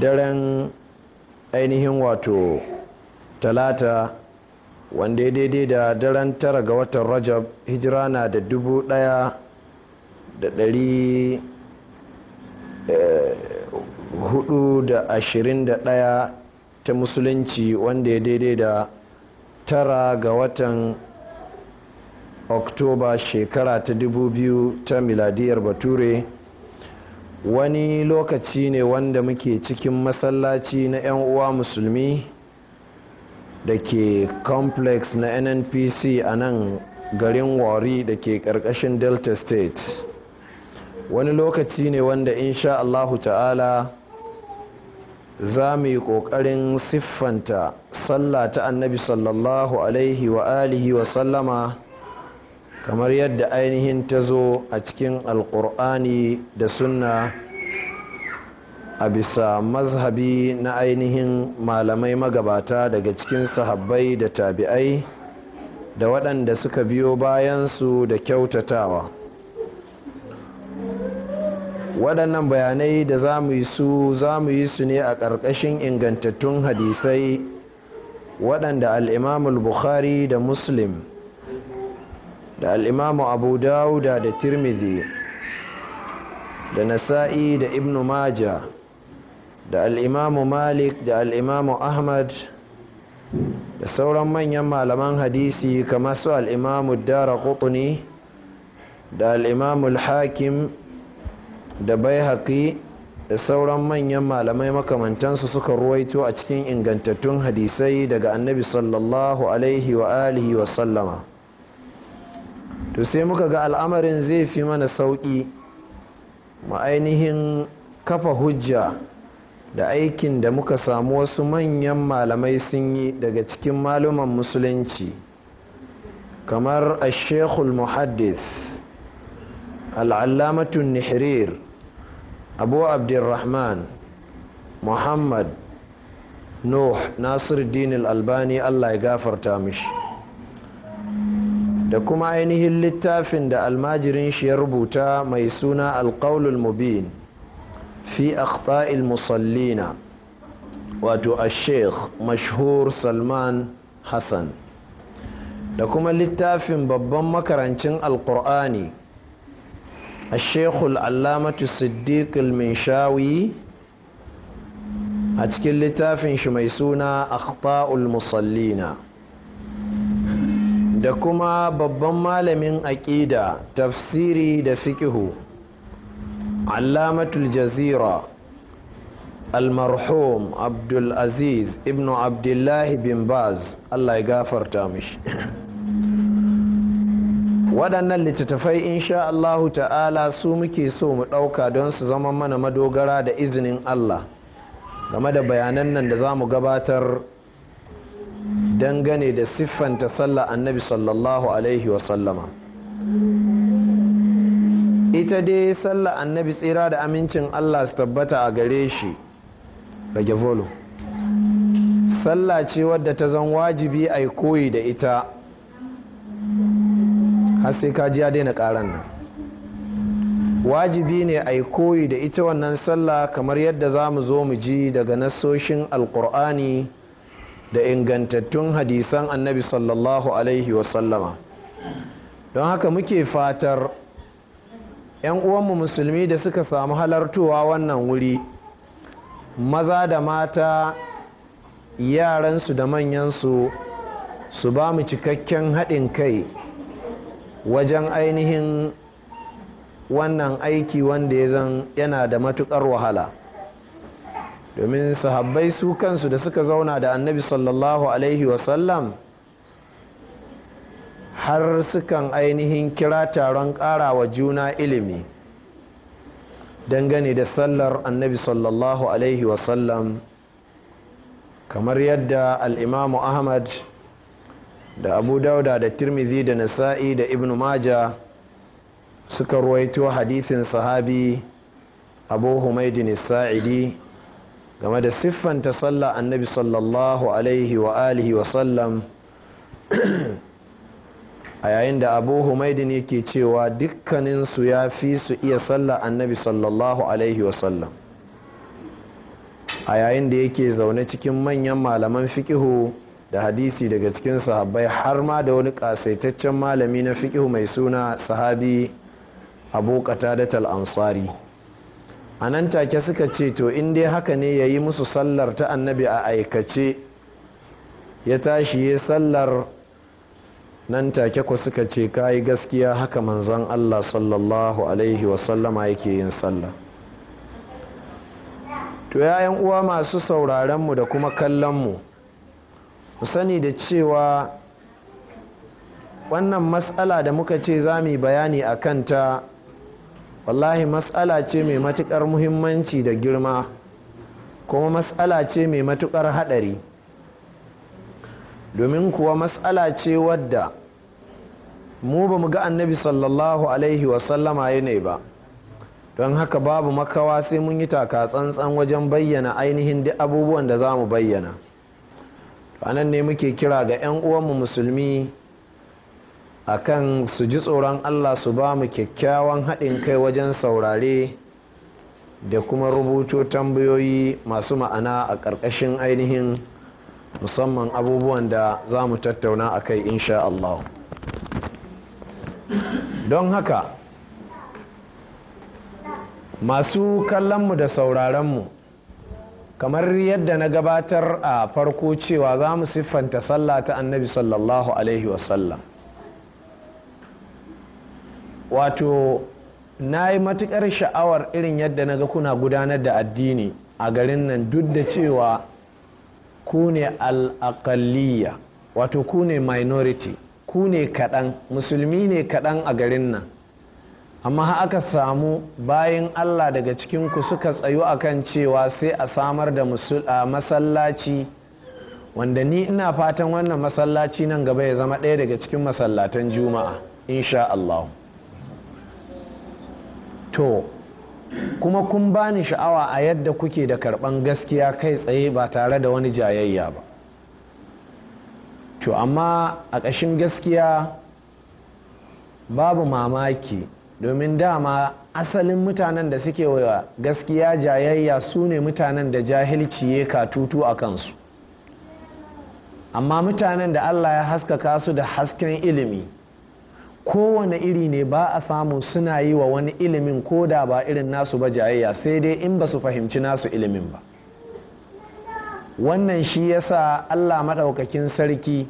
daren ainihin wato talata wanda ya daidai da daren tara ga watan rajab hijira na da dubu daya da dari eh, hudu da ashirin da daya ta musulunci wanda ya daidai da tara ga watan oktoba shekara ta dubu biyu ta miladiyar bature wani lokaci ne wanda muke cikin masallaci na 'yan uwa musulmi da ke complex na nnpc a nan garin wari da ke karkashin delta state wani lokaci ne wanda insha allahu ta'ala za mu yi ƙoƙarin siffanta sallah ta annabi sallallahu alaihi wa alihi wa sallama kamar yadda ainihin ta zo a cikin alkur'ani da sunna a bisa mazhabi na ainihin malamai magabata daga cikin sahabbai da tabi'ai da waɗanda suka biyo bayansu da kyautatawa waɗannan bayanai da za mu yi su za mu yi su ne a ƙarƙashin ingantattun hadisai waɗanda al'imamul bukhari da muslim da al'imamu abu dawuda da tirmidhi da nasa'i da ibnu majah da al'imamu malik da al'imamu ahmad da sauran manyan malaman hadisi kamar su al'imamu dara da al'imamu hakim da bai haƙi da sauran manyan malamai makamantansu suka ruwaito a cikin ingantattun hadisai daga annabi sallallahu alaihi wa alihi wa sallama to sai muka ga al'amarin zai fi mana sauƙi ma ainihin kafa hujja da aikin da muka samu wasu manyan malamai sun yi daga cikin maluman musulunci kamar ashekul muhaddis al'allamatun nihrir abu abdurrahman muhammad nuh nasiruddin al'albani allah ya gafarta mishi da kuma ainihin littafin da almajirin shi ya rubuta mai suna alkaulul mubin fi akhta'il musallina wato a sheikh mashhur salman hassan da kuma littafin babban makarancin alkur'ani a sheikhul allamatu siddiq minshawi a cikin littafin shi mai suna akhta'ul musallina da kuma babban malamin aƙida tafsiri da fikihu علامة الجزيرة المرحوم عبد العزيز ابن عبد الله بن باز الله يغفر تامش waɗannan littattafai insha Allahu ta'ala su muke so mu ɗauka don su zama mana madogara da izinin Allah game da bayanan nan da za mu gabatar dangane da siffanta sallah annabi sallallahu alaihi wasallama ita dai Sallah annabi tsira da amincin allah su tabbata a gare shi rage volo sallah ce wadda ta zan wajibi a koyi da ita har sai ka jiya daina karan nan wajibi ne a koyi da ita wannan sallah kamar yadda za mu zo mu ji daga nasoshin alkur'ani da ingantattun hadisan annabi sallallahu alaihi wasallama don haka muke fatar 'yan uwanmu musulmi da suka samu halartowa wannan wuri maza da mata yaransu da manyansu su ba mu cikakken haɗin kai wajen ainihin wannan aiki wanda ya zan yana da matuƙar wahala domin sahabbai su kansu da suka zauna da annabi sallallahu alaihi wasallam har sukan ainihin kira taron ƙarawa juna ilimi dangane da sallar annabi sallallahu alaihi wasallam kamar yadda al'imamu ahmad da abu dauda da tirmizi da nasa'i da ibn maja suka ruwaito hadisin sahabi abu humaydi nisa'idi game da siffanta sallah annabi sallallahu alaihi wa alihi wasallam a yayin da abu humaidin yake cewa dukkaninsu ya fi su iya sallah annabi sallallahu alaihi wasallam a yayin da yake zaune cikin manyan malaman fikihu da hadisi daga cikin sahabbai har ma da wani kasaitaccen malami na fikihu mai suna sahabi abu qatadatul ansari a nan take suka ce to in dai haka ne yayi musu sallar ta annabi a aikace ya tashi ya sallar nan take ku suka ce kayi gaskiya haka manzon Allah sallallahu alaihi wasallama yake yin sallah to yayan uwa masu sauraron mu da kuma kallon mu sani da cewa wannan matsala da muka ce za mu yi bayani a kanta wallahi matsala ce mai matukar muhimmanci da girma kuma matsala ce mai matukar haɗari domin kuwa matsala ce wadda mu ba mu ga annabi sallallahu alaihi wasallama ya ne ba don haka babu makawa sai mun yi taka tsantsan wajen bayyana ainihin duk abubuwan da za mu bayyana anan ne muke kira ga 'yan uwanmu musulmi a kan su ji tsoron allah su ba mu kyakkyawan haɗin kai wajen saurare da kuma rubuto tambayoyi masu ma'ana a ƙarƙashin ainihin musamman abubuwan da za mu tattauna a kai insha Allah don haka masu kallonmu da sauraronmu kamar yadda na gabatar a farko cewa za mu siffanta sallah ta annabi sallallahu alaihi wasallam wato na yi matuƙar sha'awar irin yadda na ga kuna gudanar da addini a garin nan duk da cewa ku ne wato ku ne minority ku ne kaɗan musulmi ne kaɗan a garin nan amma aka samu bayan allah daga cikinku suka tsayu kan cewa sai a samar da masallaci wanda ni ina fatan wannan masallaci nan gaba ya zama ɗaya daga cikin masallatan juma'a insha allah to kuma kun bani sha'awa a yadda kuke da karban gaskiya kai tsaye ba tare da wani jayayya ba to amma a ƙashin gaskiya babu mamaki domin dama asalin mutanen da suke wa gaskiya jayayya su ne mutanen da jahilci ya tutu a kansu amma mutanen da allah ya haskaka su da hasken ilimi kowane iri ne ba a samu suna yi wa wani ilimin ko da ba irin nasu ba jayayya sai dai in ba su fahimci nasu ilimin ba wannan shi yasa allah maɗaukakin sarki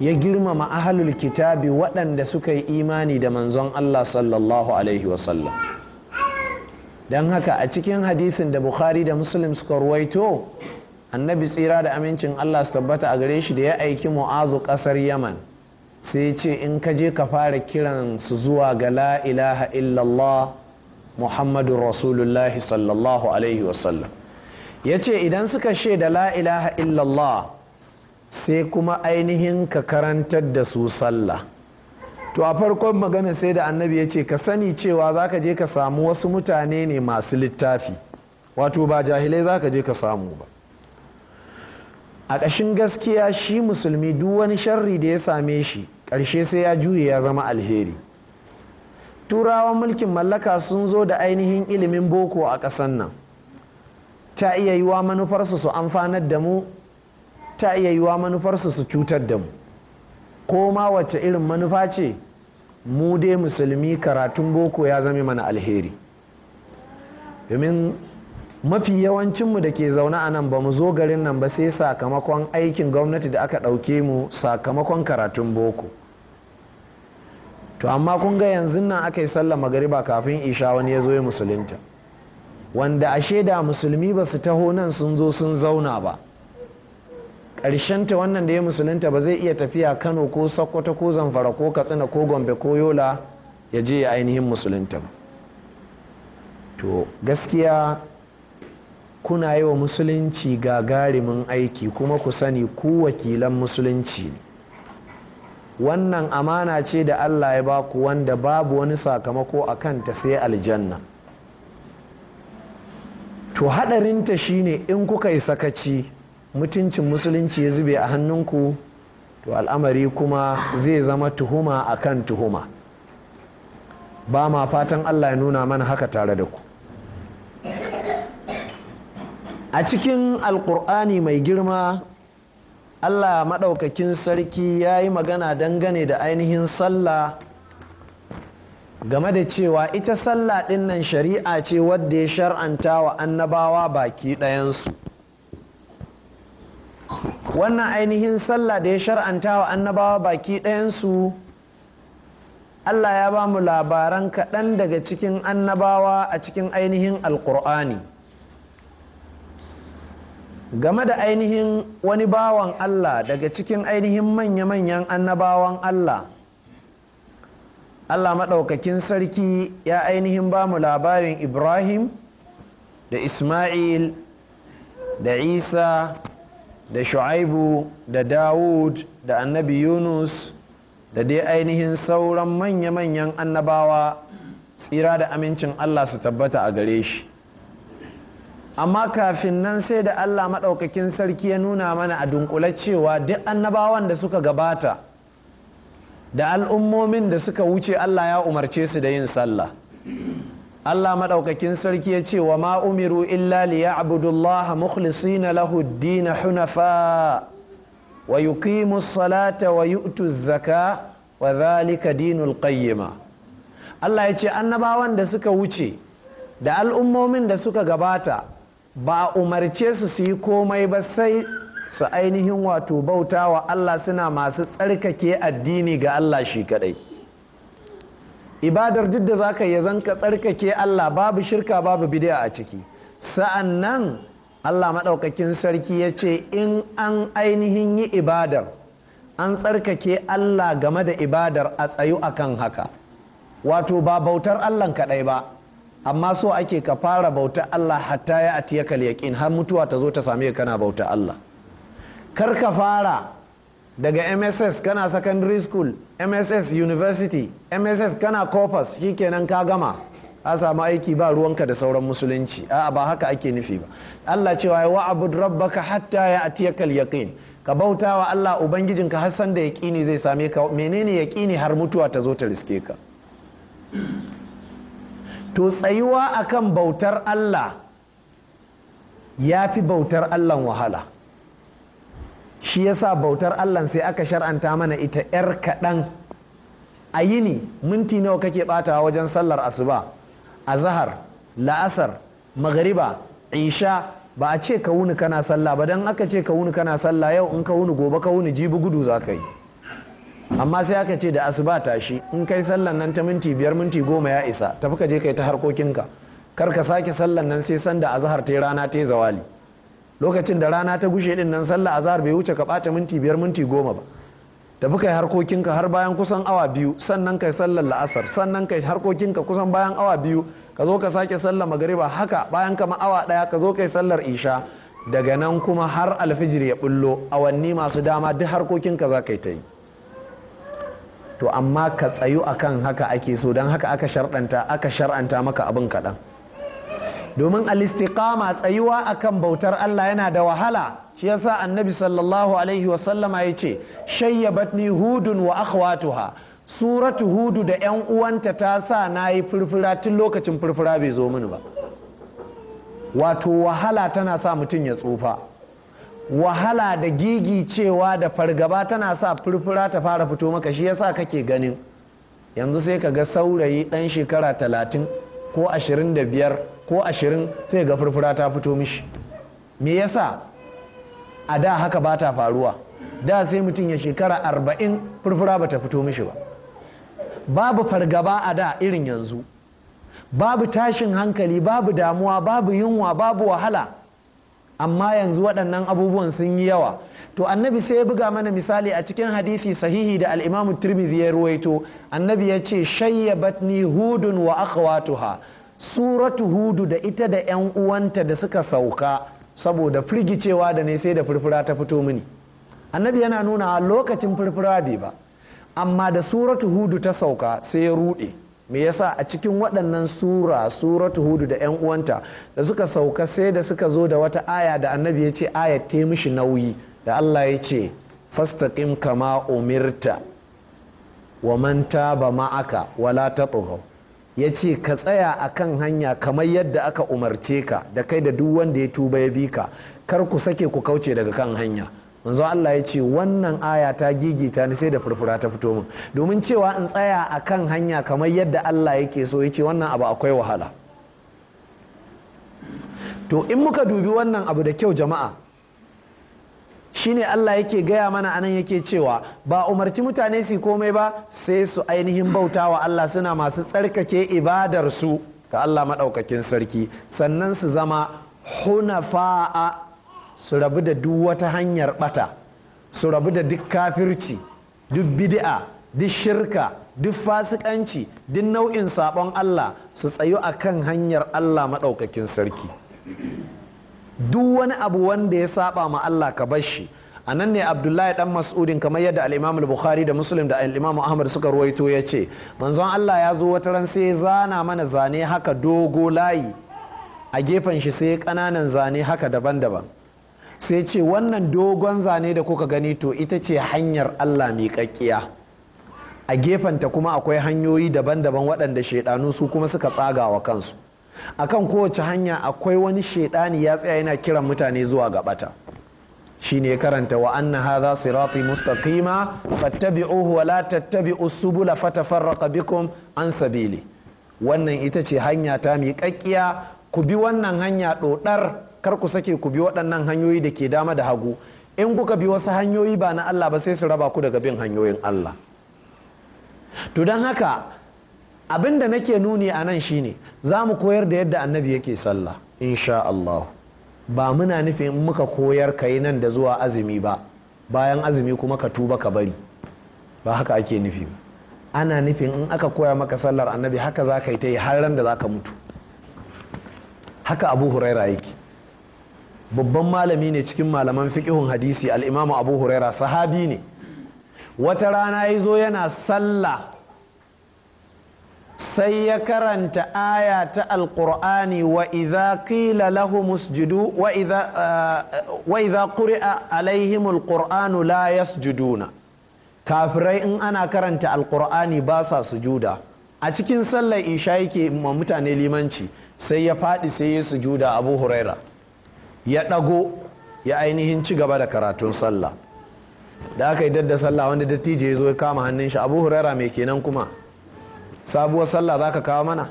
ya girmama ahalul kitabi waɗanda suka yi imani da manzon allah sallallahu alaihi wasallam don haka a cikin hadisin da bukhari da muslim suka ruwaito annabi tsira da amincin allah su tabbata a gare shi da ya aiki mu'azu ƙasar yaman sai ce in ka je ka fara kiran su zuwa ga la ilaha illallah muhammadu rasulullah sallallahu alaihi wasallam ya ce idan suka shaida la ilaha illallah sai kuma ainihin ka karantar da su sallah to a farkon magana sai da annabi ya ce ka sani cewa za ka je ka samu wasu mutane ne masu littafi wato ba jahilai za ka je ka samu ba a ƙashin gaskiya shi musulmi duk wani sharri da ya same shi ƙarshe sai ya juye ya zama alheri turawan mulkin mallaka sun zo da ainihin ilimin boko a ƙasan nan ta iya yiwa manufarsu su amfanar da mu ta iya yiwa manufarsu su cutar da mu ko ma wacce irin manufa ce mu dai musulmi karatun boko ya zame mana alheri domin mafi yawancinmu da ke zaune a nan ba mu zo garin nan ba sai sakamakon aikin gwamnati da aka ɗauke mu sakamakon karatun boko to amma kun ga yanzu nan aka yi gari ba kafin isha wani ya zo ya musulunta wanda a shaida musulmi ba su taho nan sun zo sun zauna ba ta wannan da ya musulunta ba zai iya tafiya kano ko sokoto ko zamfara ko katsina ko gombe ko yola ya je ya ainihin musulunta ba to gaskiya kuna yi wa musulunci gagarimin aiki kuma ku sani ku wakilan musulunci wannan amana ce da allah ya baku wanda babu wani sakamako a kanta sai aljanna to haɗarinta shine in kuka yi sakaci mutuncin musulunci ya zube a hannunku to al'amari kuma zai zama tuhuma a kan tuhuma ba ma fatan allah ya nuna mana haka tare da ku a cikin alkur'ani mai girma allah maɗaukakin sarki ya yi magana dangane da ainihin sallah game da cewa ita sallah ɗin nan shari'a ce wadda ya shar'anta wa annabawa baki ɗayansu wannan ainihin sallah da ya shar'anta wa annabawa baki ɗayansu allah ya ba mu labaran kaɗan daga cikin annabawa a cikin ainihin alkur'ani game da ainihin wani bawan Allah daga cikin ainihin manya-manyan annabawan Allah Allah maɗaukakin sarki ya ainihin ba mu labarin Ibrahim da Ismail da Isa da Shu'aibu da Dawud da annabi Yunus da dai ainihin sauran manya-manyan annabawa tsira da amincin Allah su tabbata a gare shi amma kafin nan sai da Allah maɗaukakin sarki ya nuna mana a dunƙule cewa duk annabawan da suka gabata da al'ummomin da suka wuce Allah ya umarce su da yin sallah Allah maɗaukakin sarki ya ce wa ma umiru illa liya'budullaha mukhlisina na ad hunafa wa yuqimu salata wa yu'tu zaka wa zalika dinul qayyima Allah ya ce annabawan da suka wuce da al'ummomin da suka gabata ba a umarce su su yi komai ba sai su ainihin wato bauta wa Allah suna masu tsarkake addini ga Allah shi kadai ibadar duk da zaka yi ka tsarkake Allah babu shirka babu bidiya a ciki sa'an nan Allah maɗaukakin sarki ya ce in an ainihin yi ibadar an tsarkake Allah game da ibadar a tsayu akan haka wato ba bautar Allah kaɗai ba amma so ake ka fara bauta Allah hatta ya atiya kal har mutuwa ta zo ta same ka kana bauta Allah kar ka fara daga MSS kana secondary school MSS university MSS kana corpus kenan ka gama a samu aiki ba ruwanka da sauran musulunci a'a ba haka ake nufi ba Allah cewa wa abud rabbaka hatta ya atiyaka yaqin ka bauta wa Allah ubangijinka har san da yaqini zai same ka menene yaƙini har mutuwa ta zo ta riske ka to tsayuwa akan bautar Allah ya fi bautar Allahn wahala shi yasa bautar Allah sai aka shar'anta mana ita 'yar kaɗan a yini minti nawa kake batawa wajen sallar asuba Azahar, la'asar magariba isha ba a ce ka wuni kana sallah ba don aka ce ka wuni kana sallah yau in ka wuni gobe ka wuni jibi gudu za ka yi amma sai aka ce da asuba tashi in kai sallan nan ta minti biyar minti goma ya isa tafi ka je kai ta harkokinka kar ka sake sallan nan sai sanda azhar ta yi rana ta zawali lokacin da rana ta gushe din nan sallah azhar bai wuce ka bata minti biyar minti goma ba tafi kai harkokinka har bayan kusan awa biyu sannan kai sallar la'asar sannan kai harkokinka kusan bayan awa biyu ka zo ka sake sallar magariba haka bayan kama awa daya ka zo kai sallar isha daga nan kuma har alfijir ya bullo awanni masu dama duk harkokinka za ka yi ta yi to amma ka tsayu akan haka ake so don haka aka sharɗanta aka shar'anta maka abin kaɗan domin alistiqama tsayuwa akan bautar Allah yana da wahala shi yasa annabi sallallahu alaihi wasallama ya ce shayyabatni hudun wa akhwatuha suratu hudu da yan uwanta ta sa na yi furfura tun lokacin furfura bai zo mini ba wato wahala tana sa mutum ya tsufa wahala da gigi cewa da fargaba tana sa furfura ta fara fito maka shi yasa kake ganin yanzu sai ka ga saurayi dan shekara talatin ko ashirin da biyar ko ashirin sai ga furfura ta fito mishi me yasa a da haka ba ta faruwa da sai mutum ya shekara arba'in furfura ba ta fito mishi ba babu fargaba a da irin yanzu babu tashin hankali babu damuwa babu yunwa babu wahala amma yanzu waɗannan abubuwan sun yi yawa to annabi sai ya buga mana misali a cikin hadisi sahihi da al'imamu tirmidhi ya ruwaito annabi ya ce shayyabatni hudun wa akhawatuha suratu hudu da ita da yan uwanta da suka sauka saboda firgicewa da ne sai da furfura ta fito mini annabi yana nuna lokacin furfura bai ba amma da suratu hudu ta sauka sai ya ruɗe me yasa a cikin waɗannan sura suratu hudu da yan uwanta da suka sauka sai da suka zo da wata aya da annabi ya ce aya ta mishi nauyi da Allah ya ce fastaqim kama umirta wa man taba ma'aka wala tatghaw ya ce ka tsaya a kan hanya kamar yadda aka umarce ka da kai da duk wanda ya tuba ya bi ka kar ku sake ku kauce daga kan hanya manzo Allah ya ce wannan aya ta gigita ni sai da furfura ta fito min domin cewa in tsaya a kan hanya kamar yadda Allah yake so ya wannan abu akwai wahala to in muka dubi wannan abu da kyau jama'a shine Allah yake gaya mana anan yake cewa ba umarci mutane su komai ba sai su ainihin bauta wa Allah suna masu tsarkake ibadarsu ga Allah maɗaukakin sarki sannan su zama hunafa'a su rabu da duk wata hanyar bata su rabu da duk kafirci duk bid'a duk shirka duk fasikanci duk nau'in sabon Allah su tsayu kan hanyar Allah maɗaukakin sarki duk wani abu wanda ya saba ma Allah ka bar shi a nan ne abdullahi dan mas'udin kamar yadda al-imam bukhari da muslim da al-imam ahmad suka ruwaito ya ce manzon Allah ya zo wata ran sai zana mana zane haka dogo layi a gefen shi sai ƙananan zane haka daban-daban sai ce wannan dogon zane da kuka gani to ita ce hanyar Allah miƙaƙƙiya a gefenta kuma akwai hanyoyi daban-daban waɗanda shaidanu su kuma suka tsaga wa kansu akan kowace hanya akwai wani shaidani ya tsaya yana kiran mutane zuwa gabata. bata shine karanta wa anna hadha sirati mustaqima fattabi'uhu wa la tattabi'u subula fatafarraqa bikum an sabili wannan ita ce hanya ta miƙaƙƙiya ku bi wannan hanya ɗoɗar kar ku sake ku bi waɗannan hanyoyi da ke dama da hagu in kuka bi wasu hanyoyi ba na Allah ba sai su raba ku daga bin hanyoyin Allah to don haka abin da nake nuni a nan shine za mu koyar da yadda annabi yake sallah insha Allah ba muna nufin muka koyar ka yi nan da zuwa azumi ba bayan azumi kuma ka tuba ka bari ba haka ake nufi ana nufin in aka koya maka sallar annabi haka za ka yi ta yi har ran da za ka mutu haka abu huraira yake babban malami ne cikin malaman fiqihun hadisi al'imamu abu huraira sahabi ne wata rana ya zo yana sallah sai ya karanta aya ta alƙur'ani wa idza qila lahum usjudu wa idza eh, la yasjuduna kafirai in ana karanta alƙur'ani ba sa sujuda a cikin sallar isha yake ma mutane limanci sai ya faɗi sai ya sujuda abu huraira ya ɗago ya ainihin ci gaba da karatun sallah da aka yi dadda sallah wanda dattijo ya zo ya kama hannun shi abu huraira mai kenan kuma sabuwar sallah za ka kawo mana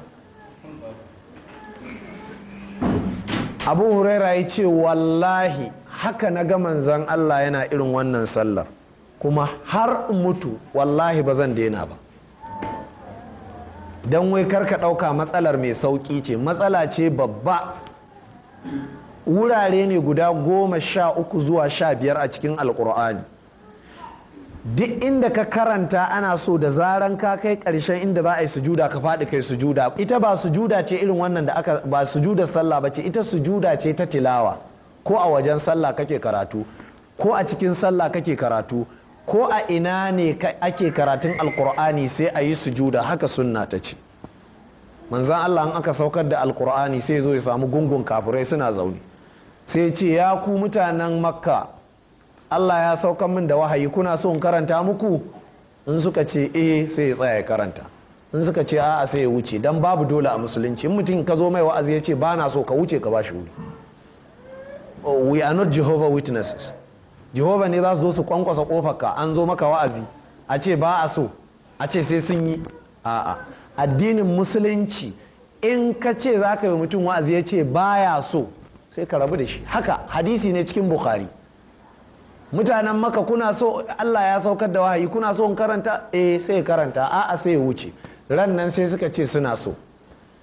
abu huraira ya ce wallahi haka na ga manzan allah yana irin wannan sallar kuma har in mutu wallahi ba zan daina ba don wai karka ɗauka matsalar mai sauƙi ce matsala ce babba wurare ne guda goma sha uku zuwa sha biyar a cikin alkur'ani duk inda ka karanta ana so da zaran ka kai karshen inda za a yi sujuda ka faɗi kai sujuda ita ba sujuda ce irin wannan da aka ba sujuda sallah ba ce ita sujuda ce ta tilawa ko a wajen sallah kake karatu ko a cikin sallah kake karatu ko a ina ne ake karatun alkur'ani sai a yi sujuda haka sunna ta ce manzan allah in aka saukar da alkur'ani sai zo ya samu gungun kafirai suna zaune sai ce ya ku mutanen makka allah ya sauka min da wahayi kuna so in karanta muku in suka ce eh sai ya tsaya ya karanta in suka ce a'a sai ya wuce dan babu dole a musulunci in mutum ka zo mai wa'azi ya ce ba na so ka wuce ka ba shi wuri oh, we are not jehovah witnesses jehovah ne za su zo su kwankwasa kofarka an zo maka wa'azi a ce ba a so a ce sai sun yi a'a addinin musulunci in ka ce za ka yi mutum wa'azi ya ce ba ya so sai ka rabu da shi haka hadisi ne cikin bukhari mutanen maka kuna so allah ya saukar da wahayi kuna so in karanta eh sai karanta a sai wuce ran nan sai suka ce suna so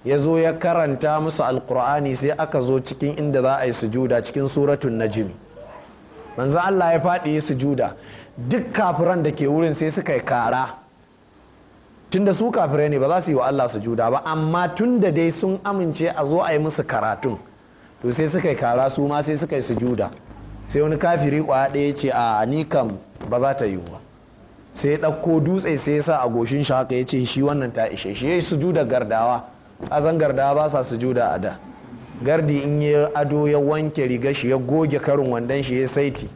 ya zo ya karanta musu alkur'ani sai aka zo cikin inda za a yi sujuda cikin suratun na jimi manzo allah ya faɗi yi sujuda duk kafiran da ke wurin sai suka yi kara tunda su kafirai ne ba za su yi wa allah sujuda ba amma tunda dai sun amince a zo a yi musu karatun to sai suka yi kara su ma sai suka yi sujuda sai wani kafiri kwaya ɗaya ce a ni kam ba za ta yi ba sai ya ɗauko dutse sai ya sa a goshin shi haka ya ce shi wannan ta ishe shi ya yi sujuda gardawa a zan gardawa ba sa sujuda a da gardi in ya ado ya wanke riga shi ya goge karin wandon shi ya saiti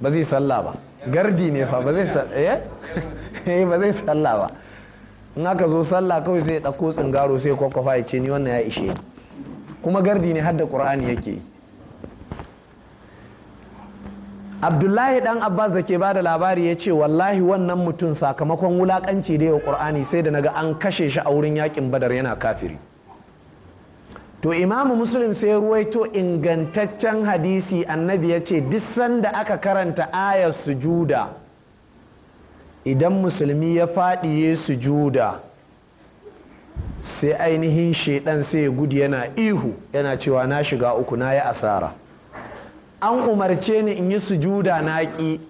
ba zai sallah ba gardi ne fa ba zai eh? eh, sallah ba in aka zo sallah kawai sai ya ɗauko tsingaro sai kwakwafa ya ce ni wannan ya ishe ni kuma gardi ne hadda da ƙur'ani yake yi abdullahi ɗan abbas da ke bada labari ya ce wallahi wannan mutum sakamakon wulakanci da yau ƙur'ani sai da naga an kashe shi a wurin yakin badar yana kafiri to imamu muslim sai ruwaito ingantaccen hadisi annabi ya ce duk sanda aka karanta ayar sujuda idan musulmi ya faɗiye sujuda sai ainihin shaidan sai ya gudu yana ihu yana cewa na shiga uku na yi asara an umarce ni in yi sujuda na ƙi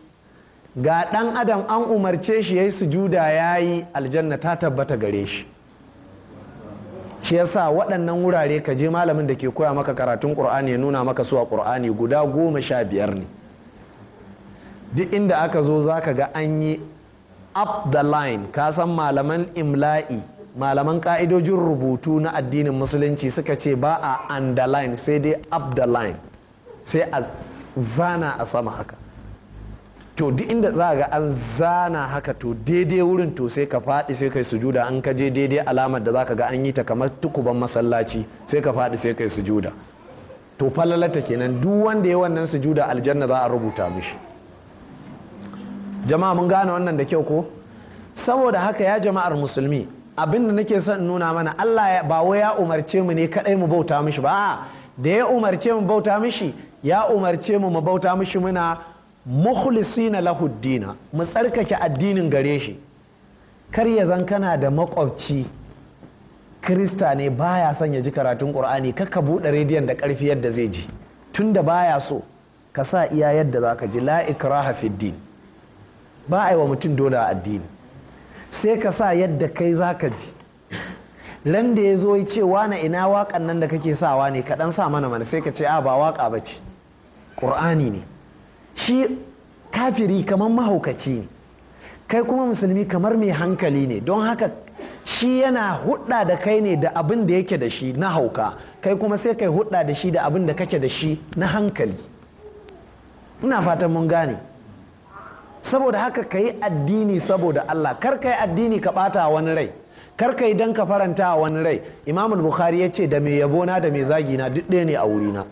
ga ɗan adam an umarce shi ya yi sujuda ya yi aljanna ta tabbata gare shi shi yasa waɗannan wurare ka je malamin da ke koya maka karatun ƙur'ani ya nuna maka su a ƙur'ani guda goma sha biyar ne duk inda aka zo za ka ga an yi up the line ka san malaman imla'i malaman ka'idojin rubutu na addinin musulunci suka ce ba a underline sai dai up the line sai a zana a sama haka to duk inda za ga an zana haka to daidai wurin to sai ka faɗi sai kai sujuda an ka je daidai alamar da za ka ga an yi ta kamar tukuban masallaci sai ka faɗi sai kai sujuda to falalata kenan duk wanda ya wannan sujuda aljanna za a rubuta mishi jama'a mun gane wannan da kyau ko saboda haka ya jama'ar musulmi abin da nake son nuna mana Allah ba wai ya umarce mu ne kadai mu bauta mishi ba da ya umarce mu bauta mishi ya umarce mu mu bauta mishi muna mukhlisina lahuddina mu tsarkake addinin gare shi kar ya zan kana da makwabci krista ne baya son ya ji karatun qur'ani kar ka bude rediyon da karfi yadda zai ji tunda baya so ka sa iya yadda zaka ji la ikraha fid din ba a wa mutum dole a addini sai ka sa yadda kai za ka ji ran ya zo ya ce na ina waƙan nan da kake sawa ne kaɗan sa mana mana sai ka ce a ba waƙa ba ce ƙur'ani ne shi kafiri kamar mahaukaci ne kai kuma musulmi kamar mai hankali ne don haka shi yana hudda da kai ne da abin da yake da shi na hauka kai kuma sai kai hudda da shi da abin da kake da shi na hankali ina fatan mun gane saboda haka ka yi addini saboda Allah kar ka yi addini ka ɓata wani rai kar ka yi don ka faranta wani rai imamul bukhari ya ce da mai yabona da mai zagi na duk ɗaya ne a wurina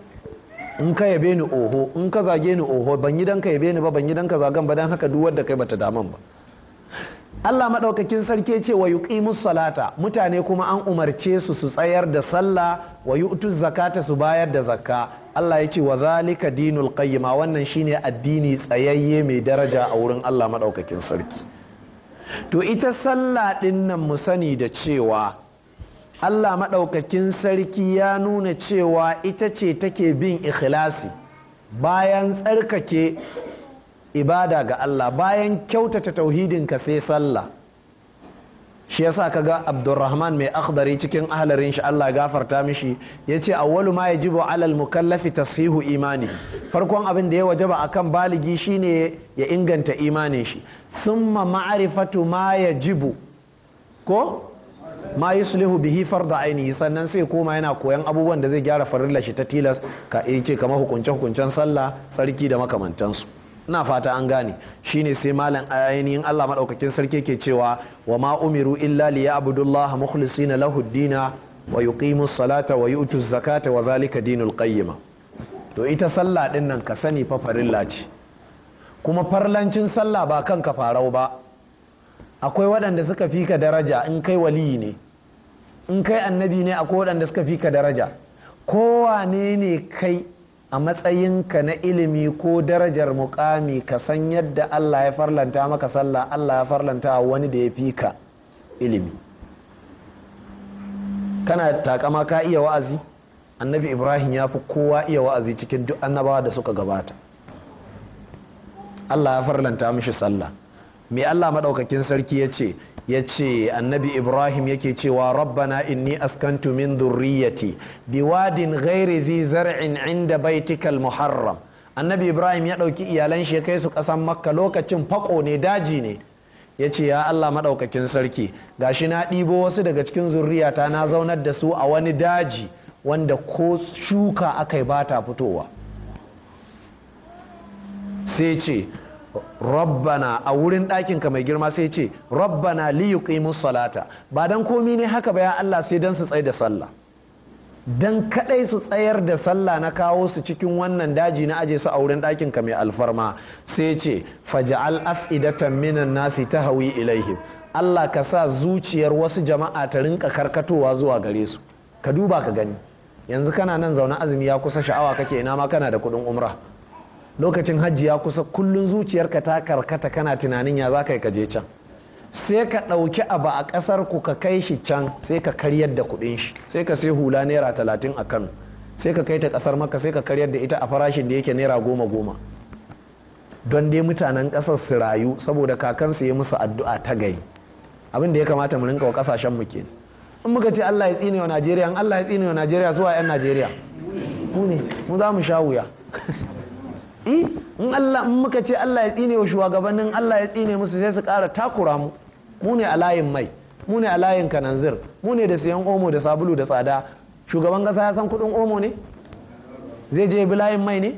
in ka yabe ni oho in ka zage ni oho ban yi don ka yabe ni ba ban yi don ka zagan ba don haka duk wanda kai bata daman ba Allah maɗaukakin sarki ce wa yuqimus salata mutane kuma an umarce su su tsayar da sallah wa yu'tu zakata su bayar da zakka Allah ya ce wa zalika dinul qayyima wannan shine addini tsayayye mai daraja a wurin Allah madaukakin sarki to ita sallah din nan mu sani da cewa Allah madaukakin sarki ya nuna cewa ita ce take bin ikhlasi bayan tsarkake ibada ga Allah bayan kyautata tauhidinka sai sallah shi yasa kaga Abdurrahman mai akhdari cikin ahlarin shi Allah gafarta mishi ya yace awwalu ma yajibu alal mukallafi tasihu imani farkon abin da ya wajaba akan baligi shine ya inganta imanin shi thumma ma'rifatu ma yajibu ko ma yuslihu bihi farda ainihi sannan sai koma yana koyan abubuwan da zai gyara farilla shi ta tilas ka yace kamar hukunce hukuncen sallah sarki da makamantansu Ina fata an gane shine sai malam ainihin Allah maɗaukakin sarki ke cewa wa ma umiru illa li ya'budullaha mukhlisina lahu dina wa yuqimu salata wa yu'tu zakata wa zalika dinul qayyima to ita sallah din nan ka sani fa farilla ce kuma farlancin sallah ba kan ka farau ba akwai waɗanda suka fi ka daraja in kai waliyi ne in kai annabi ne akwai waɗanda suka fi ka daraja Kowa ne ne kai a matsayinka na ilimi ko darajar mukami ka san yadda Allah ya farlanta maka sallah Allah ya farlanta wani da ya fi ka ilimi kana takama ka iya wa'azi annabi ibrahim ya fi kowa iya wa'azi cikin duk annabawa da suka gabata Allah ya farlanta mishi sallah me Allah maɗaukakin sarki ya ce ya ce annabi ibrahim yake cewa rabbana inni askantu min dhurriyyati biwadin ghairi zi zar'in inda baitikal muharram annabi ibrahim ya ɗauki iyalan shi ya kai su ƙasan makka lokacin fako ne daji ne ya ce ya allah maɗaukakin sarki ga shi na ɗibo wasu daga cikin zurriyata na zaunar da su a wani daji wanda ko shuka aka yi bata fitowa sai ce rabbana a wurin ɗakinka mai girma sai ce rabbana li yuqimus salata ba dan komi ne haka ba ya Allah sai dan su tsai da sallah dan kadai su tsayar da sallah na kawo su cikin wannan daji na aje su a wurin ɗakinka mai alfarma sai ce faj'al af'idatan minan nasi tahawi ilaihim Allah ka sa zuciyar wasu jama'a ta rinka karkatowa zuwa gare su ka duba ka gani yanzu kana nan zaune azumi ya kusa sha'awa kake ina ma kana da kuɗin umra lokacin hajji ya kusa kullun zuciyarka ta karkata kana tunanin ya za ka yi kaje can sai ka ɗauki abu a ƙasar ku ka kai shi can sai ka karyar da kuɗin shi sai ka sai hula naira talatin a kano sai ka kai ta ƙasar maka sai ka karyar da ita a farashin da yake naira goma goma don dai mutanen ƙasar su rayu saboda kakansu ya musu addu'a ta gari abin da ya kamata mu rinka wa ƙasashen mu ke in muka ce Allah ya tsine wa Najeriya in Allah ya tsine wa Najeriya zuwa 'yan Najeriya mu ne mu za mu sha wuya Hmm? in Allah in muka ce Allah ya tsine wa shugabannin Allah ya tsine musu sai su kara takura mu mu ne a layin mai mu ne a layin kananzir mu ne da siyan omo da sabulu da tsada shugaban ƙasa ya san kuɗin omo ne zai je bi layin mai ne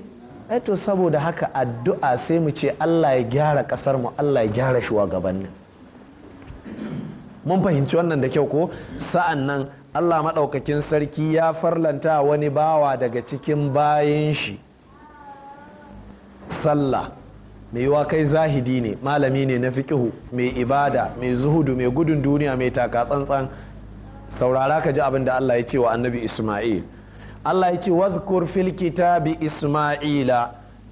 to saboda haka addu'a sai mu ce Allah ya gyara ƙasar mu Allah ya gyara shugabannin mun fahimci wannan da kyau ko sa'an nan Allah maɗaukakin sarki ya farlanta wani bawa daga cikin bayan shi sallah mai yiwa kai zahidi ne malami ne na fiƙihu mai ibada mai zuhudu mai gudun duniya mai taka tsantsan saurara ka ji abin da Allah ya ce wa annabi Ismail Allah ya ce wazkur fil kitabi Ismaila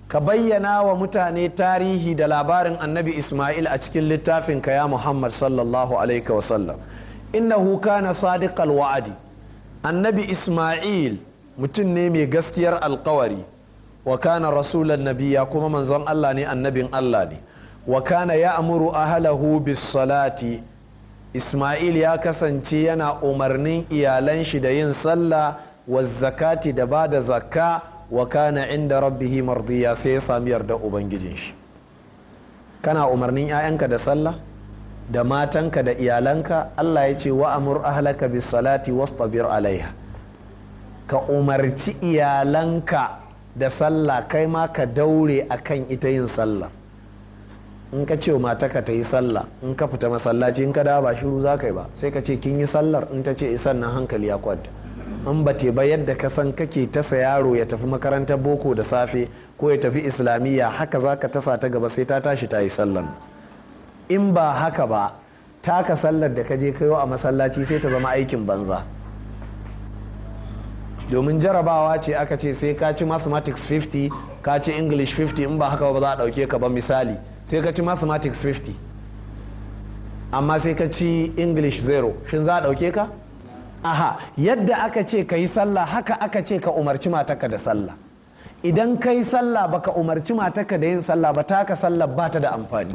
ka bayyana wa mutane tarihi da labarin annabi Ismail a cikin littafin ka ya Muhammad sallallahu alaihi wa sallam innahu kana sadiqal wa'adi annabi Ismail mutum ne mai gaskiyar alkawari wa kana rasulan nabiya kuma manzon Allah ne annabin Allah ne wa kana ya amuru ahalahu bis salati Ismail ya kasance yana umarnin iyalan shi da yin sallah wa zakati da ba da zakka wa kana inda rabbihi mardiya sai ya sami yarda ubangijin shi kana umarnin 'ya'yanka da sallah da matanka da iyalanka Allah ya ce wa'amur ahlaka bis salati wastabir alaiha ka umarci iyalanka da sallah kai ma ka daure a kan ita yin sallah in ka ce mata ka ta yi sallah in ka fita masallaci in ka dawo ba shiru za ka yi ba sai ka ce kin yi sallar in ta ce isan eh, nan hankali ya kwanta in ba te ba yadda ka san kake tasa yaro ya tafi makarantar boko da safe ko ya tafi islamiyya haka za ka tasa ta gaba sai ta tashi ta yi sallar in ba haka ba taka sallar da ka je kaiwa a masallaci sai ta zama aikin banza domin jarabawa ce aka ce sai ka ci mathematics 50 ka ci english 50 in ba haka ba za a dauke ka ba misali sai ka ci mathematics 50 amma sai ka ci english 0 shin za a dauke ka aha yadda aka ce ka yi sallah haka aka ce ka umarci mataka da sallah idan ka yi sallah baka umarci mataka da yin sallah ba taka sallah ba ta da amfani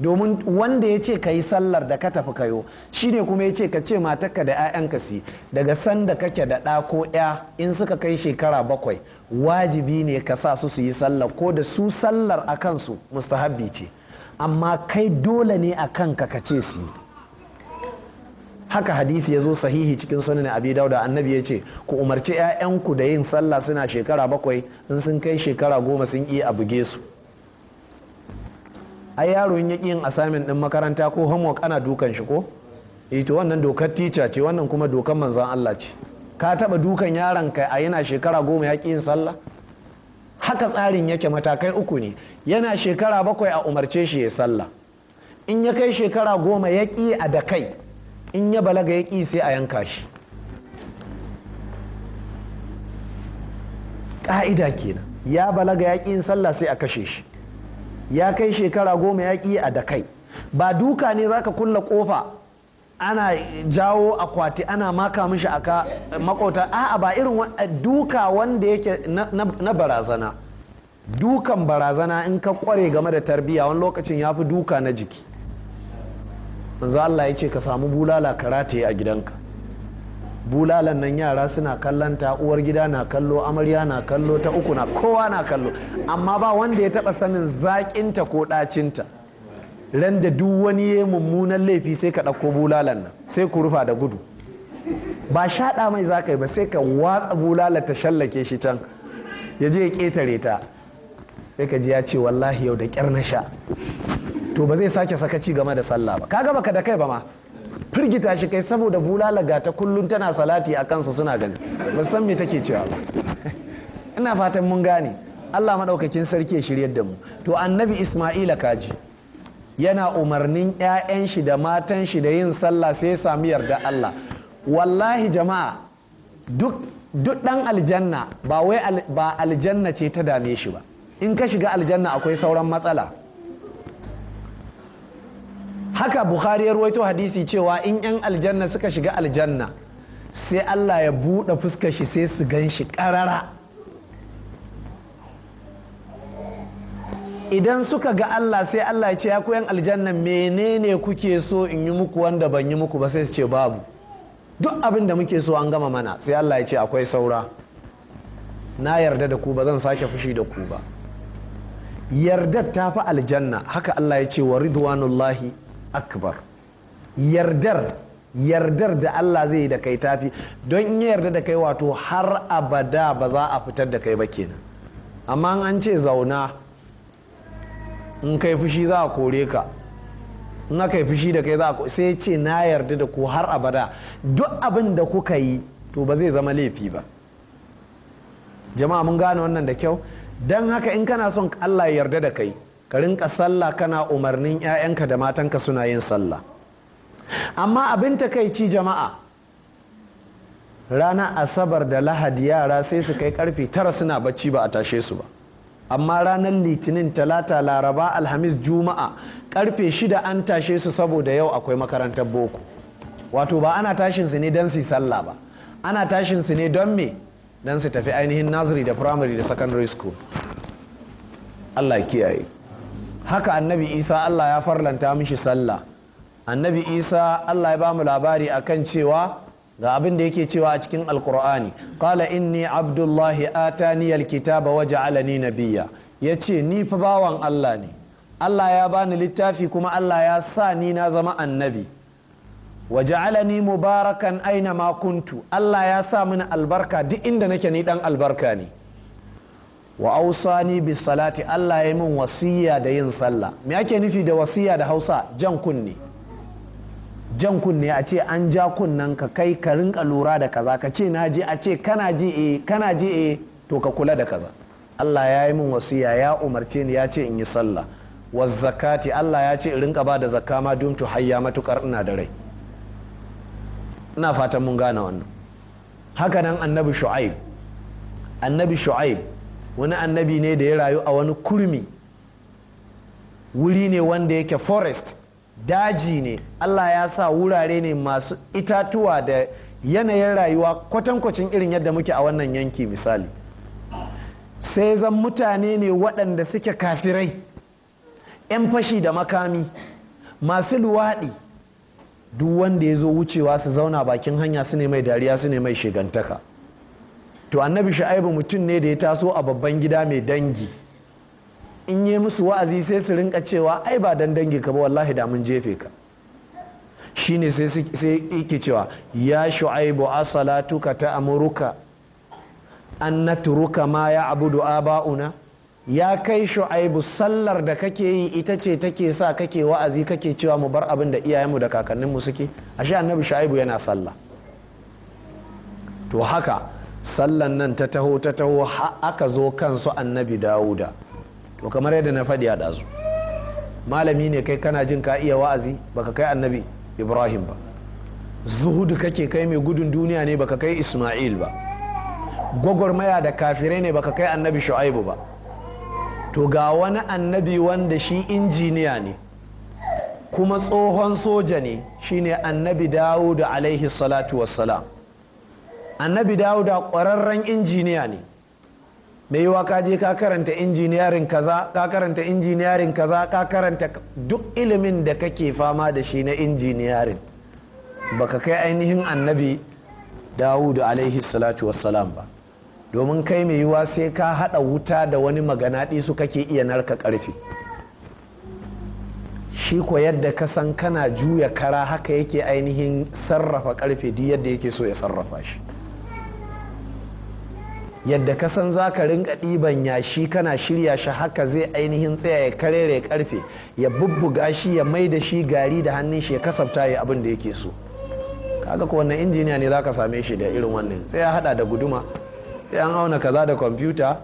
domin wanda ya ce ka yi sallar da ka tafi kayo shi ne kuma ya ce ka ce matarka da 'ya'yanka si daga sanda kake da ɗa ko 'ya in suka kai shekara bakwai wajibi ne ka sa su su yi sallar ko da su sallar a kansu mustahabbi ce amma kai dole ne a kanka ka ce su haka hadisi ya zo sahihi cikin sunan abi dauda annabi ya ce ku umarci 'ya'yanku da yin sallah suna shekara bakwai in sun kai shekara goma sun iya a buge su ai yaro in yaki yin assignment din makaranta ko homework ana dukan shi ko ita eh, to wannan dokar teacher ce wannan kuma dokar manzon Allah ce ka taba dukan yaron ka a yana shekara goma ya yin sallah haka tsarin yake matakai uku ne yana shekara bakwai a umarce shi ya sallah in ya kai shekara goma ya ƙi a da kai in ya balaga ya ƙi sai a yanka shi ƙa'ida kenan ya balaga ya ƙi yin sallah sai a kashe shi ya kai shekara goma ya ƙi a da kai ba duka ne zaka kulla kofa ana jawo akwati ana maka mishi ka makota a'a ba irin duka wanda yake na barazana dukan barazana in ka kware game da tarbiyya wani lokacin ya fi duka na jiki manzo Allah ya ce ka samu bulala rataye a gidanka bulalan nan yara suna kallon ta uwar gida na kallo amarya na kallo ta uku na kowa na kallo amma ba wanda ya taba sanin zaƙinta ko ɗacinta ran da duk wani ya mummunan laifi sai ka ɗauko bulalan nan sai ku rufa da gudu ba shaɗa mai za ka ba sai ka watsa bulala ta shallake shi can ya je ya ƙetare ta sai ka ji ya ce wallahi yau da ƙyar na sha to ba zai sake sakaci game da sallah ba ka gaba ka da kai ba ma firgita shi kai saboda bulalaga ta kullum tana salati a kansa suna gani ba san me take cewa ba ina fatan mun gane Allah maɗaukakin sarki ya shiryar da mu to annabi Ismaila kaji yana umarnin 'ya'yan shi da matan shi da yin sallah sai ya sami yarda Allah wallahi jama'a duk duk dan aljanna ba wai ba aljanna ce ta dame shi ba in ka shiga aljanna akwai sauran matsala haka bukhari ya ruwaito hadisi cewa in 'yan aljanna suka shiga aljanna sai allah ya buɗe fuskar shi sai su gan shi ƙarara idan suka ga allah sai allah ya ce ya 'yan aljanna menene kuke so in yi muku wanda ban yi muku ba sai su ce babu duk abin da muke so an gama mana sai allah ya ce akwai saura na yarda da ku ba zan sake fushi da ku ba yardar ta fi aljanna haka allah ya ce wa ridwanullahi akbar yardar yardar da Allah zai yi da kai tafi don in yarda da kai wato har abada ba za a fitar da kai ba kenan amma an ce zauna in kai fushi za a kore ka in aka yi fushi da kai za a sai ce na yarda da ku har abada duk abin da kuka yi to ba zai zama laifi ba jama'a mun gane wannan da kyau don haka in kana son Allah ya yarda da kai ka rinka sallah kana umarnin 'ya'yanka da matanka suna yin sallah amma abin takaici jama'a ranar asabar da lahadi yara sai su kai karfe tara suna bacci ba a tashe su ba amma ranar litinin talata laraba alhamis juma'a karfe shida an tashe su saboda yau akwai makarantar boko wato ba ana tashin su ne don su sallah ba ana tashin su ne don me don su tafi ainihin naziri da primary da secondary school allah kiyaye haka annabi isa allah ya farlanta mishi sallah annabi isa allah ya ba mu labari akan cewa ga abin da yake cewa a cikin alkur'ani qala inni abdullahi atani alkitaba wa ja'alani nabiyya yace ni fa bawan allah ne allah ya bani littafi kuma allah ya sa ni na zama annabi wa ja'alani mubarakan aina ma kuntu allah ya sa mini albarka duk inda nake ni dan albarka ne wa ausani bi salati Allah ya min wasiya da yin sallah me ake nufi da wasiya da Hausa jan kunne jan kunni a ce an ja kunnan ka kai ka rinka lura da kaza ka ce na ji a ce kana ji eh kana ji eh to ka kula da kaza Allah ya yi min wasiya ya umarce ni ya ce in yi sallah wa zakati Allah ya ce in rinka ba da zakka ma dum tu hayya matukar ina da rai ina fatan mun gane wannan haka nan annabi shu'aib annabi shu'aib wani annabi ne da ya rayu a wani kurmi wuri ne wanda yake forest daji ne allah ya sa wurare ne masu itatuwa da yanayin rayuwa kwatankwacin irin yadda muke a wannan yanki misali sai zan mutane ne waɗanda suke kafirai 'yan fashi da makami masu luwaɗi duk wanda ya zo wucewa su zauna bakin hanya su ne mai dariya su ne mai shigantaka to annabi shu'aibu mutum ne da ya taso a babban gida mai dangi in yi musu wa'azi sai su rinka cewa ai ba dan dangi ka ba wallahi da mun jefe ka shine sai sai yake cewa ya shu'aibu ta ta'muruka an natruka ma ya ya'budu aba'una ya kai shu'aibu sallar da kake yi ita ce take sa kake wa'azi kake cewa mu bar abin da iyayenmu da kakanninmu suke ashe annabi shu'aibu yana sallah to haka sallan nan ta taho ta taho aka zo kansu annabi dawuda to kamar yadda na faɗi a ɗazu malami ne kai kana jin ka iya wa'azi baka kai annabi ibrahim ba zuhudu kake kai mai gudun duniya ne baka kai isma'il ba gwagwarmaya da kafirai ne baka kai annabi shu'aibu ba to ga wani annabi wanda shi injiniya ne kuma tsohon soja ne shine annabi dawuda alaihi salatu wassalam annabi da ƙwararren injiniya ne mai yiwa ka je ka karanta injiniyarin kaza ka karanta injiniyarin kaza ka karanta duk ilimin da kake fama da shi na injiniyarin baka kai ainihin annabi dawudu alaihi salatu wassalam ba domin kai mai yiwa sai ka haɗa wuta da wani maganaɗi su kake iya narka ƙarfi shi ko yadda ka san kana juya kara haka yake ainihin sarrafa ƙarfe duk yadda yake so ya sarrafa shi yadda ka san za ka rinka ɗiban yashi kana shirya shi haka zai ainihin tsaya ya karere karfe ya bubbuga shi ya mai da shi gari da hannun shi ya kasafta ya abin da yake so kaga ko wannan injiniya ne za ka same shi da irin wannan sai ya hada da guduma sai an auna kaza da kwamfuta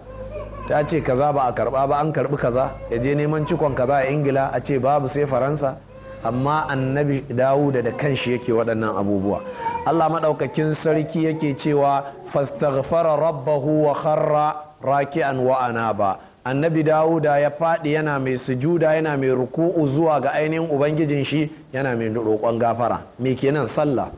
ta ce kaza ba a karba ba an karbi kaza ya je neman cikon kaza a ingila a ce babu sai faransa amma annabi dawuda da kanshi yake waɗannan abubuwa allah maɗaukakin sarki yake cewa fastaghfara rabbahu wa kharra raki'an wa anaba annabi dawuda ya faɗi yana mai sujuda yana mai ruku'u zuwa ga ainihin ubangijin shi yana mai roƙon gafara me kenan sallah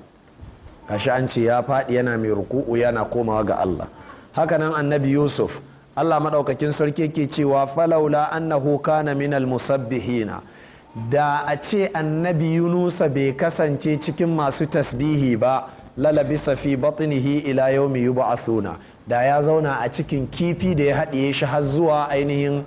kashi an ce ya faɗi yana mai ruku'u yana komawa ga allah Haka nan annabi yusuf allah maɗaukakin sarki yake cewa falaula annahu kana minal musabbihina da a ce annabi yunusa bai kasance cikin masu tasbihi ba lalabi safi batnihi ila yaumi yub'athuna da ya zauna a cikin kifi da ya haɗiye shi har zuwa ainihin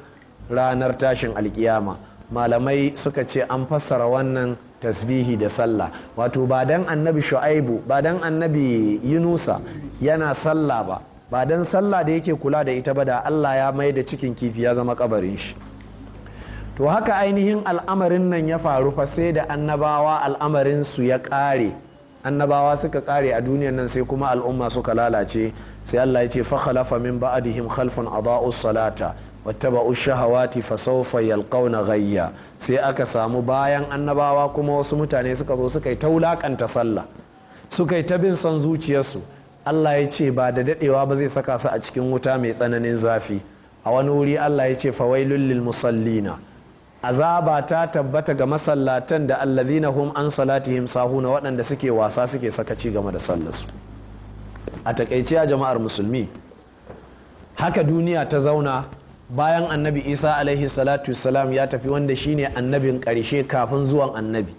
ranar tashin alkiyama malamai suka ce an fassara wannan tasbihi da sallah wato ba dan annabi shu'aibu ba dan annabi yunusa yana sallah ba ba dan sallah da yake kula da ita ba da allah ya mai da cikin kifi ya zama kabarin shi to haka ainihin al'amarin nan ya faru fa sai da annabawa al'amarin su ya ƙare annabawa suka ƙare a duniyan nan sai kuma al'umma suka lalace sai Allah ya ce fa khalafa min ba'dihim khalfun adaa'u salata wattaba'u shahawati fa sawfa yalqawna ghayya sai aka samu bayan annabawa kuma wasu mutane suka zo suka yi taulakanta sallah suka yi ta bin son zuciyarsu Allah ya ce ba da dadewa ba zai saka su a cikin wuta mai tsananin zafi a wani wuri Allah ya ce fa wailul lil musallina azaba ta tabbata ga masallatan da allazina hum an salatihim sahuna waɗanda suke wasa suke sakaci game da sallasu. a takaice jama'ar musulmi haka duniya ta zauna bayan annabi isa alaihi salatu salam ya tafi wanda shine annabin ƙarshe kafin zuwan annabi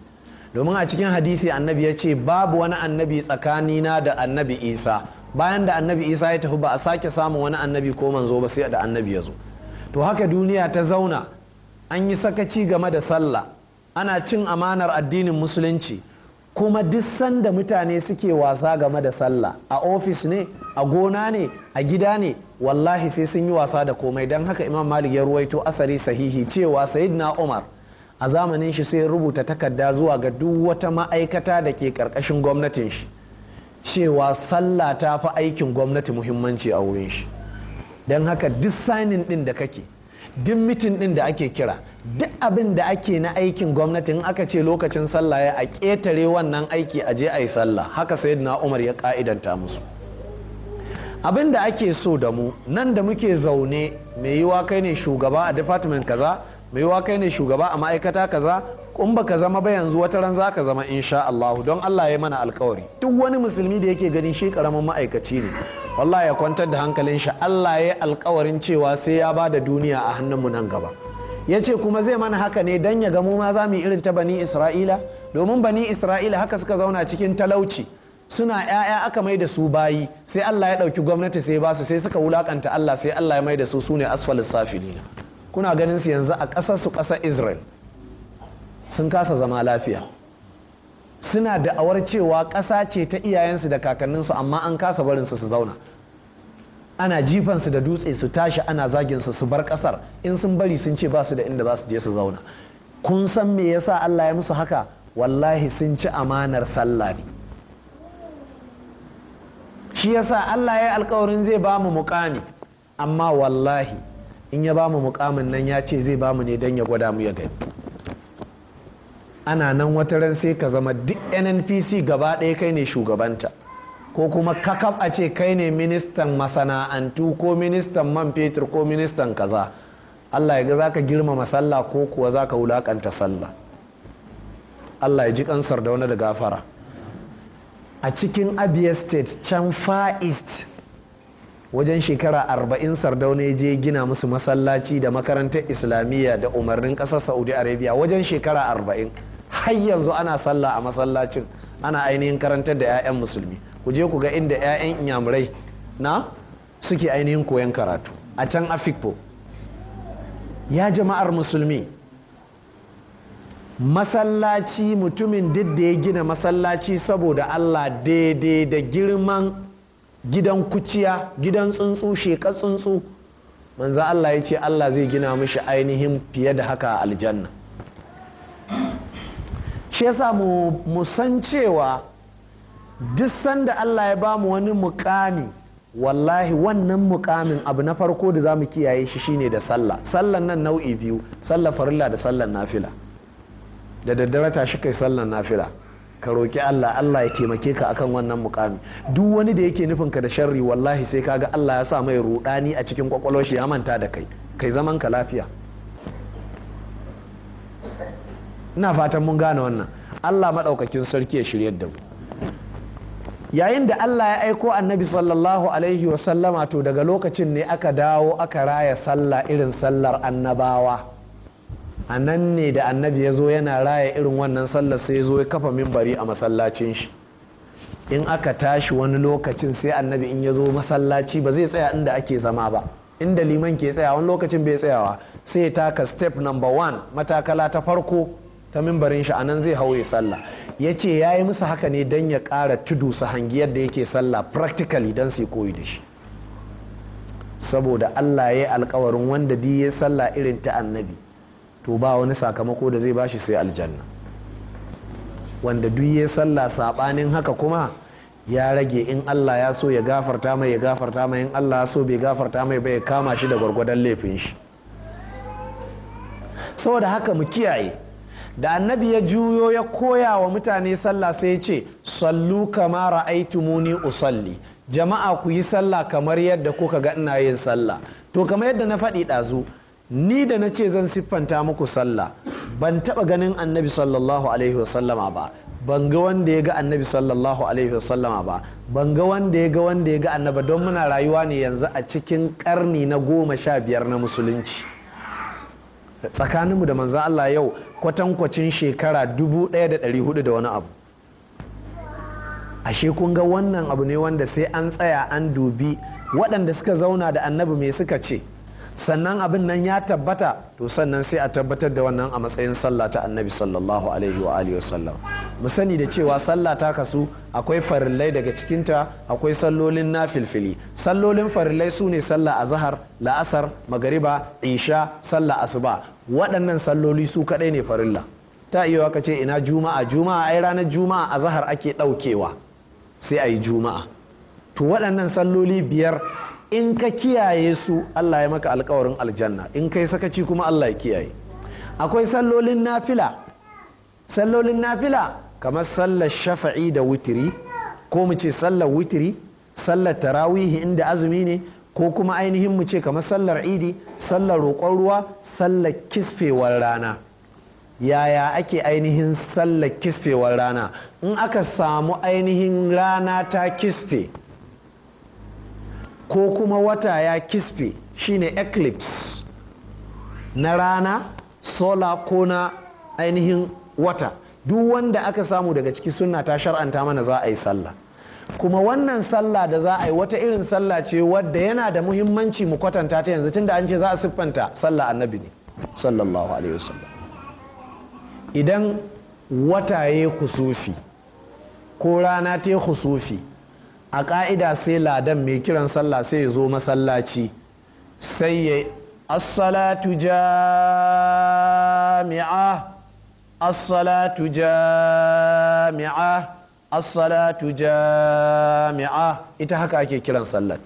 domin a cikin hadisi annabi ya ce babu wani annabi tsakanina da annabi isa bayan da annabi isa ya tafi ba a sake samun wani annabi ko manzo ba sai da annabi ya zo to haka duniya ta zauna an yi sakaci game da sallah ana cin amanar addinin musulunci kuma duk sanda mutane suke wasa game da sallah a ofis ne a gona ne a gida ne wallahi sai sun yi wasa da komai don haka imam malik ya ruwaito asari sahihi cewa na umar a zamanin shi sai rubuta takarda zuwa ga duk wata ma'aikata da ke karkashin gwamnatin shi cewa sallah ta fi aikin gwamnati muhimmanci a wurin shi don haka duk sanin din da kake duk mitin din da ake kira duk abin da ake na aikin gwamnati in aka ce lokacin sallah ya a ƙetare wannan aiki a je a yi sallah haka na umar ya ka'idanta musu abin da ake so da mu nan da muke zaune mai yiwa kai ne shugaba a department kaza mai yiwa kai ne shugaba a ma'aikata kaza kun ba ka zama ba yanzu wata ran ka zama insha Allah don Allah ya mana alkawari duk wani musulmi da yake ganin shi karamin ma'aikaci ne wallahi ya kwantar da hankalin shi Allah ya alkawarin cewa sai ya bada duniya a hannun mu nan gaba ya ce kuma zai mana haka ne dan ya gamo ma za mu irin ta bani Isra'ila domin bani Isra'ila haka suka zauna cikin talauci suna ‘ya'ya aka mai da su bayi sai Allah ya ɗauki gwamnati sai basu sai suka wulakanta Allah sai Allah ya mai da su sune ne asfalin safilina kuna ganin su yanzu a ƙasar su ƙasar Israel sun kasa zama lafiya suna da'awar cewa ƙasa ce ta iyayensu da kakanninsu amma an kasa barinsu su zauna ana jifansu da dutse su tashi ana zaginsu su bar ƙasar in sun bari sun ce ba su da inda za su je su zauna kun san me yasa Allah ya musu haka wallahi sun ci amanar sallah ne shi yasa Allah ya yi alkawarin zai ba mu muƙami amma wallahi in ya ba mu muƙamin nan ya ce zai ba mu ne don ya gwada mu ya gani ana nan wata ran sai ka zama duk nnpc gaba ɗaya kai ne shugabanta ko kuma kakaf a ce kai ne ministan masana'antu ko ministan man fetur ko ministan kaza allah ya ga za ka girmama sallah ko kuwa za ka wulakanta sallah allah ya ji kansar da wani da gafara a cikin abia state can far east wajen shekara arba'in sardauna ya je gina musu masallaci da makarantar islamiyya da umarnin ƙasar saudi arabia wajen shekara arba'in har yanzu ana sallah a masallacin ana ainihin karantar da 'ya'yan musulmi ku je ku ga inda 'ya'yan inyamurai na suke ainihin koyon karatu a can afikpo ya jama'ar musulmi masallaci mutumin duk da ya gina masallaci saboda allah daidai da girman gidan kuciya gidan tsuntsu sheka tsuntsu manzo allah ya ce allah zai gina mishi ainihin fiye da haka a aljanna shi yasa mu musan cewa duk sanda Allah ya bamu wani mukami wallahi wannan mukamin abu na farko da zamu kiyaye shi shine da sallah sallan nan nau'i biyu sallah farilla da sallar nafila da daddare shi kai sallar nafila ka roki Allah Allah ya taimake ka akan wannan mukami duk wani da yake nufin ka da sharri wallahi sai kaga Allah ya sa mai rudani a cikin kwakwalwar shi ya manta da kai kai zaman ka lafiya ina fatan mun gane wannan Allah maɗaukakin sarki ya shirya da mu yayin da Allah ya aiko annabi sallallahu alaihi wasallama to daga lokacin ne aka dawo aka raya sallah irin sallar annabawa a nan ne da annabi ya zo yana raya irin wannan sallar sai ya zo ya kafa mimbari a masallacin shi in aka tashi wani lokacin sai annabi in ya zo masallaci ba zai tsaya inda ake zama ba inda liman ke tsaya wani lokacin bai tsayawa sai ya taka step number one matakala ta farko ta mimbarin shi anan zai hauye sallah ya ce ya yi musu haka ne don ya ƙara tudu su hangi yadda yake sallah practically don su koyi da shi saboda allah ya yi alkawarin wanda di ya sallah irin ta annabi to ba wani sakamako da zai ba shi sai aljanna wanda duk ya sallah saɓanin haka kuma ya rage in allah ya so ya gafarta mai ya gafarta mai in allah ya so bai gafarta mai bai kama shi da gwargwadon laifin shi saboda haka mu kiyaye da annabi ya juyo ya koya wa mutane sallah sai ya ce sallu kama ra'aitumuni usalli jama'a ku yi sallah kamar yadda kuka ga ina yin sallah to kamar yadda na faɗi ɗazu ni da na ce zan siffanta muku sallah ban taɓa ganin annabi sallallahu alaihi wasallama ba ban ga wanda ya ga annabi sallallahu alaihi wasallama ba ban ga wanda ya ga wanda ya ga annaba don muna rayuwa ne yanzu a cikin karni na goma sha biyar na musulunci tsakaninmu da manzan Allah yau kwatankwacin shekara 1400 da wani abu ashe kun ga wannan abu ne wanda sai an tsaya an dubi waɗanda suka zauna da annabi mai suka ce sannan abin nan ya tabbata to sannan sai a tabbatar da wannan a matsayin sallah ta annabi sallallahu alaihi wa alihi wasallam mu sani da cewa sallah ta kasu akwai farillai daga cikinta akwai sallolin na nafilfili sallolin farillai su ne sallah zahar la'asar magariba isha sallah asuba waɗannan salloli su kaɗai ne farilla ta iya ka ce ina juma'a juma'a ai ranar juma'a a zahar ake ɗaukewa sai a yi juma'a to waɗannan salloli biyar in ka kiyaye su allah ya maka alkawarin aljanna in kai sakaci kuma allah ya kiyaye akwai sallolin nafila sallolin nafila kamar sallar shafa'i da wutiri ko mu ce sallar wutiri sallar tarawihi inda azumi ne ko kuma ainihin mu ce kamar sallar idi sallar roƙon ruwa sallar kisfewar rana yaya ake ainihin sallar kisfewar rana in aka samu ainihin rana ta kisfe ko kuma wata ya kisfe shine eclipse na rana sola ko na ainihin wata duk wanda aka samu daga ciki sunna ta shar'anta mana za a yi sallah kuma wannan sallah da za a yi wata irin sallah ce wadda yana da muhimmanci mu kwatanta ta yanzu tunda an ce za a siffanta sallah annabi ne sallallahu alaihi wasallam idan wata ya kusufi ko rana ta kusufi a ka'ida sai ladan mai kiran sallah sai ya zo masallaci sai ya assalatu jami'a assalatu jami'a as-salatu jami'a ita haka ake kiran sallar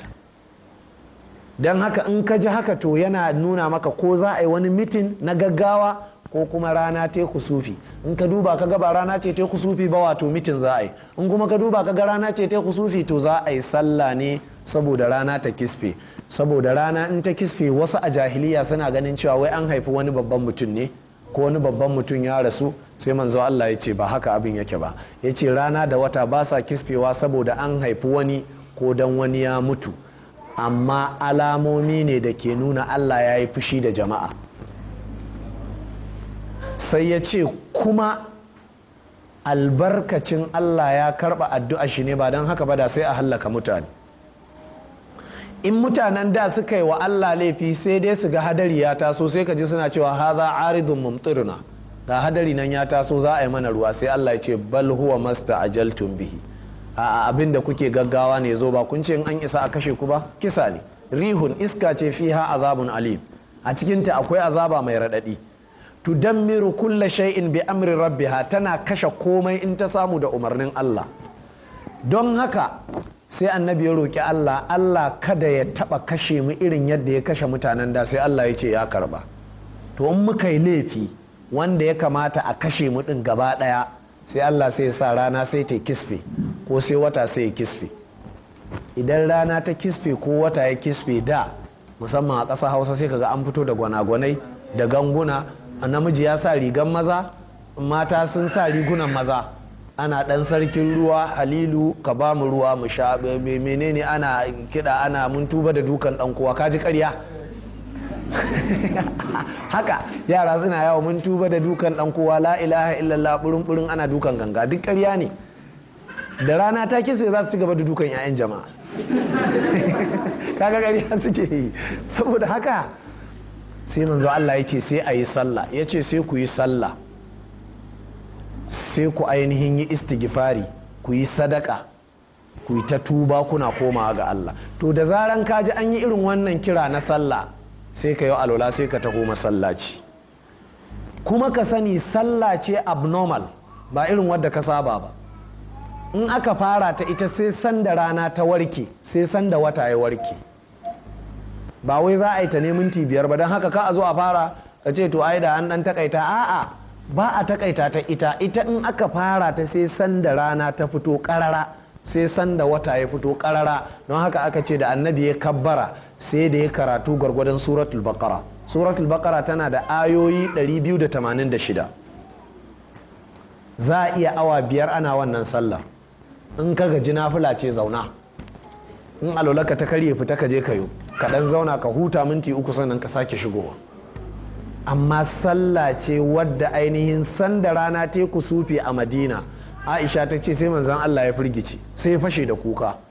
don haka in ka ji haka to yana nuna maka ko za a yi wani mitin na gaggawa ko kuma rana te kusufi in ka duba ka gaba rana ce te kusufi ba wato mitin za a yi in kuma ka duba ka ga rana ce te kusufi to za a yi sallah ne saboda rana ta kisfe saboda rana in ta kisfe wasu a jahiliya suna ganin cewa wai an haifi wani babban mutum ne ko wani babban mutum ya rasu sai manzo Allah ya ce ba haka abin yake ba ya ce rana da wata ba sa kisfewa saboda an haifi wani ko dan wani ya mutu amma alamomi ne da ke nuna Allah ya yi fushi da jama'a sai ya ce kuma albarkacin Allah ya karba addu'a shi ne ba don haka ba da sai a hallaka mutane in mutanen da suka yi wa Allah laifi sai dai su ga hadari ya taso sai ka ji suna cewa haza aridun mumtirna da hadari nan ya taso za a yi mana ruwa sai Allah ya ce bal huwa masta ajaltum bihi a abin da kuke gaggawa ne zo ba kun ce in an isa a kashe ku ba kisa ne rihun iska ce fiha azabun alim a cikin ta akwai azaba mai raɗaɗi tudammiru kulla shay'in bi amri rabbiha tana kashe komai in ta samu da umarnin Allah don haka sai annabi ya roki Allah Allah kada ya taba kashe mu irin yadda ya kashe mutanen da sai Allah ya ce ya karba to in muka yi laifi wanda ya kamata a kashe mu din gaba daya sai Allah sai sa rana sai ta kisfe ko sai wata sai ya kisfe idan rana ta kisfe ko wata ya kisfe da musamman a ƙasa hausa sai kaga an fito da gwanagwanai da ganguna a namiji ya sa rigan maza mata sun sa rigunan maza ana ɗan sarkin ruwa halilu ka ba mu ruwa mu sha menene ana kiɗa ana mun tuba da dukan ɗan kowa kaji karya. haka yara suna yawo mun tuba da dukan dan kowa la ilaha illallah burin burin ana dukan ganga duk ƙarya ne da rana ta kisa za su ci gaba da dukan 'ya'yan jama'a kaga ƙarya suke yi saboda haka sai manzo Allah ya ce sai a yi sallah ya ce sai ku yi sallah sai ku ainihin yi istighfari ku yi sadaka ku yi ta tuba kuna komawa ga Allah to da zaran ka ji an yi irin wannan kira na sallah sai ka yi alola sai ka taho masallaci kuma ka sani sallace abnormal ba irin wadda ka saba ba in aka fara ta ita sai sanda rana ta warke sai sanda wata ya warke ba wai za a yi ta ne minti biyar ba don haka ka a zo a fara ka ce to ai da an dan takaita a'a ba a takaita ta ita ita in aka fara ta sai sanda rana ta fito karara sai sanda wata ya fito karara don haka aka ce da annabi ya kabbara sai da ya karatu gwargwadon suratul baqara suratul baqara tana da ayoyi 286 za a iya awa biyar ana wannan sallar in ka gaji nafila ce zauna in alolaka ta karye fita ka je kayo ka dan zauna ka huta minti uku sannan ka sake shigowa amma sallah ce wadda ainihin sanda rana teku sufi a madina aisha ta ce sai manzan allah ya firgici sai fashe da kuka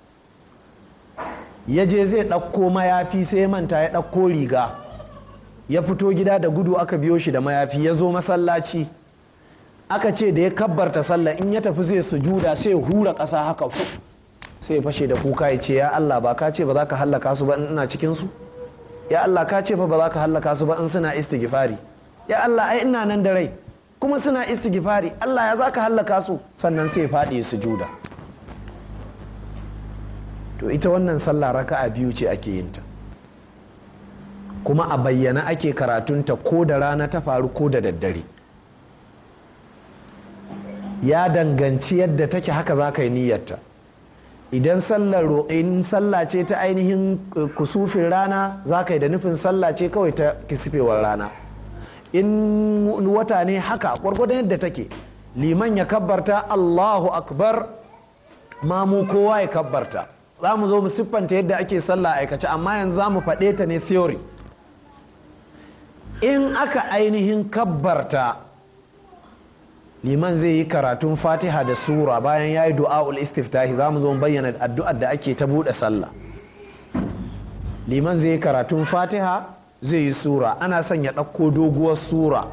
ya je zai ɗauko mayafi sai manta ya ɗauko riga ya fito gida da gudu aka biyo shi da mayafi ya zo masallaci aka ce da ya kabbarta sallah in ya tafi zai sujuda sai ya hura ƙasa haka sai fashe da kuka ya ce ya Allah ba ka ce ba za ka hallaka su ba in ina cikin su ya Allah ka ce fa ba za ka hallaka su ba in suna istighfari ya Allah ai ina nan da rai kuma suna istighfari Allah ya za ka hallaka su sannan sai ya faɗi sujuda to ita wannan sallah raka'a biyu ce ake yin ta kuma a bayyana ake karatunta ko da rana ta faru ko da daddare ya danganci yadda take haka za ka yi niyyarta idan sallar in sallah ce ta ainihin eh, kusufin rana za ka yi da nufin sallah ce kawai ta kisifewar rana in wata ne haka gwargwadon yadda take liman ya kabbarta allahu akbar mamu kowa ya kabbarta za mu zo mu siffanta yadda ake sallah aikace amma yanzu za mu faɗe ta ne theory in aka ainihin kabbarta liman zai yi karatun fatiha da sura bayan ya yi du'a'ul istiftahi za mu zo mu bayyana addu'ar da ake ta buɗe sallah liman zai yi karatun fatiha zai yi sura ana son ya ɗauko doguwar sura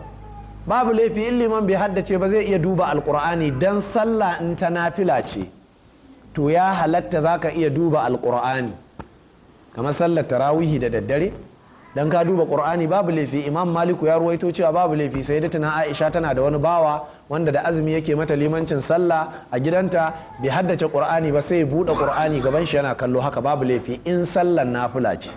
babu laifi in liman bai haddace ba zai iya duba alkur'ani don sallah in ta nafila ce to ya halatta za ka iya duba alkur'ani kamar sallar tarawihi da daddare dan ka duba ƙur'ani babu laifi imam maliku ya ruwaito cewa babu laifi sai da tana aisha tana da wani bawa wanda da azumi yake mata limancin sallah a gidanta bai haddace ƙur'ani ba sai buɗe ƙur'ani gaban shi yana kallo haka babu laifi in sallar nafila ce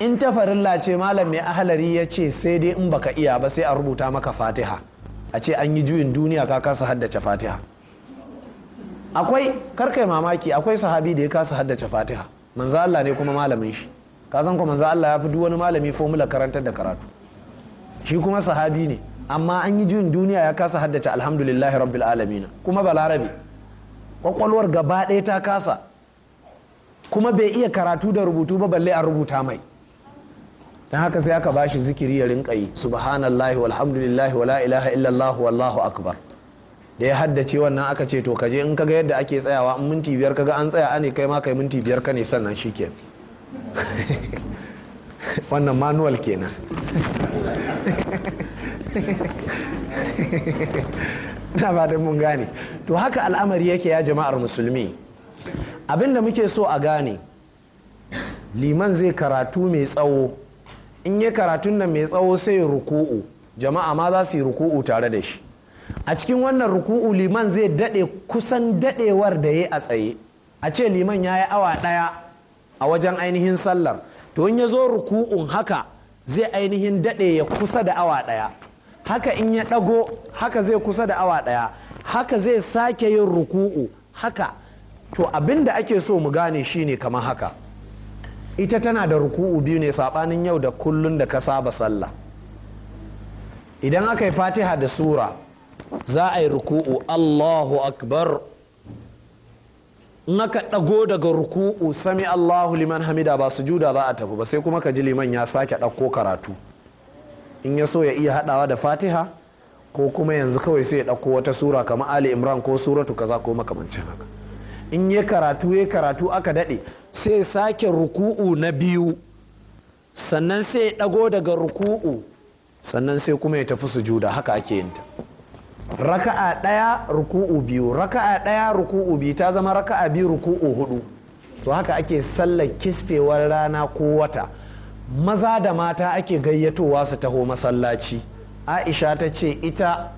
in ta farilla ce malam mai ahalari ya ce sai dai in baka iya ba sai a rubuta maka fatiha a ce an yi juyin duniya ka kasa haddace fatiha akwai karkai mamaki akwai sahabi da ya kasa haddace fatiha manzo Allah ne kuma malamin shi ka san kuma manzo Allah ya fi wani malami formula karantar da karatu shi kuma sahabi ne amma an yi jin duniya ya kasa haddace alhamdulillahi rabbil alamin kuma balarabe kwakwalwar gaba ɗaya ta kasa kuma bai iya karatu da rubutu ba balle a rubuta mai dan haka sai aka bashi zikiri ya rinka yi subhanallahi walhamdulillahi wala ilaha illallah wallahu akbar da ya haddace wannan aka ce to kaje in kaga yadda ake tsayawa in minti biyar kaga an tsaya ane kai ma kai minti biyar ka ne sannan ke wannan manual kenan na ba da mun gane to haka al'amari yake ya jama'ar musulmi abinda muke so a gane liman zai karatu mai tsawo in ya karatun nan mai tsawo sai ruku'u jama'a ma za su yi ruku'u tare da shi a cikin wannan ruku'u liman zai daɗe kusan daɗewar da ya a tsaye a ce liman ya yi awa ɗaya a wajen ainihin sallar to in ya zo ruku'un haka zai ainihin daɗe ya kusa da awa ɗaya haka in ya ɗago haka zai kusa da awa ɗaya haka zai sake yin ruku'u haka to abin da ake so mu gane shi ne kamar haka ita tana da ruku'u biyu ne saɓanin yau da kullun da ka saba sallah idan aka yi fatiha da sura za a yi ruku'u Allahu akbar in aka ɗago daga ruku'u sami Allahu liman hamida ba juda za a tafi ba sai kuma ka ji liman ya sake ɗauko karatu in ya so ya iya haɗawa da fatiha ko kuma yanzu kawai sai ya ɗauko wata sura kamar ali imran ko suratu kaza ko makamancin haka in ya karatu ya karatu aka daɗe sai sake ruku'u na biyu sannan sai ya ɗago daga ruku'u sannan sai kuma ya tafi su juda haka ake yinta. ta raka'a ɗaya ruku'u biyu raka'a ɗaya ruku'u biyu ta zama raka'a biyu ruku'u hudu to haka ake sallar kisfewar rana ko wata maza da mata ake gayyatowa su taho masallaci aisha ta ce ita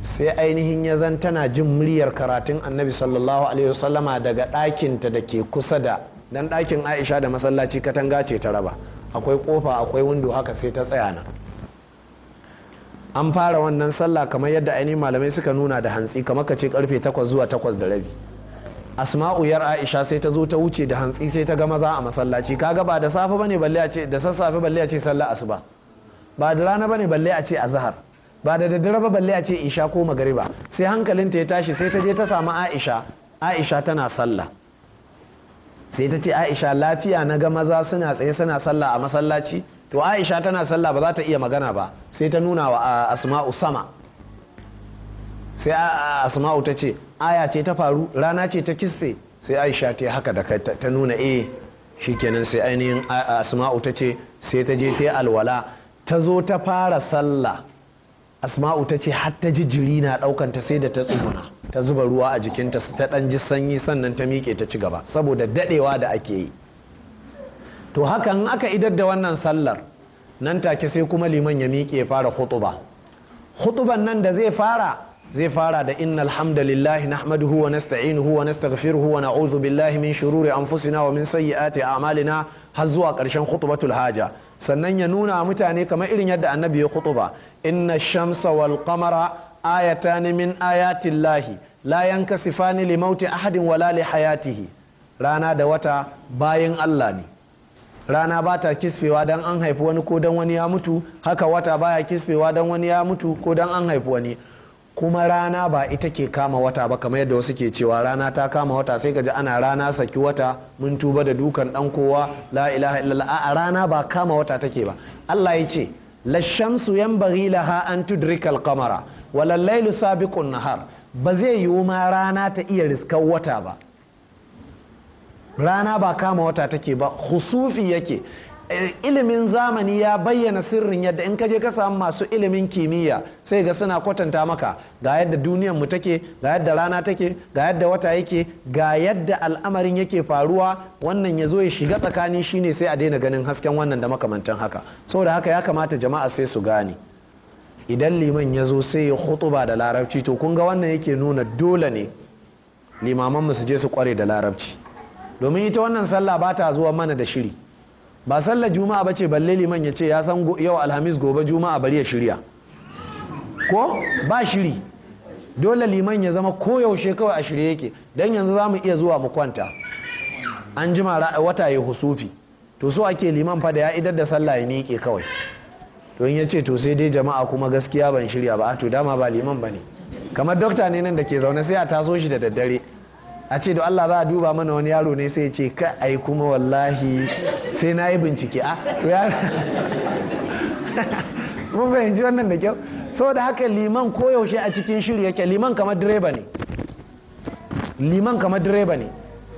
sai ainihin ya zan tana jin muryar karatun annabi sallallahu alaihi wasallama daga ɗakinta da ke kusa da dan ɗakin aisha da masallaci katanga ce ta raba akwai kofa akwai windo haka sai ta tsaya na. an fara wannan sallah kamar yadda ainihin malamai suka nuna da hantsi kamar ka ce karfe 8 zuwa 8 da rabi asma'u yar aisha sai ta zo ta wuce da hantsi sai ta ga maza a masallaci kaga ba da safe bane balle a ce da sassafe balle a ce sallah asuba ba da rana bane balle a ce azhar ba da daddare ba balle a ce isha ko magariba sai hankalinta ya tashi sai ta je ta samu aisha aisha tana sallah sai ta ce aisha lafiya na ga maza suna tsaye suna sallah a masallaci to aisha tana sallah ba za ta iya magana ba sai ta nuna wa ah, asma'u sama sai ah, ah, asma'u ta ce aya ce ta faru rana ce ta kisfe sai aisha ta haka da kai ta nuna e shikenan sai ainihin asma'u ta ce sai ta je ta alwala ta zo ta fara sallah asma'u ta ce har ta ji jiri na ɗaukanta sai da ta tsuguna ta zuba ruwa a jikinta ta dan ji sanyi sannan ta miƙe ta ci gaba saboda dadewa da ake yi to hakan aka idar da wannan sallar nan take sai kuma liman ya miƙe fara khutuba khutuban nan da zai fara zai fara da inna alhamdulillah nahmaduhu wa nasta'inuhu wa nastaghfiruhu wa na'udhu billahi min shururi anfusina wa min sayyiati a'malina har zuwa karshen khutubatul haja sannan ya nuna mutane kamar irin yadda annabi ya khutuba inna shamsa wal qamara ayatan min ayatillahi la yankasifani li mauti ahadin wala li hayatihi rana da wata bayan Allah ne rana ba ta kisfewa don an haifi wani ko don wani ya mutu haka wata baya kisfewa don wani ya mutu ko don an haifi wani kuma rana ba ita ke kama wata ba kamar yadda wasu ke cewa rana ta kama wata sai ka ji ana rana saki wata mun tuba da dukan dan kowa la ilaha illallah a rana ba kama wata take ba Allah ya ce la shamsu yanbaghi laha an tudrika al-qamara wal laylu sabiqun nahar ba zai yiwu ma rana ta iya riskar wata ba rana ba kama wata take ba husufi yake eh, ilimin zamani ya bayyana sirrin yadda in kaje ka samu masu ilimin kimiyya sai ga suna kwatanta maka ga yadda duniyan mu take ga yadda rana take ga yadda wata yake ga yadda al'amarin yake faruwa wannan ya zo ya shiga tsakani shine sai a daina ganin hasken wannan da makamantan haka saboda haka ya kamata jama'a sai su gane idan liman ya zo sai ya khutuba da larabci to kun ga wannan yake nuna dole ne limaman mu su je su kware da larabci domin ita wannan sallah ba ta zuwa mana da shiri ba sallar juma'a ba ce balle liman ya ce ya san yau alhamis gobe juma'a bari ya shirya ko ba shiri dole liman ya zama koyaushe kawai a shirye yake don yanzu za mu iya zuwa mu kwanta an jima wata ya husufi to so ake liman fa da ya idar da sallah ya miƙe kawai to in ya ce to sai dai jama'a kuma gaskiya ban shirya ba to dama ba liman ba ne kamar dokta ne nan da ke zaune sai a taso shi da daddare a ce da Allah za a duba mana wani yaro ne sai ce ka ai kuma wallahi sai na yi bincike a ah, to mun fahimci wannan da kyau saboda haka liman koyaushe a cikin shiri yake liman kamar direba ne liman kamar direba ne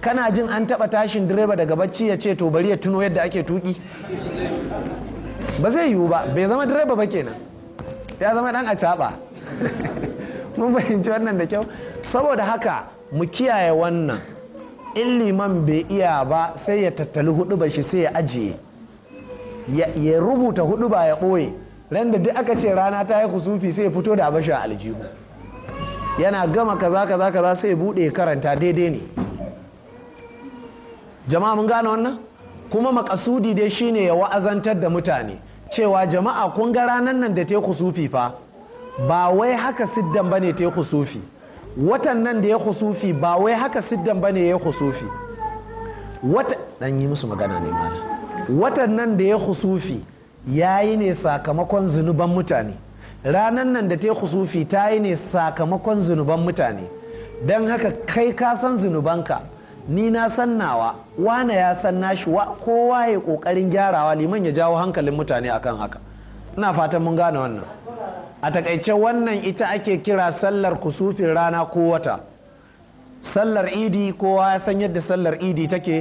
kana jin an taba tashin direba daga bacci ya ce to bari ya tuno yadda ake tuki ba zai yiwu ba bai zama direba ba kenan ya zama dan a mun fahimci wannan da kyau saboda haka mu kiyaye wannan in liman bai iya ba sai ya tattali hudu ba shi sai ya ajiye ya rubuta hudu ba ya ɓoye ran duk aka ce rana ta yi kusufi sai ya fito da abashi a aljihu yana gama kaza kaza kaza sai ya buɗe karanta daidai ne jama'a mun gane wannan kuma makasudi dai shine ya wa'azantar da mutane cewa jama'a kun ga ranar nan da yi kusufi fa ba wai haka siddan ta yi sufi watan nan da ya husufi ba wai haka siddan bane ya husufi wata dan yi musu magana ne watan nan da ya husufi yayi ne sakamakon zunuban mutane ranan nan da ta husufi ta yi ne sakamakon zunuban mutane dan haka kai ka san zunubanka ni na san nawa wane ya san nashi kowa ya kokarin gyarawa liman ya jawo hankalin mutane akan haka ina fatan mun gane wannan a takaice wannan ita ake kira sallar kusufin rana ko wata sallar idi kowa ya san yadda sallar idi take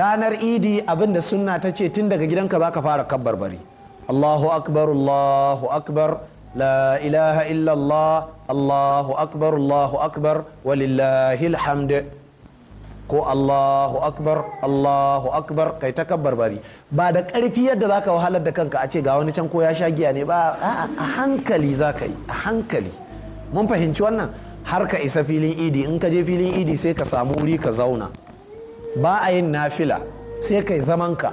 ranar idi abinda sunna ta ce tun daga gidanka za ka fara kabbar bari allahu akbar allahu akbar la ilaha illallah allahu akbar allahu akbar walillahi alhamd ko allahu akbar allahu akbar kai ta kabbar bari ba da ƙarfi yadda zaka wahalar da kanka a ce ga wani can ko ya sha giya ne ba a hankali za ka yi a hankali mun fahimci wannan har ka isa filin idi in ka je filin idi sai ka samu wuri ka zauna ba a yin nafila sai kai zaman ka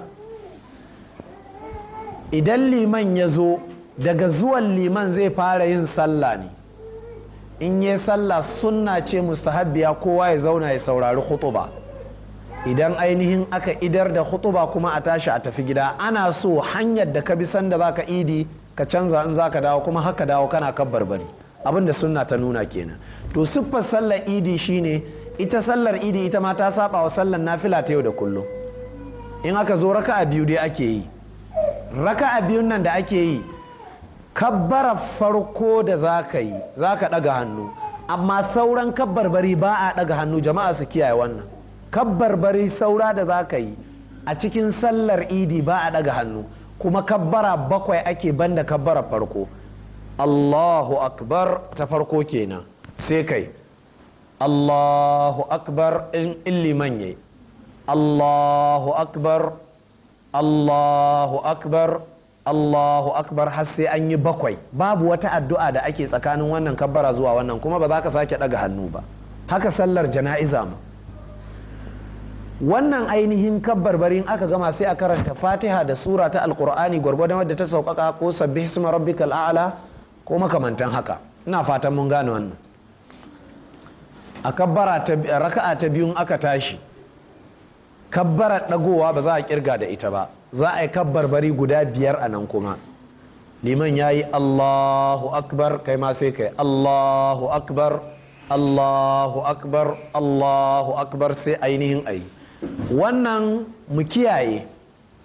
idan liman ya zo daga zuwan liman zai fara yin sallah ne in yi sallah sunna ce mustahabbiya kowa ya zauna ya saurari khutuba idan ainihin aka idar da hutuba kuma a tashi a tafi gida ana so hanyar da ka bi sanda ka idi ka canza in zaka dawo kuma haka dawo kana kan barbari abin da sunna ta nuna kenan to siffar sallar idi shine ita sallar idi ita ma ta saba wa sallar nafila ta yau da kullum in aka zo raka a biyu dai ake yi raka a biyun nan da ake yi kabbara farko da zaka yi zaka daga hannu amma sauran kabbarbari ba a daga hannu jama'a su kiyaye wannan bari saura da za ka yi a cikin sallar idi ba a daga hannu kuma kabbara bakwai ake banda kabbara farko allahu akbar ta farko kenan sai kai allahu akbar in illi yayi allahu akbar allahu akbar allahu akbar har sai an yi bakwai babu wata addu'a da ake tsakanin wannan kabbara zuwa wannan kuma ba za ka sake daga hannu ba haka sallar jana'iza mu wannan ainihin kabbarbarin aka gama sai a karanta fatiha da sura ta alkur'ani gwargwadon wadda ta sauƙaƙa ko sabbi hisma rabbikal a'la ko makamantan haka ina fatan mun gane wannan a kabbara raka'a ta biyun aka tashi kabbara ɗagowa ba za a kirga da ita ba za a yi kabbarbari guda biyar a nan kuma liman ya yi allahu akbar kai ma sai kai allahu akbar allahu akbar allahu akbar sai ainihin ayi wannan mu kiyaye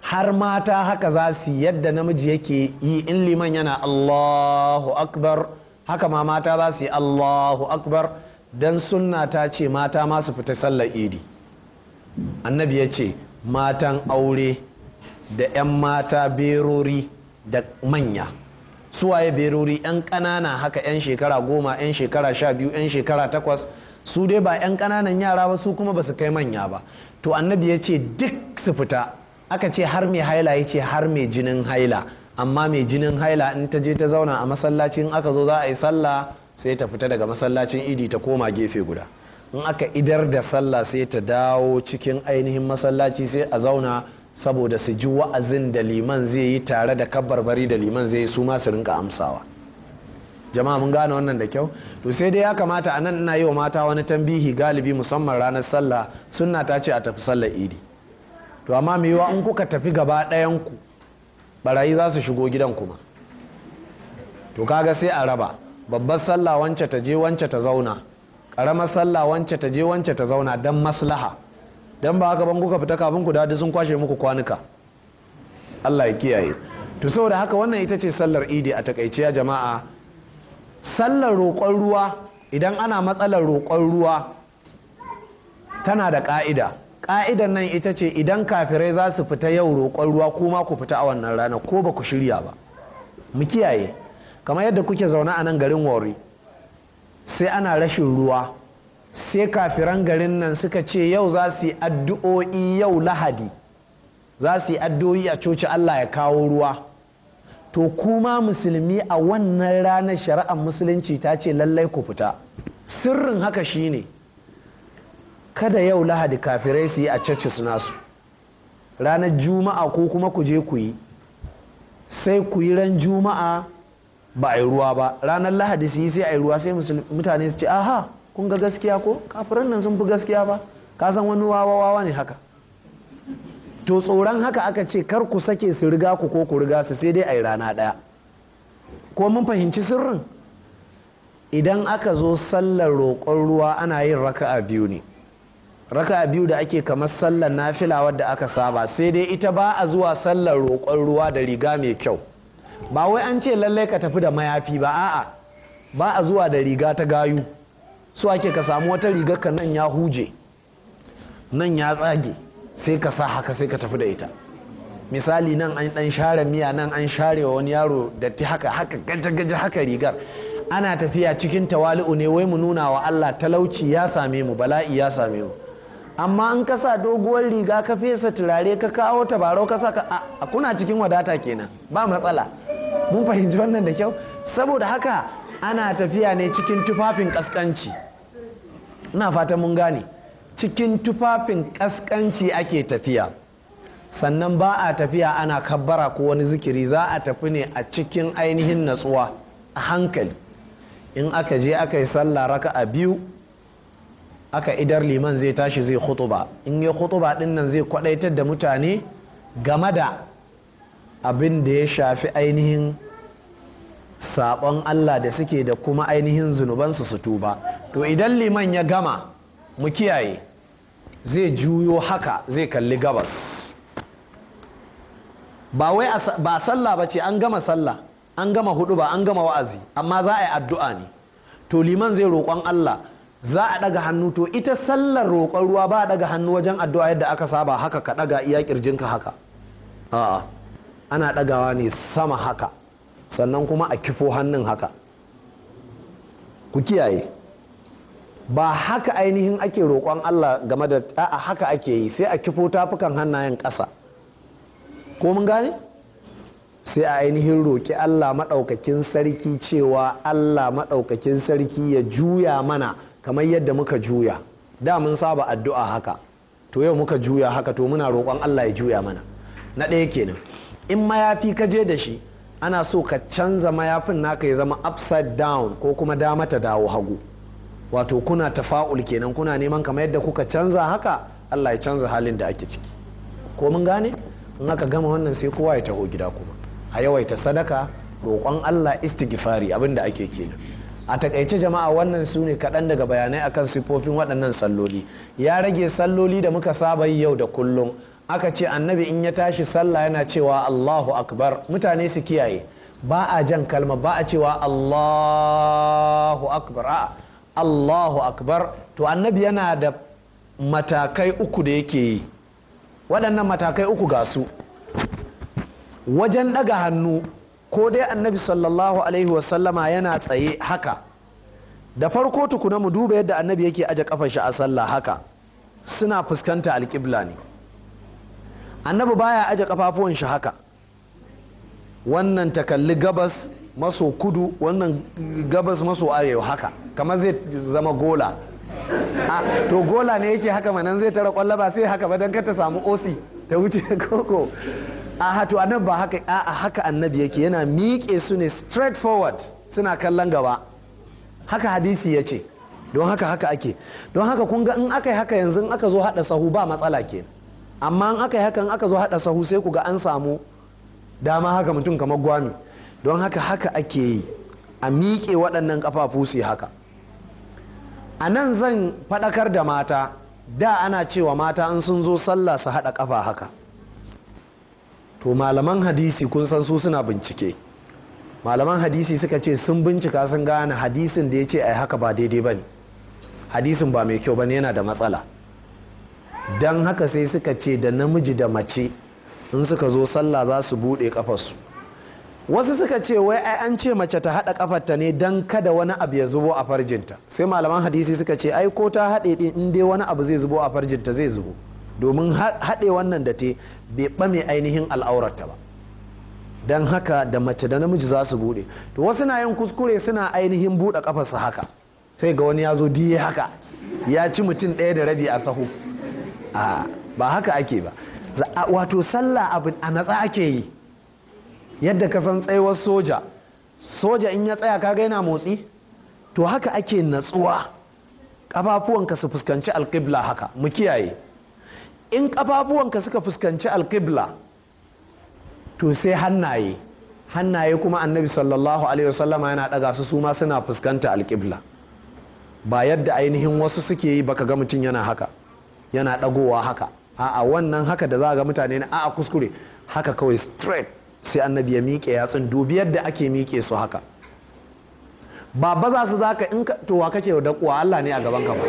har mata haka za su yadda namiji yake yi in liman yana Allahu akbar haka ma mata za su yi Allahu akbar don sunna ta ce mata ma su fita sallar idi annabi ya ce matan aure da 'yan mata berori da manya suwaye berori 'yan ƙanana haka 'yan shekara goma 'yan shekara sha biyu 'yan shekara takwas su dai ba 'yan ƙananan yara ba su kuma ba su kai manya ba to annabi ya ce duk su fita aka ce har mai haila ya ce har mai jinin haila amma mai jinin haila in ta je ta zauna a masallacin aka zo za a yi sallah sai ta fita daga masallacin idi ta koma gefe guda in aka idar da sallah sai ta dawo cikin ainihin masallaci sai a zauna saboda su ji wa'azin da liman zai yi tare da bari da liman zai yi su ma su rinka amsawa jama'a mun gane wannan da kyau to sai dai ya kamata a nan ina yi wa mata wani tambihi galibi musamman ranar sallah sunna ta ce a tafi sallar idi to amma mai yiwa in kuka tafi gaba ɗayan ku barayi za su shigo gidan kuma to kaga sai a raba babbar sallah wance ta je wance ta zauna ƙaramar sallah wance ta je wance ta zauna don maslaha don ba haka ban kuka fita kafin ku dadi sun kwashe muku kwanuka Allah ya kiyaye to saboda haka wannan ita ce sallar idi a takaice ya jama'a sallar roƙon ruwa idan ana matsalar roƙon ruwa tana da ƙa'ida ƙa'idan nan ita ce idan kafirai za su fita yau roƙon ruwa ko ku fita a wannan rana ko ba ku shirya ba mu kiyaye kamar yadda kuke zaune a nan garin wari sai ana rashin ruwa sai kafiran garin nan suka ce yau za su yi addu'o'i yau lahadi za su yi addu'o'i a coci allah ya kawo ruwa to kuma musulmi a wannan ranar shari'ar musulunci ta ce lallai ku fita sirrin haka shine kada yau lahadi kafirai su yi a su nasu ranar juma'a ko kuma ku je ku yi sai ku yi ran juma'a ba a yi ruwa ba ranar lahadi su yi sai a yi ruwa sai mutane su ce aha kun ga gaskiya ko kafirin nan sun fi gaskiya ba ka san wani wawa wawa ne haka to tsoron haka aka ce kar ku sake su riga ku ko ku riga su sai dai a yi rana ɗaya ko mun fahimci sirrin idan aka zo sallar roƙon ruwa ana yin raka'a biyu ne raka'a biyu da ake kamar sallar nafila wadda aka saba sai dai ita ba a zuwa sallar roƙon ruwa da riga mai kyau ba wai an ce lallai ka tafi da mayafi ba a'a ba a zuwa da riga ta gayu su ake ka samu wata rigar ka nan ya huje nan ya tsage sai ka sa haka sai ka tafi da ita misali nan an dan share miya nan an share wa wani yaro datti haka haka gaje-gaje haka rigar ana tafiya cikin tawali'u ne wai mu nuna wa Allah talauci ya same mu bala'i ya same mu amma an ka sa doguwar riga ka fesa turare ka kawo tabarau ka sa a kuna cikin wadata kenan ba matsala mun fahimci wannan da kyau saboda haka ana tafiya ne cikin tufafin kaskanci ina fata mun gane cikin tufafin ƙasƙanci ake tafiya sannan ba a tafiya ana kabbara ko wani zikiri za a tafi ne a cikin ainihin natsuwa a hankali in aka je aka yi sallah raka a biyu aka idar liman zai tashi zai khutuba in ya khutuba din nan zai kwadaitar da mutane game da abin da ya shafi ainihin sabon Allah da suke da kuma ainihin zunubansu su tuba to idan liman ya gama mu kiyaye zai juyo haka zai kalli gabas ba wai ba sallah ba ce an gama sallah an gama hudu ba an gama wa'azi amma za a yi addu'a ne to liman zai roƙon Allah za a daga hannu to ita sallar roƙon ruwa ba a daga hannu wajen addu'a yadda aka saba haka ka daga iya kirjinka haka a'a ana dagawa ne sama haka sannan kuma a kifo hannun haka ku kiyaye ba haka ainihin ake roƙon Allah game da a haka ake yi sai a kifo tafukan hannayen ƙasa ko mun gane sai a ainihin roƙi Allah maɗaukakin sarki cewa Allah maɗaukakin sarki ya juya mana kamar yadda muka juya da mun saba addu'a haka to yau muka juya haka to muna roƙon Allah ya juya mana na ɗaya kenan in mayafi ka je da shi ana so ka canza mayafin naka ya zama upside down ko kuma dama ta dawo hagu wato kuna tafa'ul kenan kuna neman kamar yadda kuka canza haka Allah ya canza halin da ake ciki ko mun gane in aka gama wannan sai kowa ya taho gida kuma a yawaita sadaka roƙon Allah istighfari abin da ake kenan a takaice jama'a wannan su ne kaɗan daga bayanai akan siffofin waɗannan salloli ya rage salloli da muka saba yi yau da kullum aka ce annabi in ya tashi sallah yana cewa Allahu akbar mutane su kiyaye ba a jan kalma ba a cewa Allahu akbar a'a Allahu akbar to annabi yana da matakai uku da yake yi waɗannan matakai uku ga su wajen ɗaga hannu ko dai annabi sallallahu alaihi wasallama yana tsaye haka da farko tukuna mu duba yadda annabi yake aje kafar shi a sallah haka suna fuskanta alƙibla ne annabi baya aje kafafuwan shi haka wannan ta kalli gabas maso kudu wannan gabas maso arewa haka kamar zai zama gola a ah, to gola ne yake haka manan zai tara kwallo ba sai haka ba don ka ta samu osi ta wuce koko a hatu nan ba haka a haka annabi yake yana miƙe su ne straight forward suna kallon gaba haka hadisi ya ce don haka haka ake don haka kun ga in aka yi haka yanzu in aka zo haɗa sahu ba matsala ke amma in aka yi haka in aka zo haɗa sahu sai ku ga an samu dama haka mutum kamar gwami don haka haka ake yi a miƙe waɗannan ƙafafu su haka a nan zan faɗakar da mata da ana cewa mata in sun zo sallah su haɗa ƙafa haka to malaman hadisi kun san su suna bincike malaman hadisi suka ce sun bincika sun gane hadisin da ya ce ai haka ba daidai ba ne hadisin ba mai kyau ba ne yana da matsala don haka sai suka ce da namiji da mace in suka zo sallah za su buɗe ƙafarsu wasu suka ce wai ai an ce mace ta haɗa kafarta ne don kada wani abu ya zubo a farjinta sai malaman hadisi suka ce ai ko ta haɗe ɗin in dai wani abu zai zubo a farjinta zai zubo domin haɗe wannan da te bai ɓame ainihin al'aurarta ba don haka da mace da namiji za su buɗe to wasu na yin kuskure suna ainihin buɗe kafarsa haka sai ga wani ya zo diye haka ya ci mutum ɗaya da rabi a sahu ba haka ake ba wato sallah abu a natsa ake yi yadda ka san tsayuwar soja soja in ya tsaya kaga yana motsi to haka ake natsuwa ƙafafuwanka su fuskanci alƙibla haka mu kiyaye in ƙafafuwanka suka fuskanci alƙibla to sai hannaye hannaye kuma annabi sallallahu alaihi wasallama yana ɗaga su suma suna fuskanta alƙibla ba yadda ainihin wasu suke yi baka ga mutum yana haka yana ɗagowa haka a'a wannan haka da za a ga mutane na a'a kuskure haka kawai straight sai annabi ya miƙe yatsun dubi yadda ake miƙe su haka ba baza su zaka in to wa kake da kuwa Allah ne a gaban ka ba.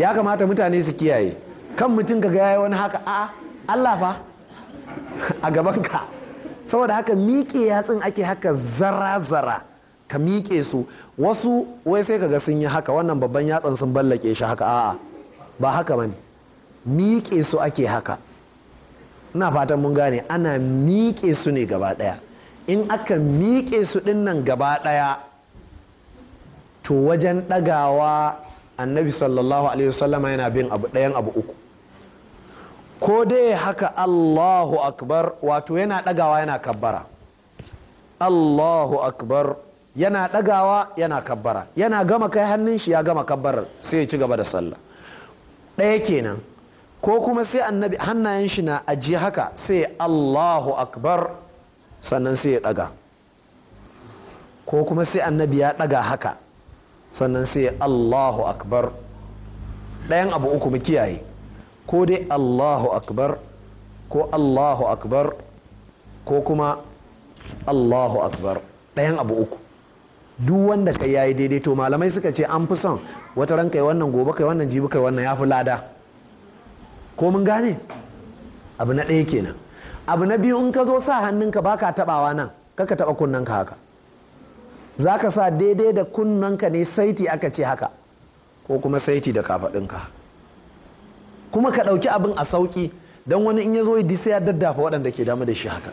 ya kamata mutane su kiyaye kan mutum ka ga yayi wani haka a'a Allah fa a gaban ka saboda haka miƙe yatsun ake haka zara-zara ka miƙe su wasu wai sai kaga sun yi haka wannan babban yatsan sun ballake shi haka a'a ba haka bane miƙe su ake haka ina fatan mun gane ana miƙe su ne gaba ɗaya in aka miƙe su ɗin nan gaba ɗaya to wajen ɗagawa annabi sallallahu alaihi wasallama yana bin abu ɗayan abu uku ko dai haka allahu akbar wato yana ɗagawa yana kabbara allahu akbar yana ɗagawa yana kabbara yana gama kai hannun shi ya gama kabbarar sai ya ci gaba da sallah ɗaya kenan ko kuma sai annabi hannayen shi na ajiye haka sai Allahu akbar sannan sai ya daga ko kuma sai annabi ya daga haka sannan sai Allahu akbar ɗayan abu uku mu kiyaye ko dai Allahu akbar ko Allahu akbar ko kuma Allahu akbar ɗayan abu uku duk wanda kai yayi daidai to malamai suka ce an fi son wata ran kai wannan gobe kai wannan jibi kai wannan ya fi lada ko mun gane abu na ɗaya kenan abu na biyu in ka zo sa hannunka baka tabawa nan kaka taba kunnanka haka za ka sa daidai da kunnanka ne saiti aka ce haka ko kuma saiti da kafaɗinka kuma ka ɗauki abin a sauƙi don wani in ya zo ya daddafa waɗanda ke damu da shi haka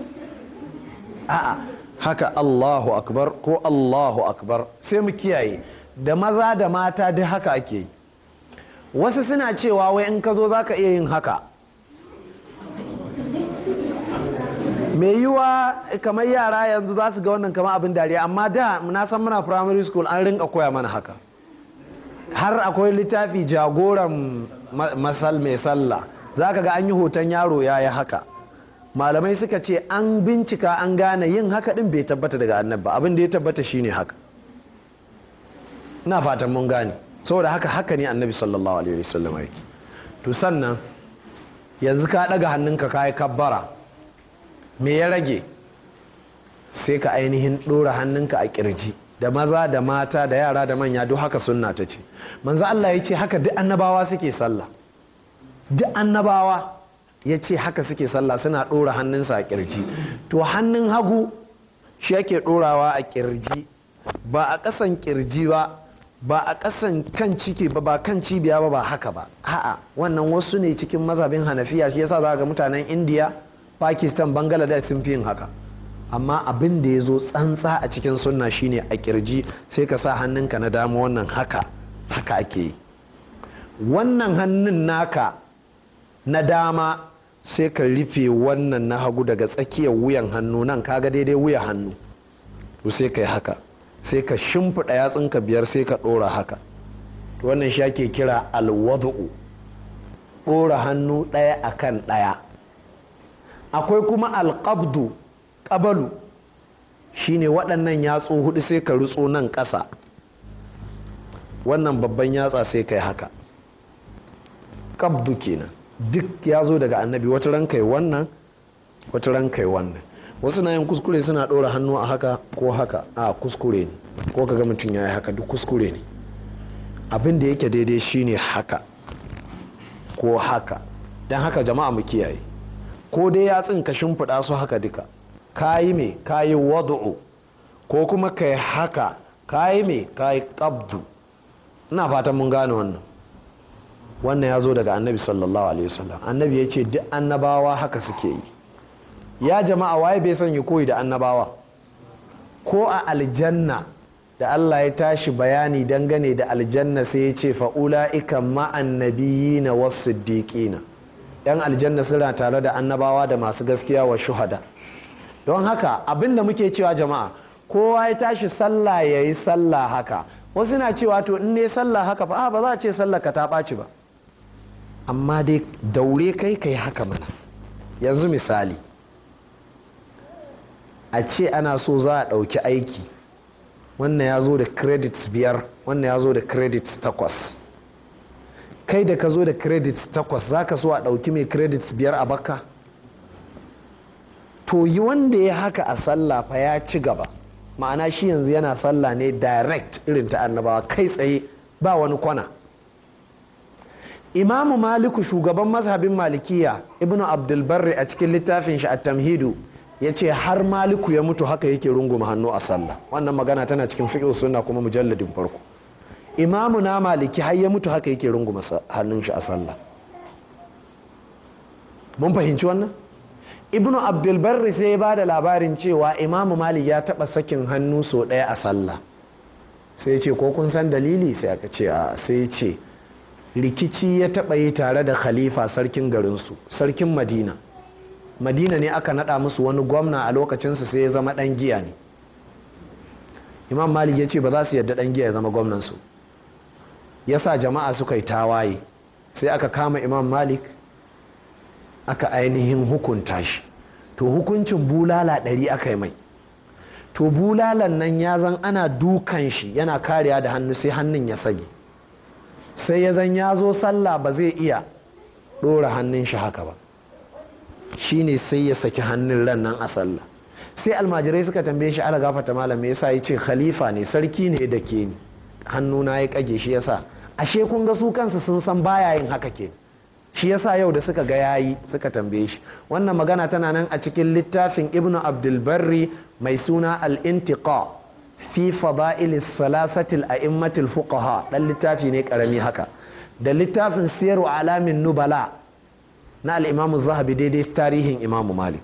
a'a haka Allahu akbar ko Allahu akbar sai mu kiyaye da maza da mata dai haka ake yi wasu suna cewa wai in ka zo za ka iya yin haka mai yiwa kamar yara yanzu za su ga wannan kama abin dariya amma da na san muna primary school an rinka koya mana haka har akwai littafi jagoran masal mai sallah za ka ga an yi hoton yaro ya yi haka malamai suka ce an bincika an gane yin haka din bai tabbata daga annabba abin da ya tabbata shine haka na fatan mun gane saboda haka haka ne annabi sallallahu alaihi wasallam yake to sannan yanzu ka daga hannunka ka yi kabbara me ya rage sai ka ainihin dora hannunka a kirji da maza da mata da yara da manya duk haka sunna ta ce manzo Allah ya ce haka duk annabawa suke sallah duk annabawa ya ce haka suke sallah suna ɗora hannunsa a kirji to hannun hagu shi yake dorawa a kirji ba a kasan kirji ba ba a ƙasan kan ciki ba ba kan cibiya ba ba haka ba a'a wannan wasu ne cikin mazabin hanafiya shi yasa za ga mutanen indiya pakistan bangladesh sun fi yin haka amma abin da ya zo tsantsa a cikin sunna shine a kirji sai ka sa hannunka na dama wannan haka haka ake yi wannan hannun naka na dama sai ka rufe wannan na hagu daga tsakiyar wuyan hannu nan kaga daidai wuyan hannu to sai ka haka sai ka shimfiɗa yatsun ka biyar sai ka ɗora haka wannan shi ake kira alwadu'u ɗora hannu ɗaya a kan ɗaya akwai kuma alƙabdu ƙabalu Shi ne waɗannan yatsu hudu sai ka rutso nan ƙasa wannan babban yatsa sai kai haka ƙabdu kenan duk ya zo daga annabi wata ranka yi wannan wata ranka yi wannan wasu na yin kuskure suna ɗora hannu a haka ko haka a kuskure ne ko ga mutum ya yi haka duk kuskure ne abin da yake daidai shine haka ko haka don haka jama'a mu kiyaye ko dai ya ka shimfiɗa su haka duka ka yi me yi wadu'u ko kuma ka yi haka ka yi me yi ƙabdu ina fatan mun gane wannan wannan ya zo daga annabi sallallahu alaihi wasallam annabi ya ce duk annabawa haka suke yi ya jama'a waye bai son ya koyi da annabawa ko a aljanna da Allah ya tashi bayani dangane da aljanna sai ya ce fa'ula ikan ma'an na wasu diƙina yan aljanna suna tare da annabawa da masu gaskiya wa shuhada don haka abin da muke cewa jama'a kowa ya tashi sallah ya yi sallah haka wasu na cewa to in ne sallah haka fa ah, ba za a ce sallah ka ta ɓaci ba amma dai daure kai kai haka mana yanzu misali a ce ana so za a ɗauki aiki wannan ya zo da credits biyar wannan ya zo da credits takwas kai da ka zo da credits takwas za ka so a ɗauki mai credits biyar a baka to yi wanda ya haka a sallah fa ya ci gaba ma'ana shi yanzu yana sallah ne direct irin ta annabawa kai tsaye ba wani kwana imamu maliku shugaban mazhabin malikiya ibnu abdulbarri a cikin littafin shi a tamhidu ya ce har maliku ya mutu haka yake runguma hannu a sallah wannan magana tana cikin fiƙi sunna kuma mujalladin farko imamu na maliki har ya mutu haka yake runguma hannun shi a sallah mun fahimci wannan ibnu abdulbarri sai ya ba da labarin cewa imamu malik ya taɓa sakin hannu sau ɗaya a sallah sai ce ko kun san dalili sai aka ce a sai ce rikici ya taɓa yi tare da khalifa sarkin garinsu sarkin madina madina ne aka nada musu wani gwamna a lokacinsu sai ya zama dan giya ne imam malik ya ce ba za su yarda dan giya ya zama gwamnansu ya sa jama'a suka yi tawaye sai aka kama imam malik aka ainihin hukunta shi to hukuncin bulala ɗari aka yi mai to bulalan nan ya zan ana dukan shi yana kariya da hannu sai hannun ya sage sai ya zan ya zo sallah ba zai iya ɗora hannun shi haka ba shine sai ya saki hannun ran nan a sallah sai almajirai suka tambaye shi ala gafata malam me yasa yace khalifa ne sarki ne da ke ni hannuna ya kage shi yasa ashe kun ga su kansu sun san baya yin haka ke shi yasa yau da suka ga yayi suka tambaye shi wannan magana tana nan a cikin littafin ibnu abdulbarri mai suna al-intiqa fi fada'il salasatil a'immatil fuqaha Ɗan littafi ne karami haka da littafin siyarwa alamin nubala na al'imamu zahabi daidai tarihin imamu malik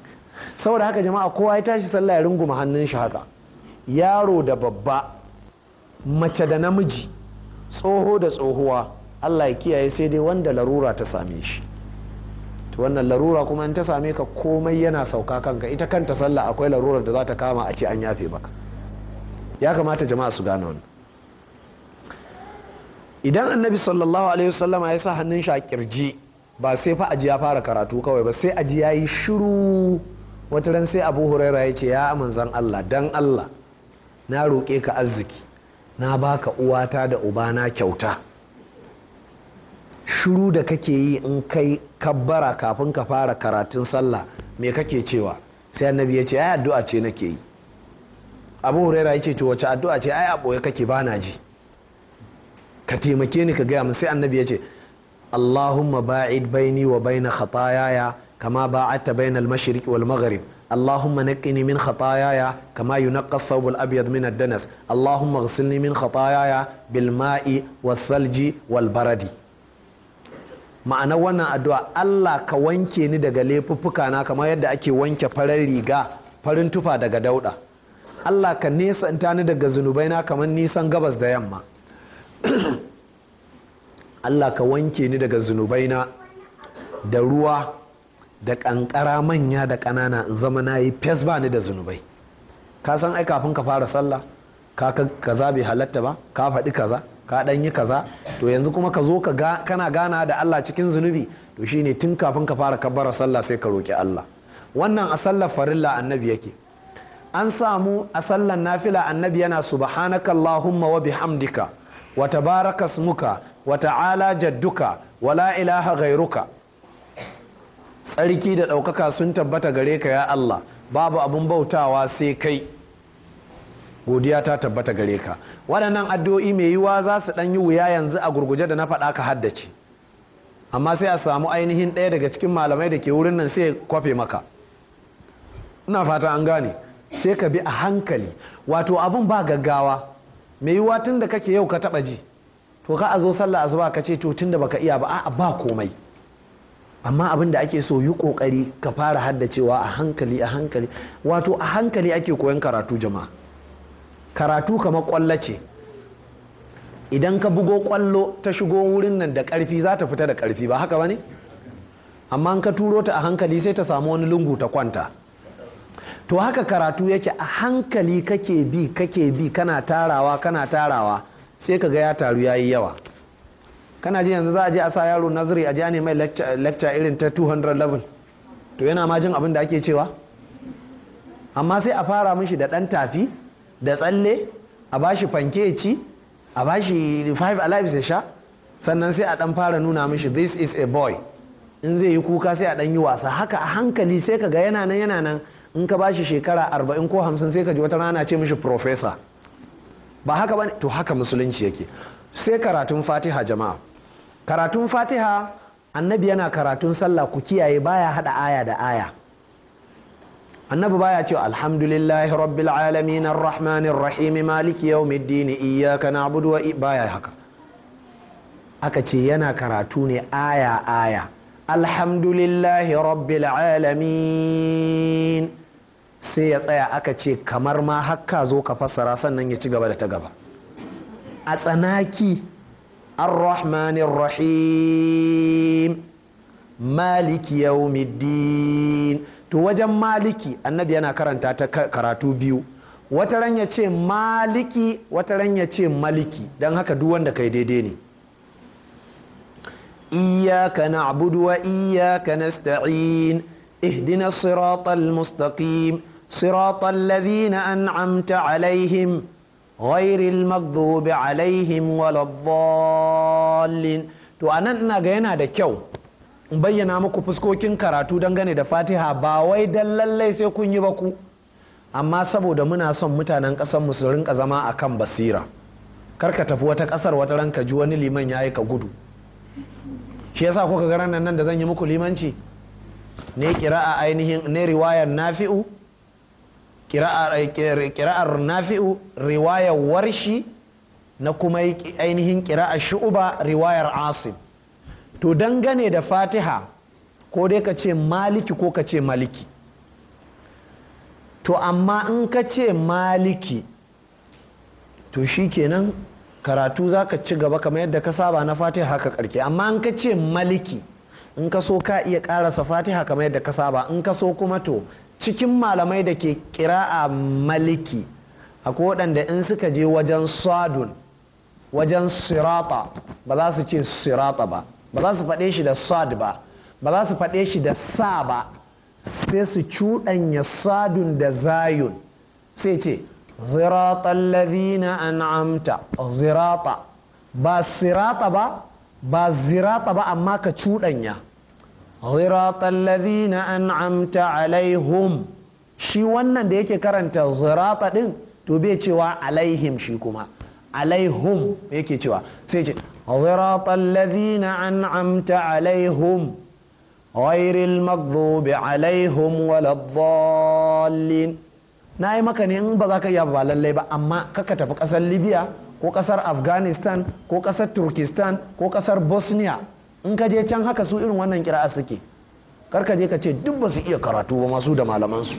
saboda haka jama'a kowa ya tashi sallah ya runguma hannun shi haka yaro da babba mace da namiji tsoho da tsohuwa allah ya kiyaye sai dai wanda larura ta same shi to wannan larura kuma in ta same ka komai yana sauka kanka ita kanta sallah akwai larura da za ta kama a ce an yafe baka ya kamata jama'a su gane wannan idan annabi sallallahu alaihi wasallama ya sa hannun shi a kirji ba sai fa aji ya fara karatu kawai ba sai aji ya yi shiru wata ran sai abu huraira ya ce ya amanzan allah dan allah na roƙe ka arziki na baka uwata da ubana kyauta shiru da kake yi in kai kabbara kafin ka fara karatun sallah me kake cewa sai annabi ya ce ai addu'a ce nake yi abu huraira ya ce to wace addu'a ce ai a ɓoye kake bana ji ka taimake ni ka gaya min sai annabi ya ce اللهم باعد بيني وبين خطاياي كما باعدت بين المشرق والمغرب اللهم نقني من خطاياي كما ينقى الثوب الابيض من الدنس اللهم اغسلني من خطاياي بالماء والثلج والبرد ma'anar wannan addu'a Allah ka wanke ni daga laifuffuka na kamar yadda ake wanke farar riga farin tufa daga dauda Allah ka nesanta ni daga zunubai na kamar nisan gabas da yamma Allah ka wanke ni daga zunubaina da ruwa da ƙanƙara manya da ƙanana in zama na yi fes ba ni da zunubai ka san ai kafin ka fara sallah ka kaza bai halatta ba ka faɗi kaza ka ɗan yi kaza to yanzu kuma ka zo kana gana da Allah cikin zunubi to shine tun kafin ka fara kabbara sallah sai ka roki Allah wannan a sallar farilla annabi yake an samu a sallar nafila annabi yana subhanakallahumma wa bihamdika wa tabarakasmuka smuka wa ta'ala jadduka wa la ilaha ghairuka tsarki da ɗaukaka sun tabbata gare ka ya Allah babu abun bautawa sai kai godiya ta tabbata gare ka waɗannan addu'o'i mai yiwa za su ɗan yi wuya yanzu a gurguje da na faɗa ka haddace amma sai a samu ainihin ɗaya daga cikin malamai da ke wurin nan sai kwafe maka ina fata an gane sai ka bi a hankali wato abun ba gaggawa mai yiwa tun da kake yau ka taɓa ji to ka a zo sallah asuba ka ce to tunda baka iya ba a'a ba komai amma abin da ake so yi kokari ka fara haddacewa a hankali a hankali wato a hankali ake koyan karatu jama'a karatu kamar kwallo ce idan ka bugo kwallo ta shigo wurin nan da karfi za ta fita da karfi ba haka bane amma ka turo ta a hankali sai ta samu wani lungu ta kwanta to haka karatu yake a hankali kake bi kake bi kana tarawa kana tarawa sai ka ga ya taru ya yi yawa kana ji yanzu za a je a sa yaro nazari a ji ne mai lecture irin ta 200 level to yana ma jin abin da ake cewa amma sai a fara mishi da ɗan tafi da tsalle a bashi fanke ci a bashi five alive ya sha sannan sai a ɗan fara nuna mishi this is a boy in zai yi kuka sai a ɗan yi wasa haka a hankali sai ka ga yana nan yana nan in ka bashi shekara arba'in ko hamsin sai ka ji wata rana ce mishi professor ba haka ba to haka musulunci yake sai karatun fatiha jama'a karatun fatiha annabi yana karatun sallah ku kiyaye baya hada aya da aya annabi baya ce alhamdulillahi rabbil alamin arrahmanir rahim maliki yawmiddin iyyaka na'budu wa baya haka aka ce yana karatu ne aya aya alhamdulillahi rabbil alamin sai ya tsaya aka ce kamar ma hakka zo ka fassara sannan ya ci gaba da ta gaba a tsanaki ar-rahmanir rahim maliki yaumiddin to wajen maliki annabi yana karanta ta karatu biyu wata ran ya ce maliki wata ran ya ce maliki don haka duk wanda kai daidai ne iyaka abudu wa iyaka nasta'in ihdina siratal mustaqim صراط الذين أنعمت عليهم غير المغضوب عليهم ولا الضالين to anan ina ga yana da kyau in bayyana muku fuskokin karatu gane da fatiha ba wai dan lallai sai kun yi ba ku amma saboda muna son mutanen ƙasar su rinka zama a kan basira kar ka tafi wata ƙasar wata ranka ji wani liman ya yi ka gudu shi yasa kuka ga ranar nan da zan yi muku limanci ne kira a ainihin na riwayar nafi'u Eh, kira'ar nafi'u riwayar warshi na kuma ainihin kira'ar shu'uba riwayar asim to dangane da fatiha ko dai ka ce maliki ko ka ce maliki to amma in ka ce maliki to shi kenan karatu za ka ci gaba kamar yadda ka saba na fatiha haka karke amma in ka ce maliki in ka so ka iya karasa fatiha kamar yadda ka saba in ka so kuma to cikin malamai da ke kira'a maliki a waɗanda in suka je wajen sadun wajen sirata ba za su ce sirata ba ba za su faɗe shi da sad ba ba za su faɗe shi da sa ba sai su cuɗanya sadun da zayun sai ce zirata ladina an'amta zirata ba sirata ba ba zirata ba amma ka cuɗanya صراط الذين أنعمت عليهم shi wannan da yake karanta zirata din to bai cewa alaihim shi kuma alaihum yake cewa sai ce zirata alladhina an'amta alaihum ghairil maghdubi alaihim waladdallin na yi maka ne in ba za ka iya ba lallai ba amma kaka tafi kasar libya ko kasar afghanistan ko kasar turkistan ko kasar bosnia in ka je can haka su irin wannan kira'a suke karka je ka ce duk ba su iya karatu ba masu da malamansu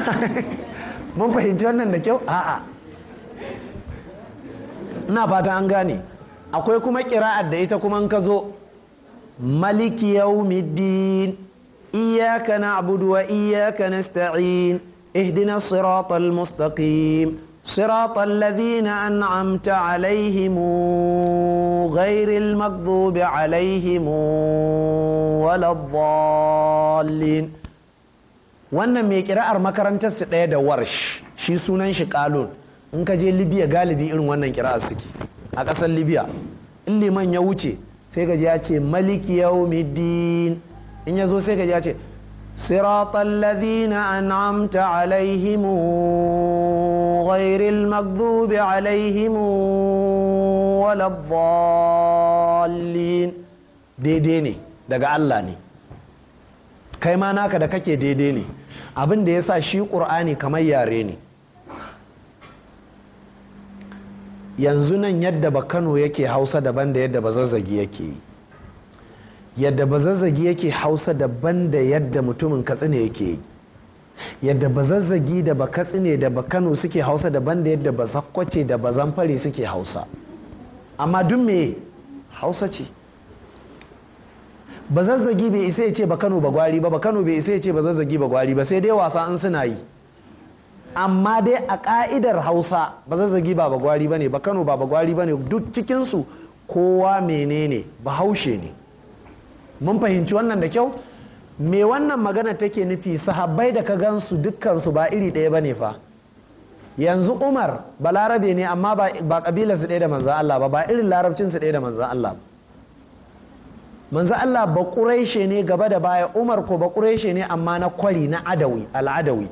mun fahimci wannan da kyau a'a ina fata an gane akwai kuma kira'ar da ita kuma in ka zo maliki yaumiddin na abudu wa na sta'in ihdina siratal mustaqim صراط الذين أنعمت عليهم غير المغضوب عليهم ولا الضالين wannan mai kira'ar makarantar su ɗaya da warsh shi sunan shi kalon in ka je libya galibi irin wannan kira'ar suke a ƙasar libya in liman ya wuce sai ka ya ce maliki yaumiddin in ya zo sai ka ya ce صراط anamta أنعمت Gairil غير المغضوب عليهم ولا الضالين ne daga Allah ne kai ma naka da kake daidai ne abin da ya shi ƙur'ani kamar yare ne yanzu nan yadda ba kano yake hausa daban da yadda ba zazzagi yake yi yadda bazazzagi yake hausa daban da yadda mutumin katsina yake yi yadda bazazzagi da ba katsine da ba kano suke hausa daban da yadda ba zakwace da ba zamfare suke hausa amma duk me hausa ce bazazzagi bai isa ya ce ba kano ba gwari ba ba kano bai isa ya ce bazazzagi ba gwari ba sai dai wasa in suna yi amma dai a ka'idar hausa bazazzagi ba ba gwari ba ne ba kano ba ba gwari ba ne duk cikinsu kowa menene bahaushe ne mun fahimci wannan da kyau me wannan magana take nufi sahabbai da ka gansu dukkansu ba iri ɗaya ba ne fa yanzu umar ba larabe ne amma ba su ɗaya da manzan Allah ba ba irin larabcinsu ɗaya da manzan Allah manzan Allah ba ƙureshe ne gaba da baya umar ko ba ƙureshe ne amma na kwari na adawi al'adawi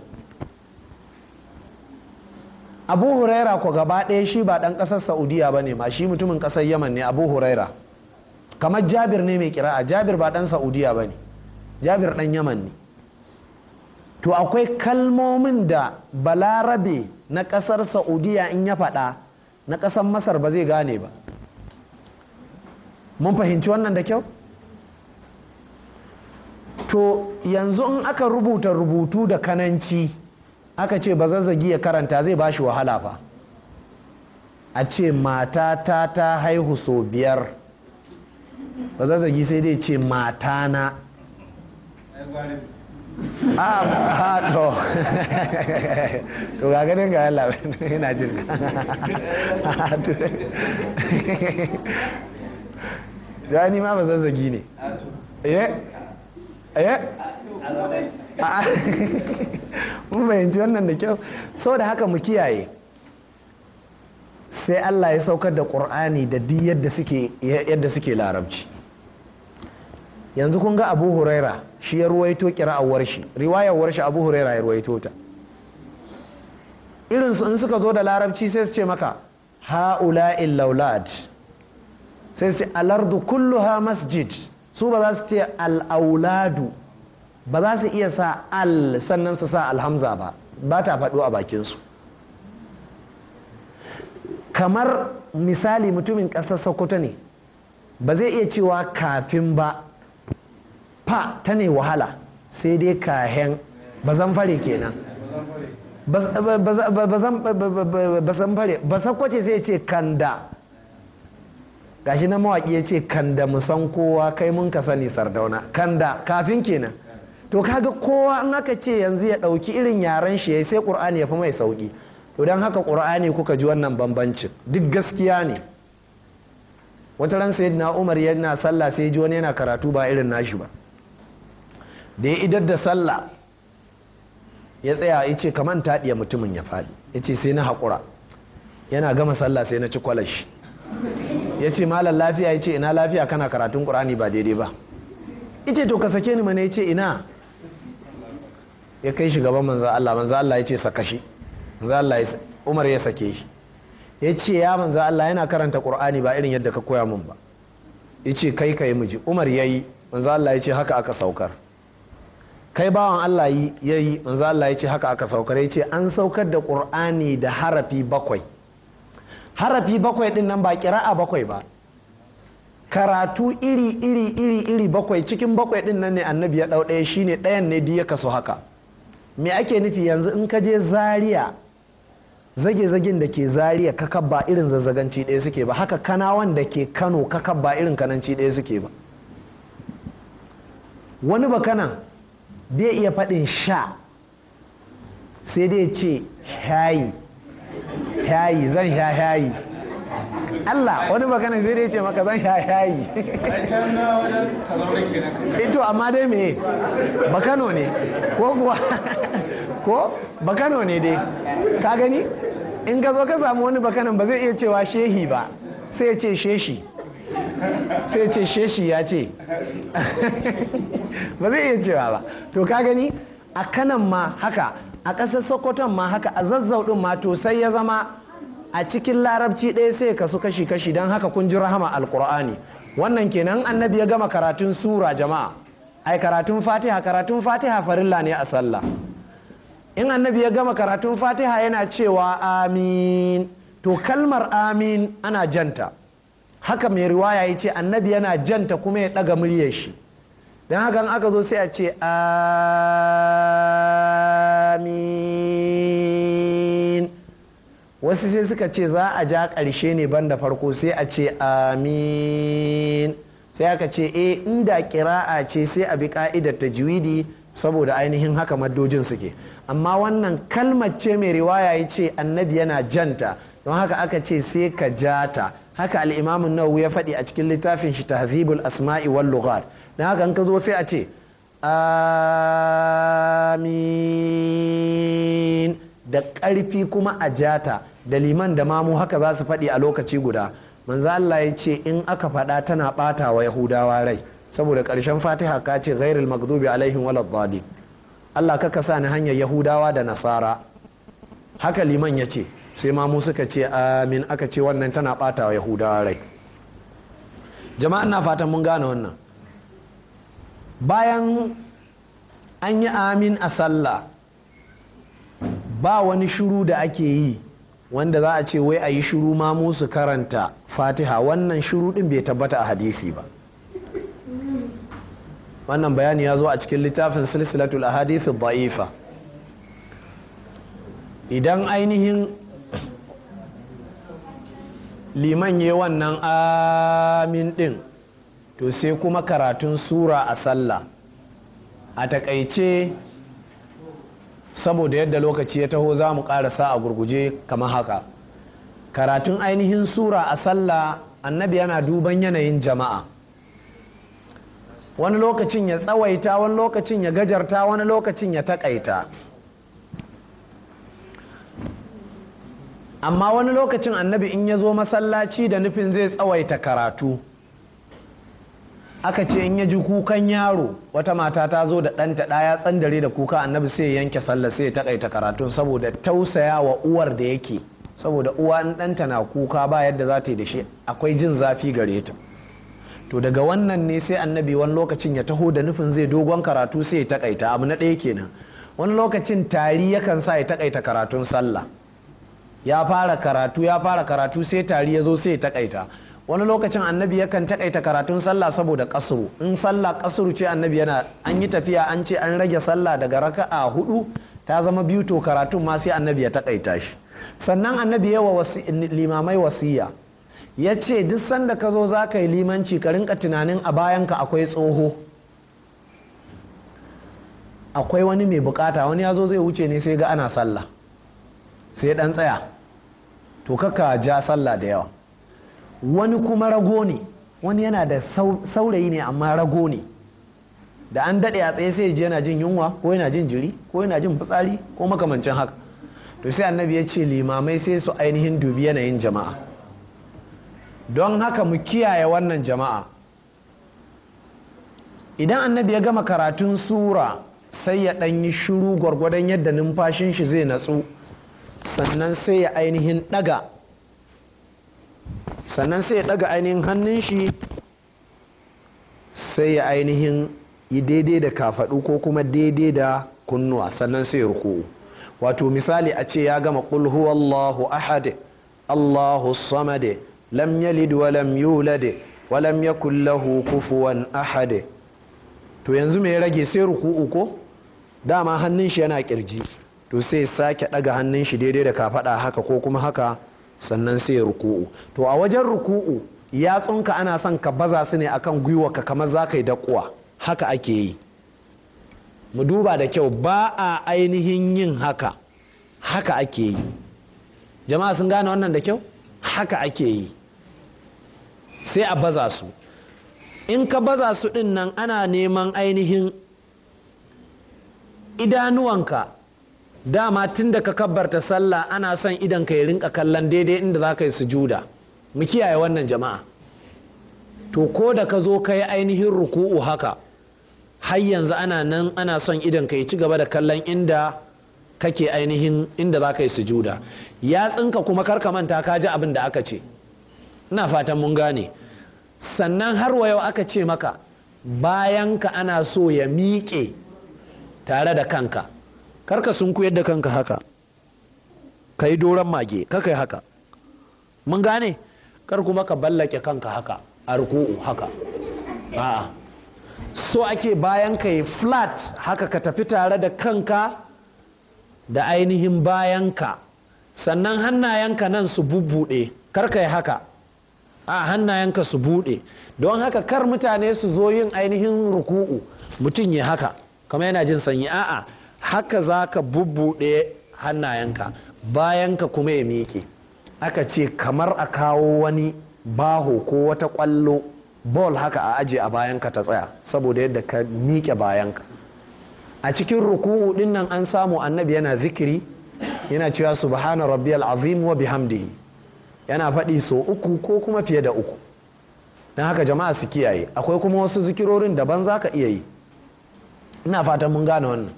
abu huraira ko gaba ɗaya shi ba ɗan ƙasar saudiya ba ne ma shi mutumin ƙasar yaman ne abu huraira kamar jabir ne mai kira'a jabir ba ɗan saudiya ba ne jabir ɗan yaman ne to akwai kalmomin da balarabe na ƙasar saudiya in ya faɗa na ƙasar masar ba zai gane ba mun fahimci wannan da kyau to yanzu in aka rubuta rubutu da kananci aka ce ba zazzagi ya karanta zai ba shi wahala ba. a ce mata ta ta haihu sau biyar ba zagi sai dai ce mata na a ah, ah, ga ganin ga yalla yana jin ya ni ma ba zazzagi ne eh? Eh? Ah. mun wannan da kyau sau da haka mu kiyaye sai Allah ya saukar da ƙur'ani da duk yadda suke larabci yanzu kun ga Abu Huraira shi ya ruwaito kira'awar shi riwayar warshi Abu Huraira ya ruwaito ta irin su in suka zo da larabci sai su ce maka haula laulad sai su ce alardu kulluha masjid su ba za su ce al'auladu ba za su iya sa al sannan su sa alhamza ba ba ta faɗo a bakinsu kamar misali mutumin ƙasar sokoto ne ba zai iya cewa kafin ba fa ta ne wahala sai dai kahen bazan fare kenan bazan fare ba sakwace sai ce kanda gashi na mawaƙi ya ce kanda musan kowa kai mun ka sani sardauna kanda kafin kenan to kaga kowa in aka ce yanzu ya ɗauki irin yaren shi sai ƙur'ani ya fi mai sauƙi to don haka ƙur'ani kuka ji wannan bambancin duk gaskiya ne wata ran sai na umar yana sallah sai ji wani yana karatu ba irin nashi ba da ya idar da sallah ya tsaya ya ce kaman taɗiya mutumin ya faɗi ya ce sai na haƙura yana gama sallah sai na ci kwalashi ya ce malam lafiya ya ce ina lafiya kana karatun ƙur'ani ba daidai ba ice to ka sake ni mana ya ce ina ya kai shi gaban manzo Allah manzo Allah ya ce saka shi manzo Allah ya Umar ya sake shi ya ce ya manzo Allah yana karanta Qur'ani ba irin yadda ka koya min ba ya ce kai ka yi miji Umar ya yi manzo Allah ya ce haka aka saukar kai bawan Allah ya yi manzo Allah ya ce haka aka saukar ya ce an saukar da Qur'ani da harafi bakwai harafi bakwai din nan ba kira'a bakwai ba karatu iri iri iri iri bakwai cikin bakwai din nan ne annabi ya dau ɗaya shine ɗayan ne duk ya kaso haka me ake nufi yanzu in ka je zaria zage-zagen da ke zariya kakab ba irin zazzaganci ɗaya suke ba haka kanawan da ke kano kakab ba irin kananci ɗaya suke ba wani bakanan bai iya faɗin sha sai dai ce hayi hayi zan sha hayi Allah wani bakanan sai dai ce maka zan sha hayi ito eh amma dai me bakano ne ko kuwa ko bakano ne dai ka gani in ka zo ka samu wani bakanan ba zai iya cewa shehi ba sai ya ce sheshi sai ce sheshi ya ce ba zai iya cewa ba to ka gani a kanan ma haka a ƙasar sokoton ma haka a zazzau ɗin ma to sai ya zama a cikin larabci ɗaya sai ka su kashi-kashi don haka kun ji rahama Alƙur'ani. wannan kenan annabi ya gama karatun sura jama'a ai karatun fatiha karatun fatiha farilla ne a sallah in annabi ya gama karatun fatiha yana cewa amin to kalmar amin ana janta haka mai riwaya ya ce annabi yana janta kuma ya ɗaga muryar shi don haka aka zo sai a ce amin wasu sai suka ce za a ja ƙarshe ne ban da farko sai a ce amin sai aka ce e inda ƙira'a ce sai a bi ƙa'idar tajwidi saboda ainihin haka maddojin suke amma wannan kalmar ce mai riwaya ya ce annabi yana janta don haka aka ce sai ka jata haka al'imamun nawu ya faɗi a cikin littafin shi tahzibul asma'i wal lughat don haka in ka zo sai a ce amin da ƙarfi kuma a jata da liman da mamu haka za su faɗi a lokaci guda manzo Allah ya ce in aka faɗa tana ɓata wa yahudawa rai saboda ƙarshen fatiha ka ce ghairul maghdubi alaihim waladdallin Allah ka sani ni hanyar yahudawa da nasara haka liman ya ce sai ma mu suka ce amin aka ce wannan tana ɓata wa yahudawa rai jama'an na fatan mun gane wannan bayan an yi amin a sallah ba wani shuru da ake yi wanda za a ce wai a yi shuru ma musu karanta fatiha wannan shuru din bai tabbata a hadisi ba wannan bayani ya zo a cikin littafin silsilatul ahadith da'ifa idan ainihin liman ya wannan amin din to sai kuma karatun sura a sallah a takaice saboda yadda lokaci ya taho za mu karasa a gurguje kamar haka karatun ainihin sura a sallah annabi yana duban yanayin jama'a wani lokacin ya tsawaita wani lokacin ya gajarta wani lokacin ya takaita amma wani lokacin annabi in ya zo masallaci da nufin zai tsawaita karatu aka ce in ya ji kukan yaro wata mata ta zo da ɗanta ɗaya tsandare da kuka annabi sai ya yanke sallah sai ya takaita karatun saboda tausaya wa uwar da yake saboda uwa in ɗanta na kuka ba yadda za ta yi da shi akwai jin zafi gare ta to daga wannan ne sai annabi wani lokacin ya taho da nufin zai dogon karatu sai ya takaita abu na ɗaya kenan wani lokacin tari yakan sa ya takaita karatun sallah ya fara karatu ya fara karatu sai tari ya zo sai ya takaita wani lokacin annabi yakan takaita karatun sallah saboda kasuru in sallah kasuru ce annabi yana an yi tafiya an ce an rage sallah daga raka'a hudu ta zama biyu to karatun ma sai annabi ya takaita shi sannan annabi yawa limamai wasiya ya ce duk sanda ka zo za ka yi limanci ka rinka tunanin a bayanka akwai tsoho akwai wani mai bukata wani ya zo zai wuce ne sai ga ana sallah sai dan tsaya to kaka ja sallah da yawa wani kuma rago ne wani yana da saurayi ne amma rago ne da an daɗe a tsaye sai ji yana jin yunwa ko yana jin jiri ko yana jin fitsari ko makamancin haka to sai annabi ya ce limamai sai su ainihin dubi yanayin jama'a don haka mu kiyaye wannan jama'a idan annabi ya gama karatun sura sai ya ɗan yi shuru gwargwadon yadda numfashin shi zai natsu sannan sai ya ainihin ɗaga sannan sai ya ɗaga ainihin hannun shi sai ya ainihin yi daidai da kafaɗu ko kuma daidai da kunnuwa sannan sai ya ruku wato misali a ce ya gama ƙulhu Allahu ahad Allahu samade lam yalid wa lam yulad wa lam yakul lahu kufuwan ahad to yanzu me ya rage sai ruku'u ko dama hannun shi yana kirji to sai sake daga hannun shi daidai da kafada haka ko kuma haka sannan sai ya ruku'u to a wajen ruku'u tsunka ana son ka baza su ne akan gwiwarka kamar za ka yi dakuwa haka ake yi mu duba da kyau ba a ainihin yin haka haka ake yi jama'a sun gane wannan da kyau haka ake yi sai a baza su in ka baza su ɗin nan ana neman ainihin idanuwanka dama tun da ka kabbarta sallah ana son ka ya rinka kallon daidai inda za ka yi sujuda mu kiyaye wannan jama'a to ko da ka zo ka yi ainihin ruku'u haka har yanzu ana nan ana son idan ka yi ci gaba da kallon inda kake ainihin inda za ka yi sujuda tsinka kuma karka manta ka ji abin da aka ce ina fatan mun gane sannan har wa yau aka ce maka bayanka ana so ya miƙe tare da kanka karka sun kuyar da kanka haka ka yi doron mage kaka yi haka mun gane kar kuma ka ballake kanka haka a ruku'u haka a'a so ake bayan ka yi flat haka ka tafi tare da kanka da ainihin bayan ka sannan hannayenka nan su bubbuɗe karka yi haka a hannayenka su buɗe don haka kar mutane su zo yin ainihin ruku'u mutum ya haka kamar yana jin sanyi a'a haka za ka bubbuɗe hannayenka bayan ka kuma ya miƙe aka ce kamar a kawo wani baho ko wata ƙwallo bol haka a aje a bayanka ta tsaya saboda yadda ka miƙe bayanka a cikin ruku'u ɗin an samu annabi yana zikiri yana cewa subhana rabbiyal azim wa bihamdihi yana faɗi so uku ko kuma fiye da uku don haka jama'a su kiyaye akwai kuma wasu zikirorin daban za ka iya yi ina fatan mun gane wannan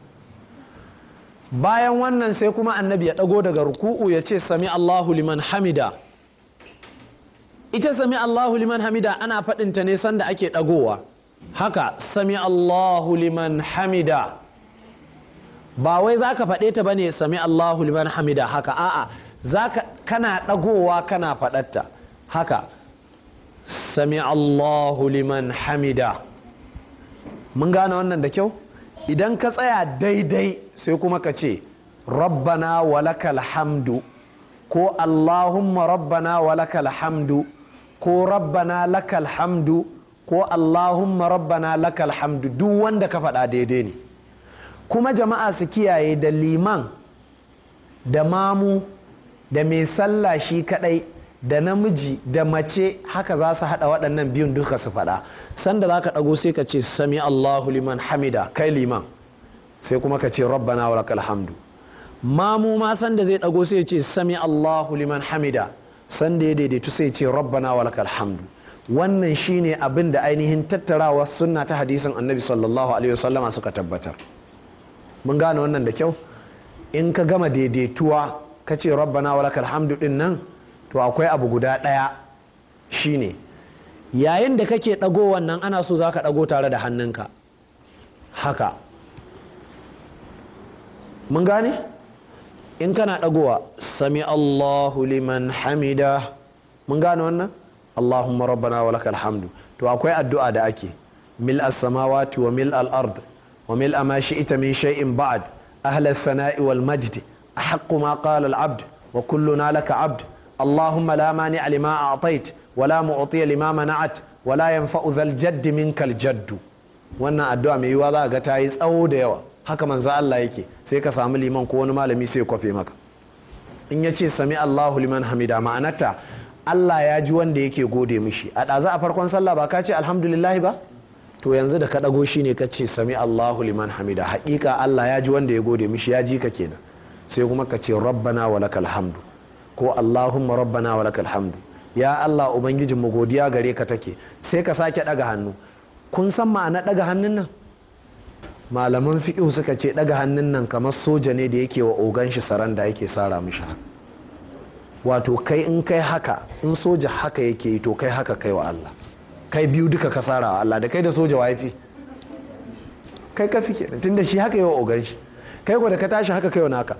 bayan wannan sai kuma annabi ya ɗago daga ruku'u ya ce sami Allahu liman hamida ita sami Allahu liman hamida ana faɗinta ne sanda ake ɗagowa haka sami Allahu liman hamida ba wai za ka faɗe ta ba ne sami Allahu liman hamida haka a'a zaka kana ɗagowa kana faɗatta haka sami Allahu liman hamida mun gane wannan da kyau idan ka tsaya daidai sai kuma ka ce rabbana walakal hamdu ko allahumma rabbana walakal hamdu ko rabbana lakal hamdu ko allahumma rabbana lakal hamdu duk wanda ka faɗa daidai ne kuma jama'a su kiyaye da liman da mamu da mai sallah shi kadai da namiji da mace haka za su hada waɗannan biyun duka su faɗa sanda za ka ɗago sai ka ce sami Allahu liman hamida kai liman sai kuma ka ce rabbana wa lakal hamdu mamu ma sanda zai ɗago sai ce sami Allahu liman hamida sanda ya daidaitu sai ce rabbana wa lakal hamdu wannan shine abin da ainihin tattarawa sunna ta hadisin annabi sallallahu alaihi wasallama suka tabbatar mun gane wannan da kyau in ka gama daidaituwa ka ce rabbana wa hamdu din nan to akwai abu guda ɗaya shine yayin da kake ɗago wannan ana so za ka ɗago tare da hannunka haka mun gane in kana ɗagowa sami allahu liman hamida mun gane wannan allahumma rabbana wa lakal to akwai addu'a da ake mil as-samawati wa mil al-ard wa mil ma shi'ita min shay'in ba'd ahla as-sana'i wal majdi أحق ما قال العبد وكلنا لك عبد اللهم لا مانع لما أعطيت ولا معطي لما منعت ولا ينفع ذا الجد منك الجد wannan addu'a mai yiwuwa za ga ta yi tsawo da yawa haka manza Allah yake sai ka samu liman ko wani malami sai kwafe maka in ya ce sami Allahu liman hamida ma'anarta Allah ya ji wanda yake gode mishi a ɗaza a farkon sallah ba ka ce alhamdulillahi ba to yanzu da ka ɗago shi ne ka ce sami Allahu liman hamida haƙiƙa Allah ya ji wanda ya gode mishi ya ji ka kenan sai kuma ka ce rabbana wa lakal hamdu ko allahumma rabbana wa lakal hamdu ya allah ubangijin mu godiya gare ka take sai ka sake daga hannu kun san ma'ana daga hannun nan malaman fiƙihu suka ce daga hannun nan kamar soja ne da yake wa ogan shi da yake sara mishi wato kai in kai haka in soja haka yake yi to kai haka kai wa allah kai biyu duka ka sara wa allah da kai da soja wa haifi, kai ka fi kenan tunda shi haka wa ogan shi kai ko da ka tashi haka kai wa naka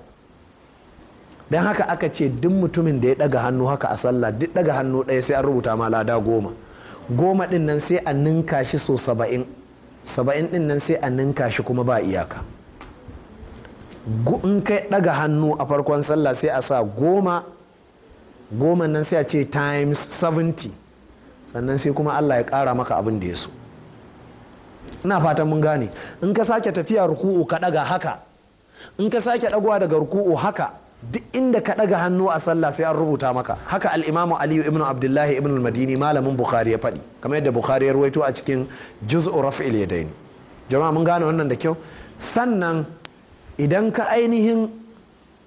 don haka aka ce duk mutumin da ya ɗaga hannu haka a sallah duk daga hannu ɗaya sai an rubuta ma lada goma goma ɗin nan sai a ninka shi so saba'in saba'in ɗin nan sai a ninka shi kuma ba iyaka in kai daga hannu a farkon sallah sai a sa goma goma nan sai a ce times 70 sannan sai kuma allah ya ƙara maka abin da ya so ina fatan mun gane in ka sake tafiya ruku'u ka daga haka in ka sake dagowa daga ruku'u haka duk inda ka ɗaga hannu a sallah sai an rubuta maka haka al'imamu aliyu ibn abdullahi ibn madini malamin bukhari ya faɗi kamar yadda bukhari ya ruwaito a cikin juz'u raf'il yadaini jama'a mun gane wannan da kyau sannan idan ka ainihin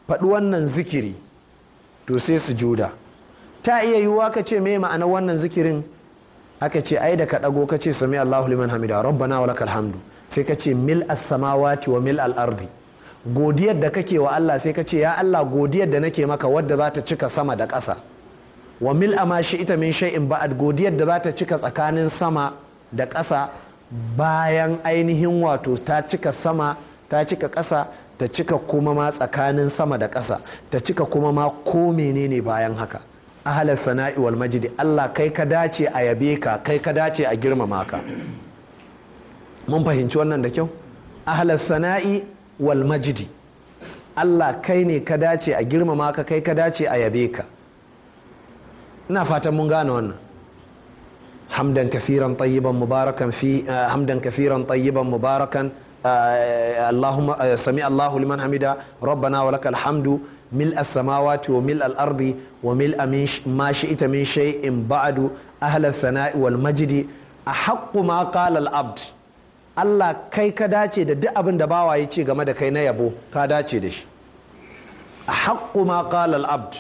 faɗi wannan zikiri to sai su juda ta iya yiwuwa ka ce me ma'ana wannan zikirin aka ce ai da ka ɗago ka ce sami allahu liman hamida rabbana lakal hamdu sai ka ce mil as-samawati wa mil al-ardi godiyar da kake wa Allah sai ka ce ya Allah godiyar da nake maka wadda za ta cika sama da ƙasa wa mil ma shi ita min shay'in ba'ad godiyar da za ta cika tsakanin sama da ƙasa bayan ainihin wato ta cika sama ta cika ƙasa ta cika kuma ma tsakanin sama da ƙasa ta cika kuma ma ko menene bayan haka ahalar sana'i wal majidi Allah kai ka dace a yabe ka kai ka dace a girmama ka mun fahimci wannan da kyau ahalar sana'i Walmajidi. Allah kai ne ka dace a girmama ka kai ka dace a yabe ka ina fatan mun gane wannan hamdan kafiran tayyiban mubarakan fi eh, hamdan kafiran tayyiban mubarakan eh, Allahumma eh, sami Allahu liman hamida rabbana wa lakal hamdu mil as-samawati wa mil al-ardi wa mil ma shi'ta min shay'in ba'du ahla sana'i wal majdi ahaqqu ma qala al-abd Allah kai ka dace da duk abin da bawa ya ce game da kai na yabo ka dace da shi a haƙƙu ma ƙalal abd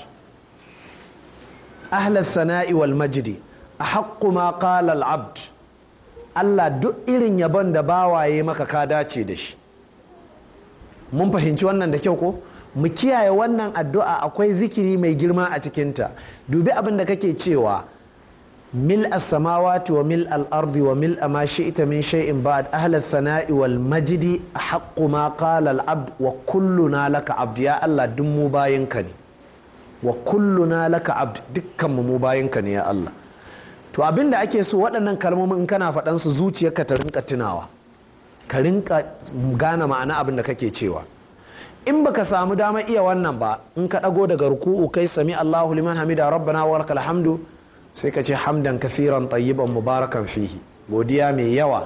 ahlar sana'i wal majidi a haƙƙu ma ƙalal abd Allah duk irin yabon da bawaye maka ka dace da shi mun fahimci wannan da kyau ko mu kiyaye wannan addu'a akwai zikiri mai girma a cikinta dubi abin da kake cewa mil samawati wa mil al wa mil ma shi'ta min shay'in ba'd ahla sana'i wal majdi haqqu ma qala al-abd wa kulluna laka abd ya Allah duk mu bayinka ne wa kulluna laka abd dukkan mu bayinka ne ya Allah to abinda ake so waɗannan kalmomin in kana faɗan su zuciyarka ta rinka tunawa ka rinka gane ma'ana abin da kake cewa in baka samu dama iya wannan ba in ka ɗago daga ruku'u kai sami Allahu liman hamida rabbana wa lakal hamdu sai ka ce hamdan kasiran tayyiban mubarakan fihi godiya mai yawa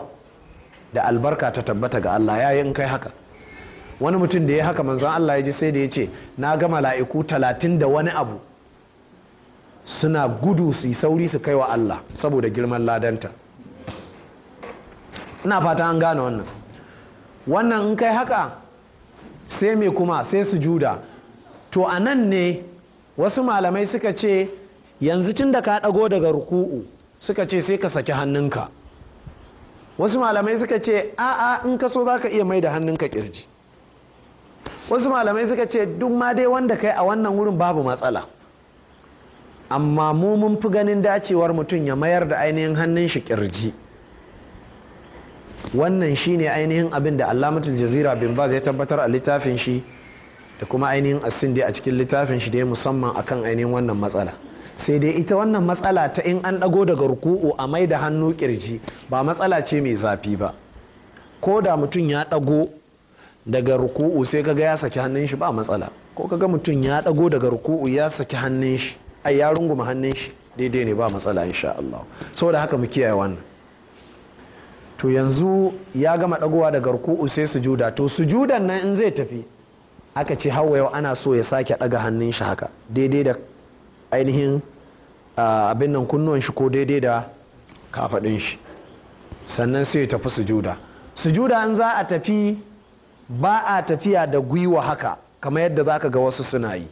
da albarka ta tabbata ga Allah in kai haka wani mutum da ya haka manzon Allah ya ji sai da ya ce na ga mala'iku talatin da wani abu suna gudu su yi sauri su kai wa Allah saboda girman ladanta ina fata an gane wannan wannan in kai haka sai mai kuma sai su juda to a nan ne wasu malamai suka ce yanzu tun da ka ɗago daga ruku'u suka ce sai ka saki hannunka wasu malamai suka ce a'a in ka so za ka iya mai da hannunka kirji wasu malamai suka ce duk ma dai wanda kai a wannan wurin babu matsala amma mu mun fi ganin dacewar mutum ya mayar da ainihin hannun shi kirji wannan shine ainihin abin da allamatul jazira bin baz ya tabbatar a littafin shi da kuma ainihin asindi a cikin littafin shi da ya musamman akan ainihin wannan matsala sai dai ita wannan matsala ta in an ɗago daga ruku'u a mai da hannu kirji ba matsala ce mai zafi ba ko da mutum ya ɗago daga ruku'u sai kaga ya saki hannun shi ba matsala ko kaga mutum ya ɗago daga ruku'u ya saki hannun shi ai ya runguma hannun shi daidai ne ba matsala insha Allah saboda haka mu kiyaye wannan to yanzu ya gama ɗagowa daga ruku'u sai sujuda to sujudan nan in zai tafi aka ce hawa yau ana so ya sake ɗaga hannun shi haka daidai da ainihin abin nan kunnuwan shi ko daidai da kafaɗin shi sannan sai ya tafi sujuda sujuda in za a tafi ba a tafiya da gwiwa haka kamar yadda za ka ga wasu suna yi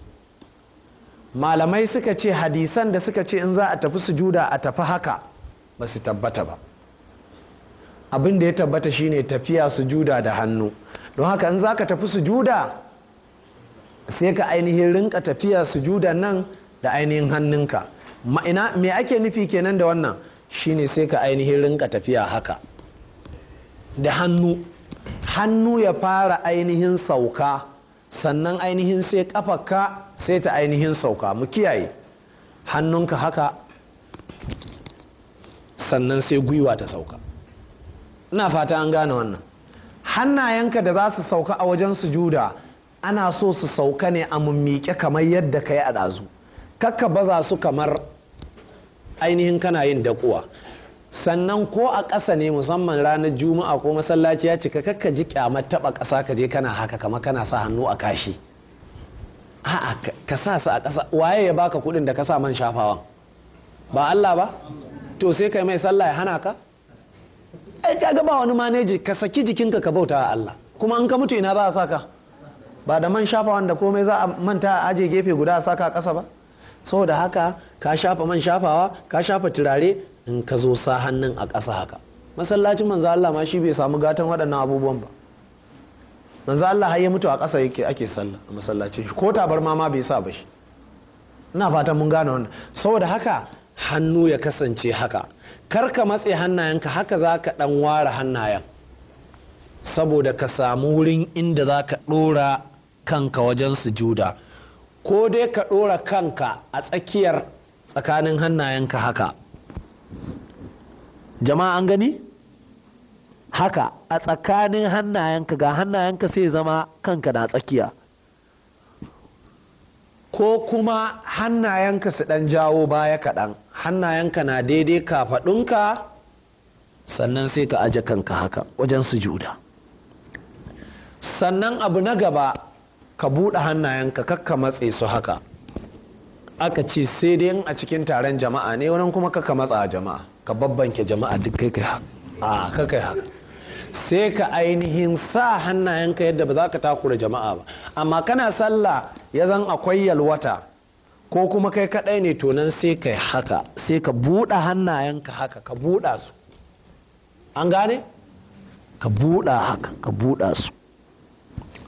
malamai suka ce hadisan da suka ce in za a tafi sujuda a tafi haka ba su tabbata ba abin da ya tabbata shine tafiya sujuda da hannu don haka in za ka tafi sujuda sai ka ainihin rinka tafiya sujuda nan da ainihin hannunka ma'ina me ake nufi kenan da wannan shine sai ka ainihin rinka tafiya haka da hannu hannu ya fara ainihin sauka sannan ainihin sai ka sai ta ainihin sauka mu kiyaye hannunka haka sannan sai gwiwa ta sauka ina fata an gane wannan hannayenka da za su sauka a wajen sujuda ana so su sauka ne a mummike kamar yadda ka yi a ɗazu kakka baza su kamar ainihin kana yin dakuwa sannan ko a ƙasa ne musamman ranar juma'a ko masallaci ya cika kakka ji kyamar taɓa ƙasa ka je kana haka kama kana sa hannu a kashi a'a ka sa su a ƙasa waye ya baka kuɗin da ka sa man shafawan ba Allah ba to sai kai mai sallah ya hana ka ai kaga ba wani maneji ka saki jikinka ka bauta wa Allah kuma an ka mutu ina za a saka ba da man shafawan da komai za a manta a aje gefe guda a saka a ƙasa ba saboda haka ka shafa man shafawa ka shafa turare in ka zo sa hannun a ƙasa haka masallacin manzo Allah ma shi bai samu gatan waɗannan abubuwan ba manzo Allah har ya mutu a ƙasa yake ake sallah a masallacin shi ko tabarma ma bai sa ba shi ina fatan mun gane wannan saboda haka hannu ya kasance haka kar ka matse hannayenka haka za ka ɗan ware hannayen saboda ka samu wurin inda za ka ɗora kanka wajen sujuda ko dai ka ɗora kanka a tsakiyar tsakanin hannayenka haka jama'a an gani haka a tsakanin hannayenka ga hannayenka sai zama kanka na tsakiya ko kuma hannayenka su ɗan jawo baya kaɗan hannayenka na daidai kafaɗunka sannan sai ka aje kanka haka wajen sujuda sannan abu na gaba ka buɗe hannayenka kakka matse su haka aka ce sai dai a cikin taron jama'a ne wannan kuma kakka matsa a jama'a ka babbanke jama'a duk kai kai a kai haka sai ka ainihin sa hannayenka yadda ba za ka takura jama'a ba amma kana sallah ya zan akwai yalwata ko kuma kai kaɗai ne to nan sai ka haka sai ka buɗe hannayenka haka ka buɗe su an gane ka buɗe haka ka buɗe su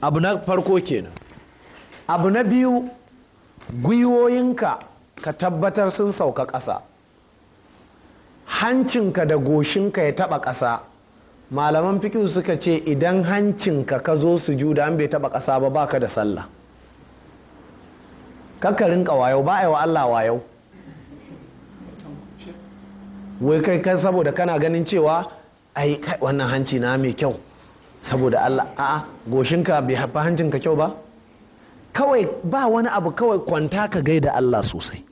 abu na farko kenan abu na biyu gwiwoyinka ka tabbatar sun sauka ƙasa hancinka da goshinka ya taɓa ƙasa malaman fikihu suka ce idan hancinka ka zo su da an bai taɓa ƙasa ba baka da sallah kakarin wayo ba a yi wa Allah wayo wai kai kan saboda kana ganin cewa ai wannan hanci na mai kyau saboda Allah a'a goshinka bai haifa hancinka kyau ba kawai ba wani abu kawai kwanta ka gaida Allah sosai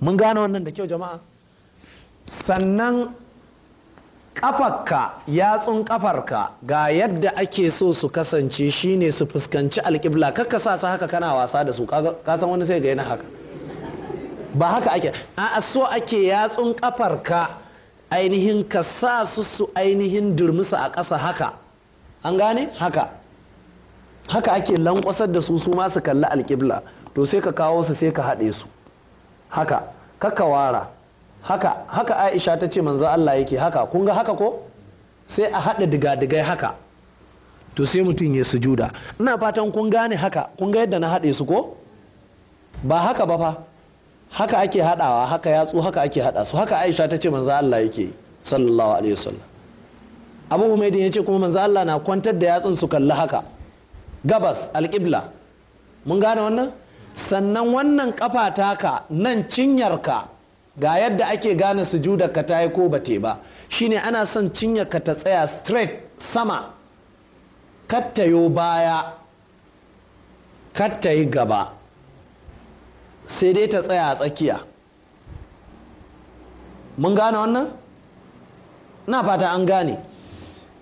mun gane wannan da kyau jama'a sannan kafarka yatsun kafarka ga yadda ake so su kasance shine su fuskanci alƙibla kakka sa su haka kana wasa da su kasan wani sai ga yana haka ba haka ake a so ake yatsun kafarka ainihin ka sa su su ainihin durmusa a ƙasa haka an gane haka haka ake lankwasar da su su su kalli alƙibla to sai ka kawo su sai ka haɗe su haka kaka wara haka haka aisha ta ce manzo Allah yake haka kun ga haka ko sai a haɗa diga-digai haka to sai mutum ya sujuda ina fatan kun gane haka kun ga yadda na haɗe su ko ba haka ba fa haka ake haɗawa haka yatsu haka ake haɗa su haka aisha ta ce manzo Allah yake sallallahu alaihi wasallam abu umaydin ya ce kuma manzo Allah na kwantar da yatsun su kalli haka gabas alƙibla mun gane wannan sannan wannan ƙafa taka nan cinyar ka ga yadda ake gane sujudarka ta yi ko ba te ba shine ana son cinyarka ta tsaya straight sama kattayo baya kattayi gaba sai dai ta tsaya a tsakiya mun gane wannan na fata an gane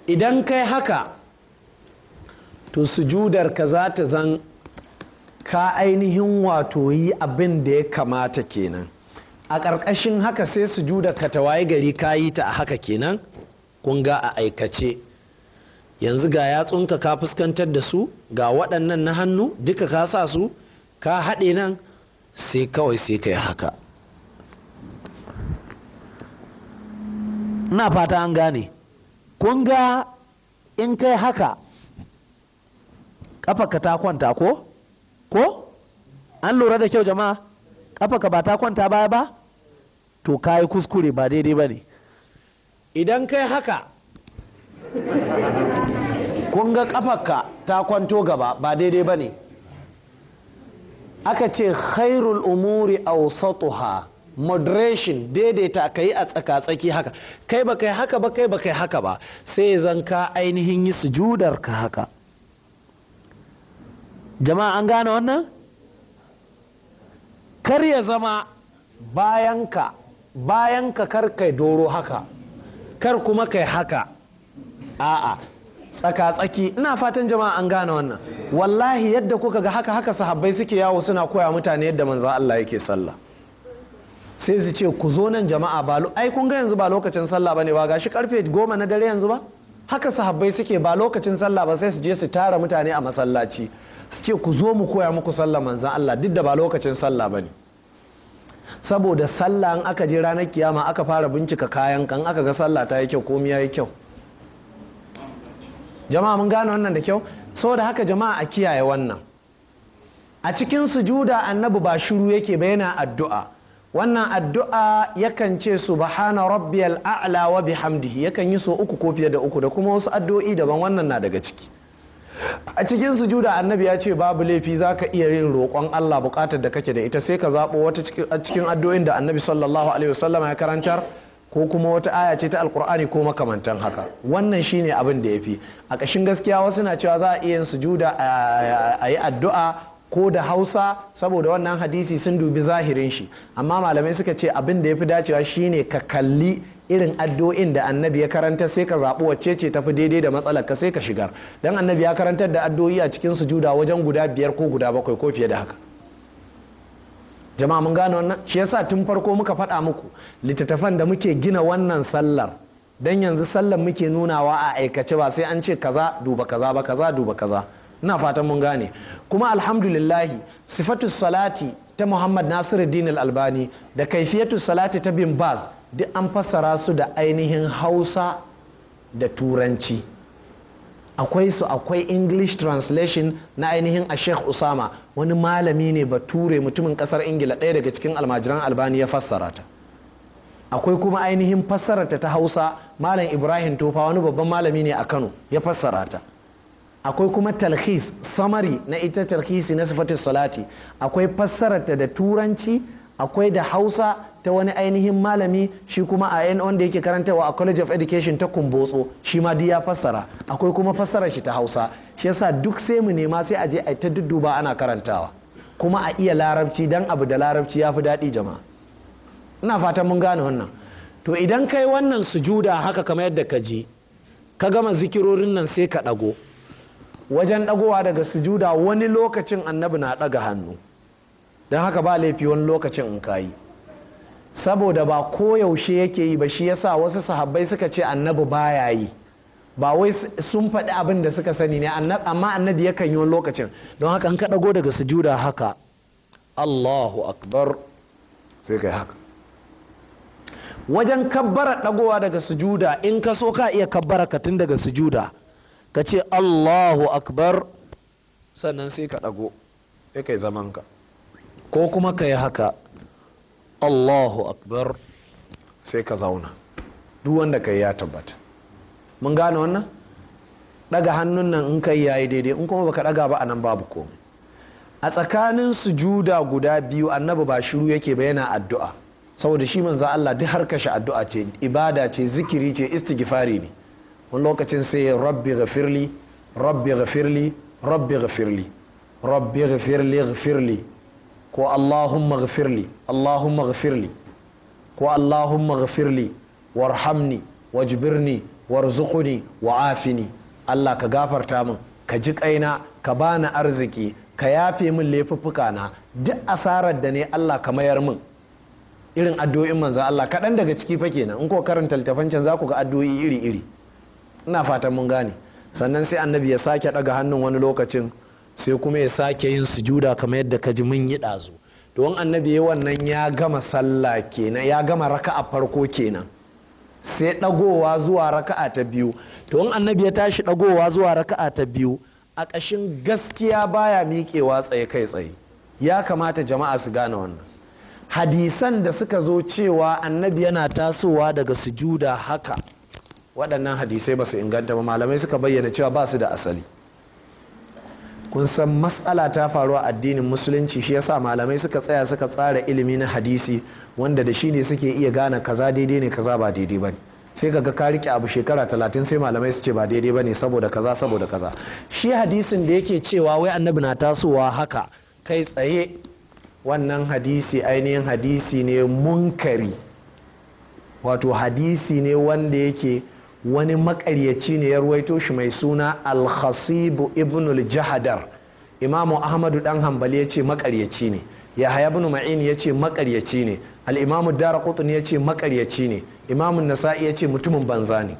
idan kai haka to sujudar ka za ta zan ka ainihin wato yi abin da ya kamata kenan a ƙarƙashin haka sai sujudar ka ta waye gari ka yi ta a haka kenan kun ga a aikace yanzu ga yatsunka ka fuskantar da su ga waɗannan na hannu duka ka sa su ka haɗe nan sai kawai sai ka yi haka na fata an gane kun ga in kai haka kafarka ta kwanta ko ko an lura da kyau jama'a kafarka ba ta kwanta baya ba to ka yi kuskure ba daidai ba ne idan kai haka kun ga kafarka ta kwanto gaba ba daidai ba ne aka ce khairul umuri awsatuha moderation daidaita ka yi a tsaka-tsaki haka kai ba kai haka ba kai ba kai haka ba sai zan ka ainihin yi sujudar ka haka jama'a an gane wannan kar ya zama bayanka bayanka kar kai doro haka kar kuma kai haka a'a tsaka-tsaki ina fatan jama'a an gane wannan wallahi yadda kuka ga haka haka sahabbai suke yawo suna koya mutane yadda manzo Allah yake sallah sai su ce ku zo nan jama'a ba ai kun ga yanzu ba lokacin sallah bane ba gashi karfe goma na dare yanzu ba haka sahabbai suke ba lokacin sallah ba sai su je su tara mutane a masallaci suke ku zo mu koya muku sallah manzan Allah duk da ba lokacin sallah ba ne saboda sallah in aka je ranar kiyama aka fara bincika kayan kan aka ga sallah ta yi kyau komi ya yi kyau jama'a mun gane wannan da kyau saboda haka jama'a a kiyaye wannan a cikin sujuda annabi ba shiru yake ba yana addu'a wannan addu'a yakan ce subhana rabbiyal a'la wa bihamdihi yakan yi so uku ko fiye da uku da kuma wasu addu'o'i daban wannan na daga ciki a cikin sujuda annabi ya ce babu laifi za ka iya yin roƙon Allah buƙatar da kake da ita sai ka zaɓo wata cikin addu'o'in da annabi sallallahu alaihi wasallam ya karantar ko kuma wata aya ce ta alkur'ani ko makamantan haka wannan shine abin da ya fi a ƙashin gaskiya wasu na cewa za a iya yin sujuda a yi addu'a ko da hausa saboda wannan hadisi sun dubi zahirin shi amma malamai suka ce abin da ya fi dacewa shine ka kalli irin addu'o'in da annabi ya karanta sai ka zaɓi wacce ce tafi daidai da matsalar ka sai ka shigar dan annabi ya karantar da addu'o'i a cikin sujuda wajen guda biyar ko guda bakwai ko fiye da haka jama'a mun gane wannan shi yasa tun farko muka faɗa muku littattafan da muke gina wannan sallar dan yanzu sallar muke nunawa a aikace ba sai an ce kaza duba kaza ba kaza duba kaza ina fatan mun gane kuma alhamdulillahi sifatu salati ta muhammad nasiruddin albani da kaifiyatu salati ta bin baz duk an fassara su da ainihin hausa da turanci akwai su akwai english translation na ainihin a sheikh usama wani malami ne bature mutumin kasar ingila ɗaya daga cikin almajiran albani ya fassara ta akwai kuma ainihin fassararta ta hausa malam ibrahim tofa wani babban malami ne a kano ya fassara ta akwai kuma talhis samari na ita talhisi na sifatis salati akwai fassararta da turanci akwai da hausa ta wani ainihin malami shi kuma a yan wanda yake karantawa a college of education ta kumbotso shi ma duk ya fassara akwai kuma fassarar shi ta hausa shi yasa duk sai mu nema sai a je a ta dudduba ana karantawa kuma a iya larabci dan abu da larabci ya fi daɗi jama'a ina fatan mun gane wannan to idan kai wannan sujuda haka kamar yadda ka je ka gama zikirorin nan sai ka ɗago wajen ɗagowa daga sujuda wani lokacin annabi na ɗaga hannu don haka ba laifi wani lokacin in kayi saboda ba koyaushe yake yi ba shi yasa wasu sahabbai suka ce annabi baya yi ba wai sun faɗi abin da suka sani ne amma annabi yakan yi wani lokacin don haka an ka ɗago daga sujuda haka allahu akbar sai kai haka wajen kabbara ɗagowa daga sujuda in ka so ka iya kabbara ka tun daga sujuda ka ce allahu akbar sannan sai ka ɗago sai kai zamanka ko kuma ka yi haka allahu akbar sai ka zauna duk wanda ka yi ya tabbata mun gane wannan daga hannun nan in kai yayi daidai in kuma baka daga ba a nan babu komai a tsakanin sujuda guda biyu annabi ba shiru yake ba yana addu'a saboda shi manzo Allah duk har kashi addu'a ce ibada ce zikiri ce istighfari ne wani lokacin sai rabbi ghafirli rabbi ghafirli rabbi ghafirli rabbi ghafirli ghafirli ko Allahumma ghafirli Allahumma ghafirli ko Allahumma ghafirli warhamni wajbirni warzuqni wa'afini Allah ka gafarta min ka ji kaina ka bani arziki ka yafe min na duk asarar da ne Allah ka mayar min irin addu'o'in manza Allah kaɗan daga ciki fa kenan in ko karanta littafan can za ku ga addu'o'i iri-iri ina fatan mun gane sannan sai annabi ya sake ɗaga hannun wani lokacin sai kuma ya sake yin sujuda kamar yadda ka ji mun yi ɗazu don annabi ya wannan ya gama sallah kenan ya gama raka'a farko kenan sai ɗagowa zuwa raka'a ta biyu to annabi ya tashi ɗagowa zuwa raka'a ta biyu a ƙashin gaskiya baya miƙewa tsaye kai tsaye ya kamata jama'a su gane wannan hadisan da suka zo cewa annabi yana tasowa daga sujuda haka waɗannan hadisai ba su inganta ba malamai suka bayyana cewa ba su da asali kun san matsala ta faru a addinin musulunci shi yasa malamai suka tsaya suka tsara ilimi na hadisi wanda da shi ne suke iya gane kaza daidai ne kaza ba daidai ba ne sai ka ga ka rike abu shekara talatin sai malamai su ce ba daidai ba ne saboda kaza saboda kaza shi hadisin da yake cewa wai annabi na tasowa haka kai tsaye wannan hadisi ainihin hadisi ne munkari wato hadisi ne wanda yake wani makaryaci ne ya ruwaito shi mai suna al-khasibu ibn jahadar imamu ahmadu dan hanbali ya ce makaryaci ne yahaya ibn ma'in ya ce makaryaci ne al-imamu daraqutni ya ce makaryaci ne imamun nasa'i ya ce mutumin banza ne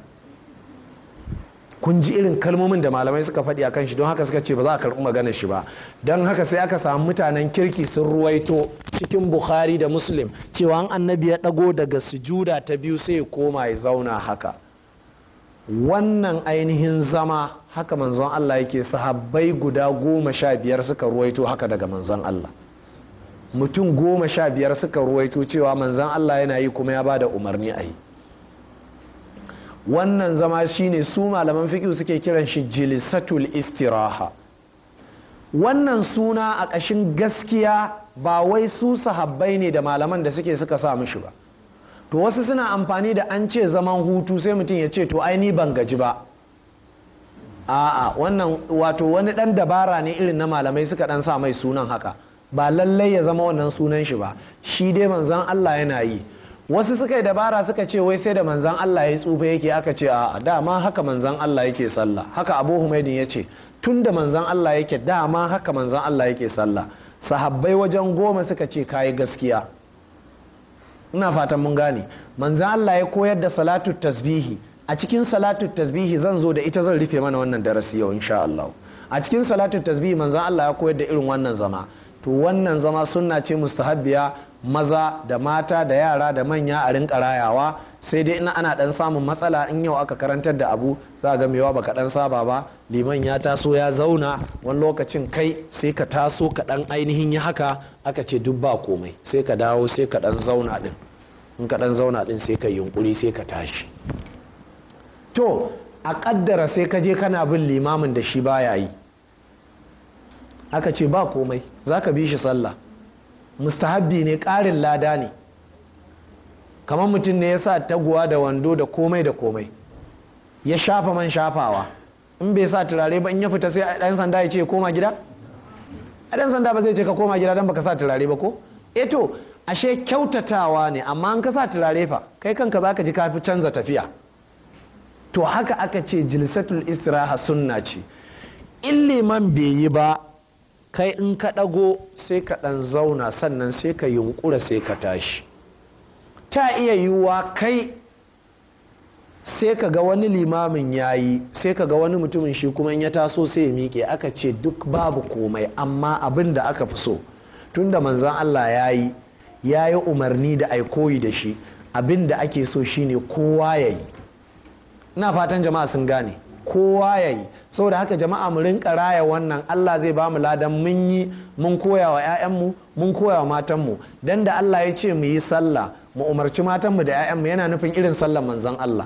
kun ji irin kalmomin da malamai suka faɗi kan shi don haka suka ce ba za a karɓi maganar shi ba don haka sai aka samu mutanen kirki sun ruwaito cikin bukhari da muslim cewa an annabi ya ɗago daga sujuda ta biyu sai ya koma ya zauna haka wannan ainihin zama haka manzon Allah yake sahabbai guda goma sha biyar suka ruwaito haka daga manzon Allah mutum goma sha biyar suka ruwaito cewa manzon Allah yana yi kuma ya bada umarni a yi wannan zama shine su malaman fiƙi suke kiran shi jilisatul istiraha wannan suna a ƙashin gaskiya ba wai su sahabbai ne da malaman da suke suka sa mishi ba to wasu suna amfani da an ce zaman hutu sai mutum ya ce to ai ni ban gaji ba a'a wannan wato wani dan dabara ne irin na malamai suka dan sa mai sunan haka ba lallai ya zama wannan sunan shi ba shi dai manzan Allah yana yi wasu suka yi dabara suka ce wai sai da manzan Allah ya tsufa yake aka ce a'a dama haka manzan Allah yake sallah haka Abu Humaydin ya ce tun da manzan Allah yake dama haka manzan Allah yake sallah sahabbai wajen goma suka ce kayi gaskiya ina fatan mun gane manzo Allah ya koyar da salatu tasbihi a cikin salatu tasbihi zan zo da ita zan rufe mana wannan darasi yau insha Allah a cikin salatu tasbihi manzo Allah ya koyar da irin wannan zama to wannan zama sunna ce mustahabbiya maza da mata da yara da manya a rinka rayawa sai dai ina ana dan samun matsala in yau aka karantar da abu za ga mewa baka dan saba ba liman ya taso ya zauna wani lokacin kai sai ka taso ka dan ainihin ya haka aka ce duk ba komai sai ka dawo sai ka dan zauna din in ka dan zauna din sai ka yunkuri sai ka tashi to a kaddara sai ka je kana bin limamin da shi baya yi aka ce ba komai za ka bi shi sallah mustahabbi ne ƙarin lada ne kamar mutum ne ya sa taguwa da wando da komai da komai ya shafa man shafawa in bai sa turare ba in ya fita sai ɗan sanda ya ce koma gida a ɗan sanda ba zai ce ka koma gida don baka sa turare ba ko eh to ashe kyautatawa ne amma in ka sa turare fa kai kanka za ka ji kafi canza tafiya to haka aka ce jilsatul istiraha sunna ce in liman bai yi ba kai in ka ɗago sai ka ɗan zauna sannan sai ka yunkura sai ka tashi ta iya yiwuwa kai sai ka ga wani limamin ya yi sai ka ga wani mutumin shi kuma ya taso sai ya miƙe aka ce duk babu komai amma abin da aka fi so tun da manzan Allah ya yi ya yi umarni da aikoyi da shi abin da ake so shi ne kowa ya yi ina fatan jama'a sun gane kowa ya yi saboda haka jama'a mu rinka raya wannan Allah zai ba mu ladan mun yi mun koya wa 'ya'yanmu mun koya wa matanmu don da Allah ya ce mu yi sallah mu umarci matanmu da mu yana nufin irin sallar manzon Allah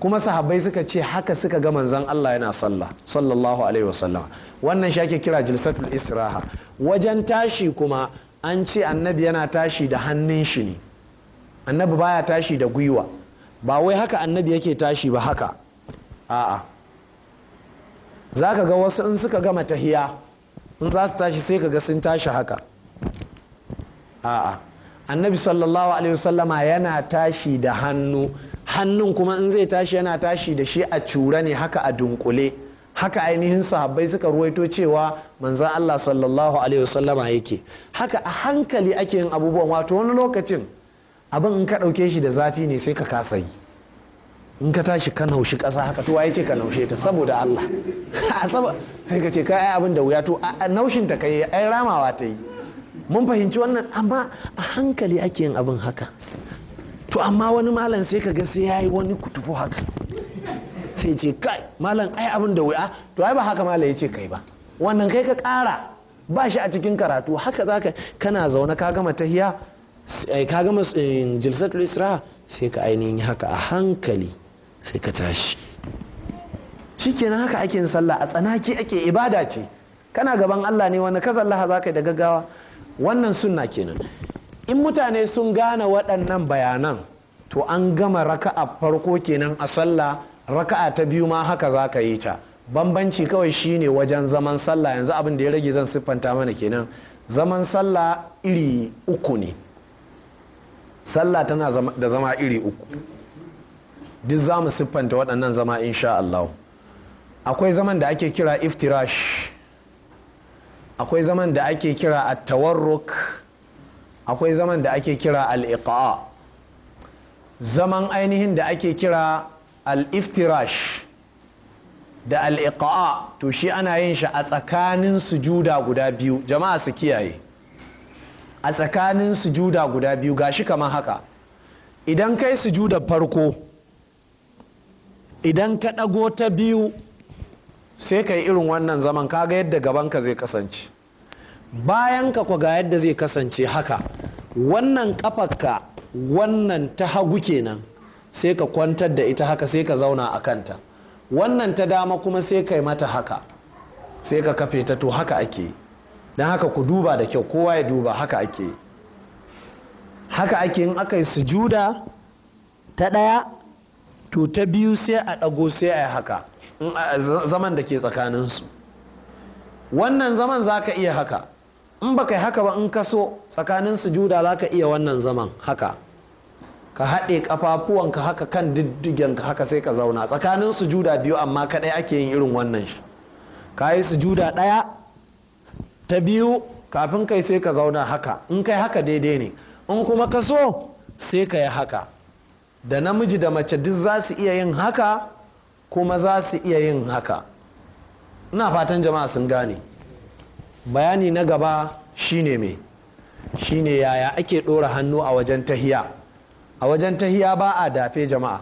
kuma sahabbai suka ce haka suka ga manzon Allah yana sallah sallallahu alaihi wasallam wannan shi ake kira jilsatul istiraha wajen tashi kuma an ce annabi yana tashi da hannun shi ne annabi baya tashi da gwiwa ba wai haka annabi yake tashi ba haka a'a za ka ga wasu in suka gama tahiya in za su tashi sai ka ga sun tashi haka a'a annabi sallallahu alaihi wasallama yana tashi da hannu hannun kuma in zai tashi yana tashi da shi a cura ne haka a dunkule haka ainihin sahabbai suka ruwaito cewa manzan Allah sallallahu alaihi wasallama yake haka a hankali ake yin abubuwan wato wani lokacin abin in ka ɗauke shi da zafi ne sai ka kasa yi in ka tashi ka naushi ƙasa haka to waye ce ka naushe ta saboda Allah sai ka ce ka yi abin da wuya to naushin ta kai ai ramawa ta yi mun fahimci wannan amma a hankali ake yin abin haka to amma wani malam sai ka ga sai ya yi wani kutufu haka sai ce kai malam ai abin da wuya ah, to ai ba haka malam ya ce kai ba wannan kai ka kara ba shi a cikin karatu haka zaka kana zaune ka gama tahiya eh, ka gama eh, jilsatul isra sai ka ainihin haka a hankali sai ka tashi shikenan haka ake yin sallah a tsanaki ake ibada ce kana gaban Allah ne wanda ka sallaha zaka da gaggawa wannan sunna kenan in mutane sun gane waɗannan bayanan to an gama raka'a farko kenan a sallah raka'a ta biyu ma haka za ka yi ta bambanci kawai shine wajen zaman sallah yanzu abin da ya rage zan siffanta mana kenan zaman sallah iri uku ne sallah tana da zama iri uku duk za mu siffanta waɗannan zama insha Allah akwai zaman da ake kira iftirash akwai zaman da ake kira a tawarruk akwai zaman da ake kira al zaman ainihin da ake kira al'iftirash da al to shi ana yin shi a tsakanin sujuda guda biyu jama'a su kiyaye a tsakanin sujuda guda biyu gashi kamar haka idan kai sujuda farko idan ka ɗago ta biyu sai ka yi irin wannan zaman kaga yadda gaban ka zai kasance bayan ka ga yadda zai kasance haka wannan kafarka wannan ta hagu kenan sai ka kwantar da ita haka sai ka zauna a kanta wannan ta dama kuma sai ka yi mata haka sai ka kafe ta to haka ake don haka ku duba da kyau kowa ya duba haka ake haka ake in aka yi sujuda ta ɗaya to ta biyu sai a ɗago sai a yi haka zaman da ke tsakaninsu wannan zaman za ka iya haka in ba kai haka ba in ka so tsakanin sujuda za ka iya wannan zaman haka ka haɗe ƙafafuwanka haka kan diddigenka haka sai ka zauna tsakanin juda biyu amma kaɗai ake yin irin wannan shi ka yi su juda ɗaya ta biyu kafin kai sai ka zauna haka in kai haka daidai ne in kuma ka so sai ka yi haka da namiji da mace duk za su iya yin haka kuma za su iya yin haka ina fatan jama'a sun gane bayani na gaba shine me shine yaya ake ɗora hannu a wajen tahiya a wajen tahiya ba a dafe jama'a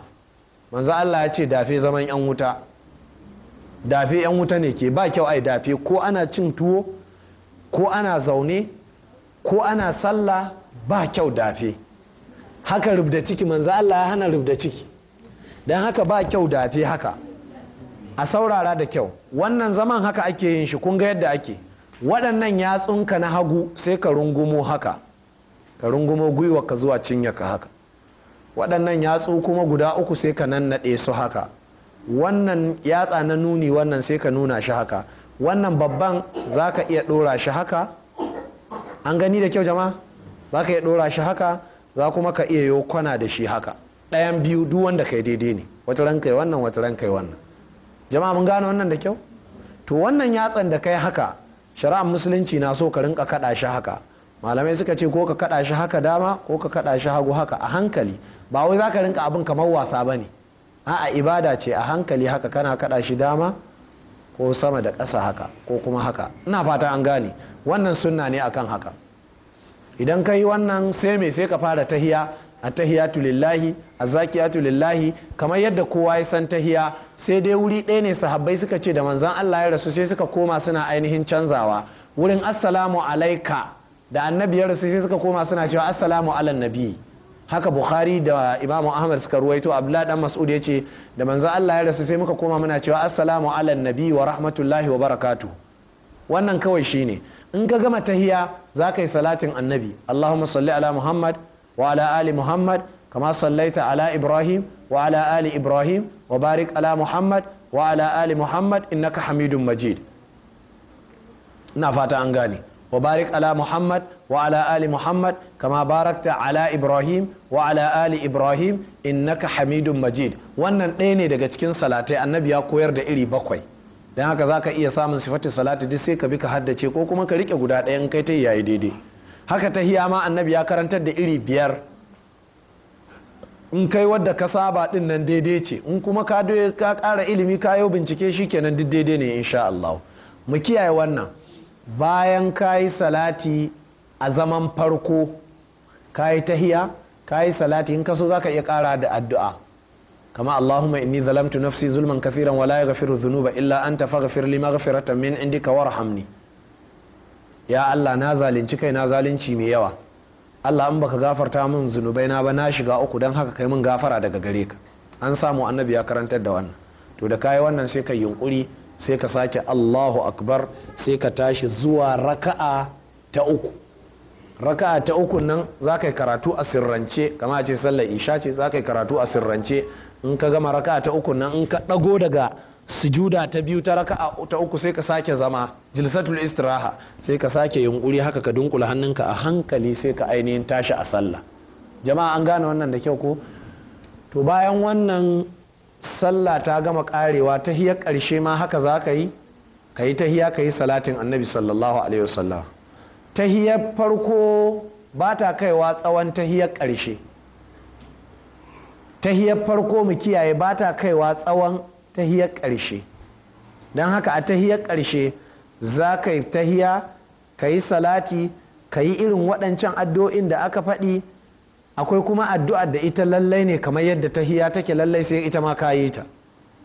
manzo Allah ya ce dafe zaman yan wuta dafe yan wuta ne ke ba kyau ai dafe ko ana cin tuwo ko ana zaune ko ana sallah ba kyau dafe haka rubda ciki manzo Allah ya hana rubda ciki don haka ba kyau dafe haka a saurara da kyau wannan zaman haka ake yin shi kun ga yadda ake waɗannan yatsunka na hagu sai ka rungumo haka ka rungumo gwiwa ka zuwa cinya ka haka waɗannan yatsu kuma guda uku sai ka nannaɗe su haka wannan yatsa na nuni wannan sai ka nuna shi haka wannan babban za ka iya ɗora shi haka an gani da kyau jama'a za ka iya ɗora shi haka za kuma ka iya yi kwana da shi haka ɗayan biyu duk wanda kai daidai ne wata ran kai wannan wata ran kai wannan jama'a mun gane wannan da kyau to wannan yatsan da kai haka shari'ar musulunci na so ka rinka kaɗa shi haka malamai suka ce ko ka kaɗa shi haka dama ko ka kaɗa shi hagu haka a hankali ba wai za ka rinka abin kamar wasa ba ne a'a ibada ce a hankali haka kana kaɗa shi dama ko sama da ƙasa haka ko kuma haka ina fata an gane wannan sunna ne akan haka idan ka wannan sai me sai ka fara tahiya attahiyatu lillahi azakiyatu lillahi kamar yadda kowa ya san tahiya sai dai wuri ɗaya ne sahabbai suka ce da manzan Allah ya rasu sai suka koma suna ainihin canzawa wurin assalamu alaika da annabi ya rasu sai suka koma suna cewa assalamu ala nabi haka bukhari da imamu ahmad suka ruwaito abdullahi dan mas'ud ya ce da manzan Allah ya rasu sai muka koma muna cewa assalamu ala nabi wa rahmatullahi wa barakatu wannan kawai shine in ka gama tahiya za ka yi salatin annabi allahumma salli ala muhammad wa ali muhammad kama sallaita ala ibrahim wa ala ali ibrahim wa ala muhammad wa ali muhammad innaka hamidun majid ina fata an gane wa ala muhammad wa ali muhammad kama barakta ala ibrahim wa ali ibrahim innaka hamidun majid wannan ɗaya ne daga cikin salatai annabi ya koyar da iri bakwai don haka zaka iya samun sifatin salati duk sai ka bi ka haddace ko kuma ka rike guda ɗaya in kai ta yayi daidai haka tahiya ma annabi ya karantar da iri biyar in kai wadda ka saba din nan daidai ce in kuma ka ka ƙara ilimi ka yi bincike shi kenan duk daidai ne insha Allah mu kiyaye wannan bayan ka yi salati a zaman farko ka yi tahiya ka yi salati in ka so zaka iya kara da addu'a kama Allahumma inni zalamtu nafsi zulman kathiran wala yaghfiru dhunuba illa anta faghfir li maghfiratan min indika warhamni ya Allah na zalunci kai na zalunci mai yawa Allah an baka gafarta min zunubai na ba na shiga uku don haka kai min gafara daga gare ka an samu annabi ya karantar da wannan to da kayi wannan sai ka yunkuri sai ka sake Allahu akbar sai ka tashi zuwa raka'a ta uku raka'a ta uku nan za ka yi karatu a sirrance kama ce sallar isha ce za ka yi karatu a sirrance in ka gama raka'a ta uku nan in ka ɗago daga sujuda ta biyu ta raka'a ta uku sai ka sake zama jilsatul istiraha sai ka sake yunkuri haka ka dunkula hannunka a hankali sai ka ainihin tashi a sallah jama'a an gane wannan da kyau ko to bayan wannan sallah ta gama karewa ta hiyar karshe ma haka za ka yi ka yi tahiya ka yi salatin annabi sallallahu alaihi wasallam tahiyar farko ba ta kaiwa tsawon ta hiyar karshe hiyar farko mu kiyaye ba ta kaiwa tsawon tahiyar ƙarshe don haka a tahiyar ƙarshe za ka yi tahiya ka yi salati ka yi irin waɗancan addu'o'in da aka faɗi akwai kuma addu'ar da ita lallai ne kamar yadda tahiya take lallai sai ita ma ka yi ta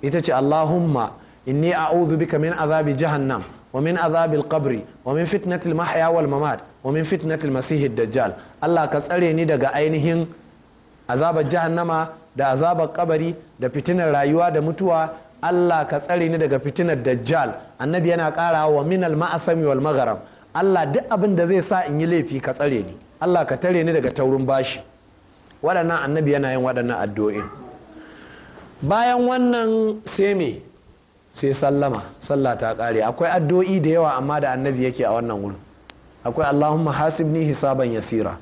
ita ce allahumma inni a'udhu bika min azabi jahannam wa min azabil qabri wa min fitnatil mahya wal mamat wa min fitnatil masihid dajjal allah ka tsare ni daga ainihin azabar jahannama da azabar kabari da fitinar rayuwa da mutuwa Allah ka tsare ni daga fitinar dajjal annabi yana karawa wa minal ma'asami wal magharam Allah duk abin da zai sa in yi laifi ka tsare ni Allah ka tare ni daga taurin bashi waɗannan annabi yana yin waɗannan addu'o'in bayan wannan sai me sai sallama sallah ta kare akwai addu'o'i da yawa amma da annabi yake a wannan wurin akwai Allahumma hasibni hisaban yasira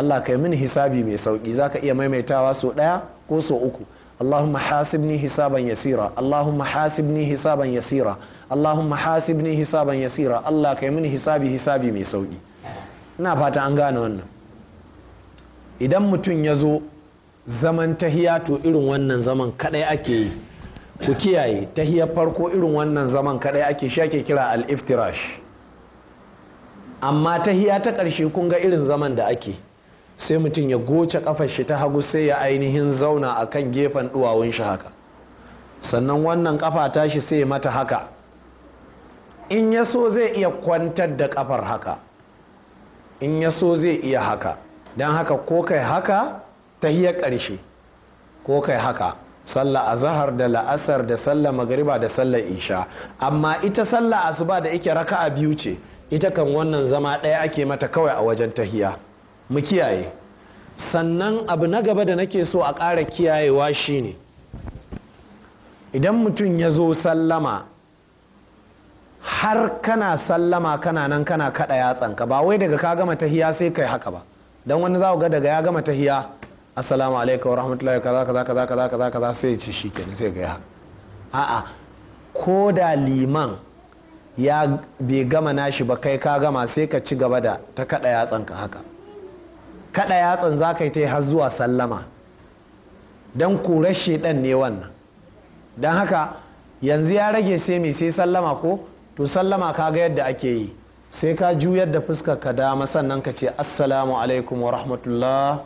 Allah kai mini hisabi mai sauki zaka iya maimaitawa so ɗaya ko so uku اللهم حاسبني yasira يسيرا اللهم حاسبني حسابا يسيرا اللهم حاسبني حسابا Allah الله kai mini hisabi hisabi mai sauki ina fata an gane wannan idan mutum ya zo zaman tahiya to irin wannan zaman kadai ake yi ku kiyaye tahiya farko irin wannan zaman kadai ake shi ake kira al-iftirash amma tahiya ta ƙarshe kun ga irin zaman da ake sai mutum ya goce kafar shi ta hagu sai ya ainihin zauna a kan gefen duwawun shi haka sannan wannan kafa shi sai mata haka in ya so zai iya kwantar da kafar haka in ya so zai iya haka don haka ko kai haka ta hiyar ƙarshe ko kai haka sallah a zahar da la'asar da sallah magariba da sallah isha amma ita sallah asuba da ike raka'a biyu ce ita kan wannan zama ɗaya ake mata kawai a wajen tahiya. mu kiyaye sannan abu na gaba da nake so a ƙara kiyayewa shine idan mutum ya zo sallama har kana sallama kana nan kana kada yatsanka ba wai daga ka gama tahiya sai kai haka ba dan wani za ga daga ya gama tahiya assalamu alaikum wa rahmatullahi kaza kaza kaza kaza kaza kaza sai ce shikenan sai ga haka a'a ko da liman ya bai gama nashi ba kai ka gama sai ka ci gaba da ta kada yatsanka haka kada yatsan za ka yi ta har zuwa sallama don korar shaidan ne wannan don haka yanzu ya rage sai mai sai sallama ko to sallama ka ga yadda ake yi sai ka juyar da fuskar ka dama sannan ka ce assalamu alaikum wa rahmatullah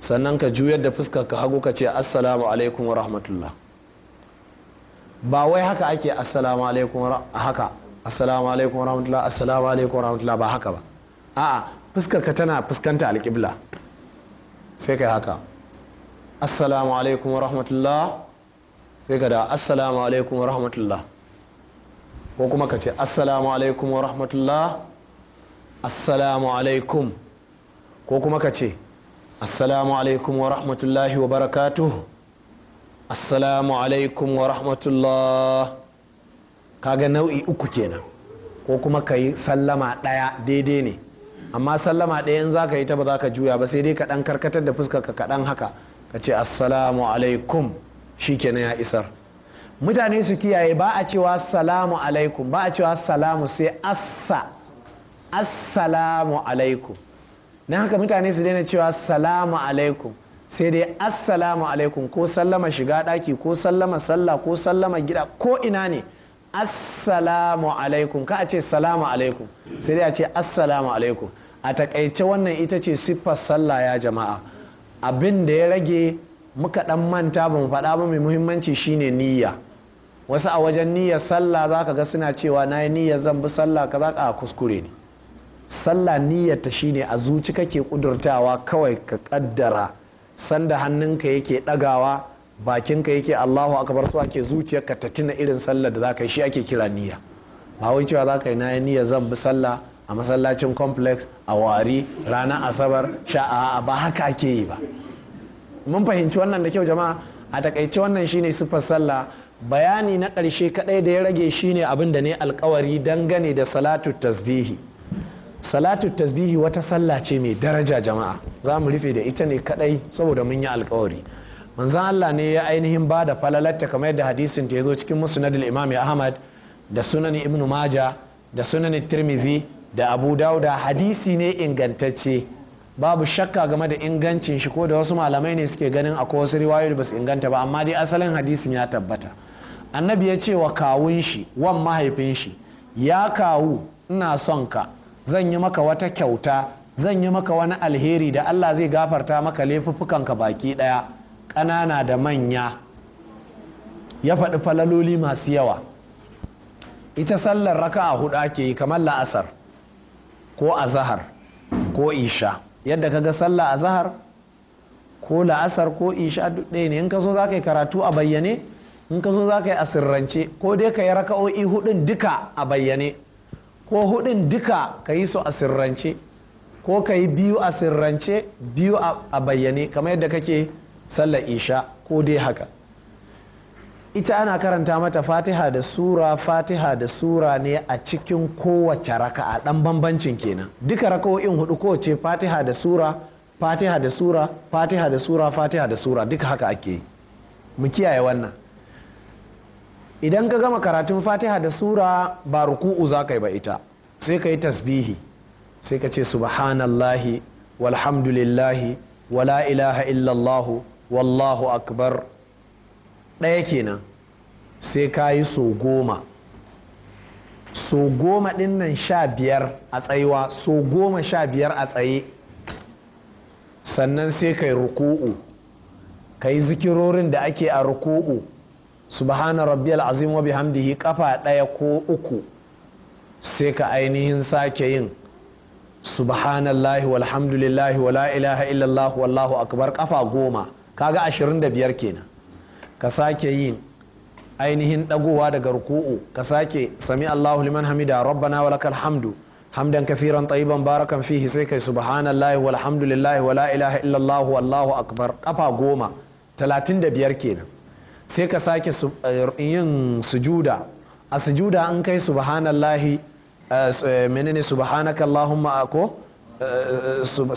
sannan ka juyar da fuskar ka hagu ka ce assalamu alaikum wa rahmatullah ba wai haka ake assalamu alaikum haka assalamu alaikum wa rahmatullah assalamu alaikum wa rahmatullah ba haka ba a'a fuskar ka tana fuskanta alƙibla sai kai haka assalamu alaikum wa rahmatullah sai ka da assalamu alaikum wa rahmatullah ko kuma ka ce assalamu alaikum wa rahmatullah assalamu alaikum ko kuma ka ce assalamu alaikum wa rahmatullahi wa barakatuh assalamu alaikum wa rahmatullah kaga nau'i uku kenan ko kuma ka yi sallama ɗaya daidai ne amma sallama ɗaya in za ka yi ta ba za ka juya ba sai dai ka ɗan karkatar da fuska ka kaɗan haka ka ce assalamu alaikum shi kenan ya isar mutane su kiyaye ba a cewa salamu alaikum ba a cewa salamu sai assa assalamu alaikum na haka mutane su daina cewa salamu alaikum sai dai assalamu alaikum ko sallama shiga ɗaki ko sallama sallah ko sallama gida ko ina ne assalamu alaikum ka a ce salamu alaikum sai dai a ce assalamu alaikum a takaice wannan ita ce siffar sallah ya jama'a abin da ya rage muka dan manta ba mu faɗa ba mai muhimmanci shine niyya wasu a wajen niyyar sallah za ka ga suna cewa na yi niyyar zan bi sallah ka za ka ah, kuskure ne sallah niyyar ta shine a zuci kake kudurtawa kawai ka kaddara sanda hannunka yake dagawa. bakinka yake Allahu akbar so ake zuciyarka ta tuna irin sallar da zaka yi shi ake kira niyya ba wai cewa zaka yi nayi niyya zan bi sallah a masallacin complex a wari ranar asabar sha'a ba haka ake yi ba mun fahimci wannan da kyau jama'a a takaice wannan shine siffar sallah bayani na ƙarshe kaɗai da ya rage shine abin da ne alkawari dangane da salatu tasbihi salatu tasbihi wata sallah ce mai daraja jama'a za mu rufe da ita ne kaɗai saboda mun yi alkawari manzan Allah ne ya ainihin ba da falalarta kamar yadda hadisin ta ya zo cikin musnadul imam ahmad da sunan ibn maja da sunani tirmizi da abu dauda hadisi ne ingantacce babu shakka game da ingancin shi ko da wasu malamai ne suke ganin akwai wasu riwayoyi da basu inganta ba amma dai asalin hadisin ya tabbata annabi ya ce wa kawun shi wan mahaifin shi ya kawu ina son ka zan yi maka wata kyauta zan yi maka wani alheri da Allah zai gafarta maka laifuffukanka baki daya ƙanana da manya ya faɗi falaloli masu yawa ita sallar a hudu ake yi kamar la'asar ko azahar ko isha yadda kaga sallah azahar ko la'asar ko isha duk ɗaya ne in ka so za ka yi karatu a bayyane in ka so za ka yi asirrance ko dai ka yi raka'o'i hudun duka a bayyane ko hudun duka ka yi su asirrance ko ka yi biyu asirrance biyu a bayyane kamar yadda kake sallar isha ko dai haka ita ana karanta mata fatiha da sura fatiha da sura ne a cikin kowace raka'a dan bambancin kenan duka raka'o'in hudu kowace fatiha da sura fatiha da sura fatiha da sura fatiha da sura duka haka ake yi mu kiyaye wannan idan ka gama karatun fatiha da sura ba ruku'u za ka yi ba ita sai ka yi tasbihi sai ka ce subhanallahi walhamdulillahi wala ilaha illallahu wallahu akbar ɗaya kenan sai ka yi so goma so goma ɗin nan sha biyar a tsayuwa so goma sha biyar a tsaye sannan sai ka yi ruku'u ka yi zikirorin da ake a ruku'u subhana rabbi azim wa bihamdihi kafa ɗaya ko uku sai ka ainihin sake yin subhanallahi walhamdulillahi wala ilaha illallah wallahu akbar kafa goma kaga 25 kenan ka sake yin ainihin dagowa daga ruku'u ka sake sami Allahu liman hamida rabbana walakal hamdu hamdan kafiran tayyiban barakan fihi sai kai subhanallahi walhamdulillahi wala ilaha illallah wallahu akbar kafa goma 35 kenan sai ka sake eh, yin sujuda a sujuda an kai subhanallahi eh, eh, menene allahumma ako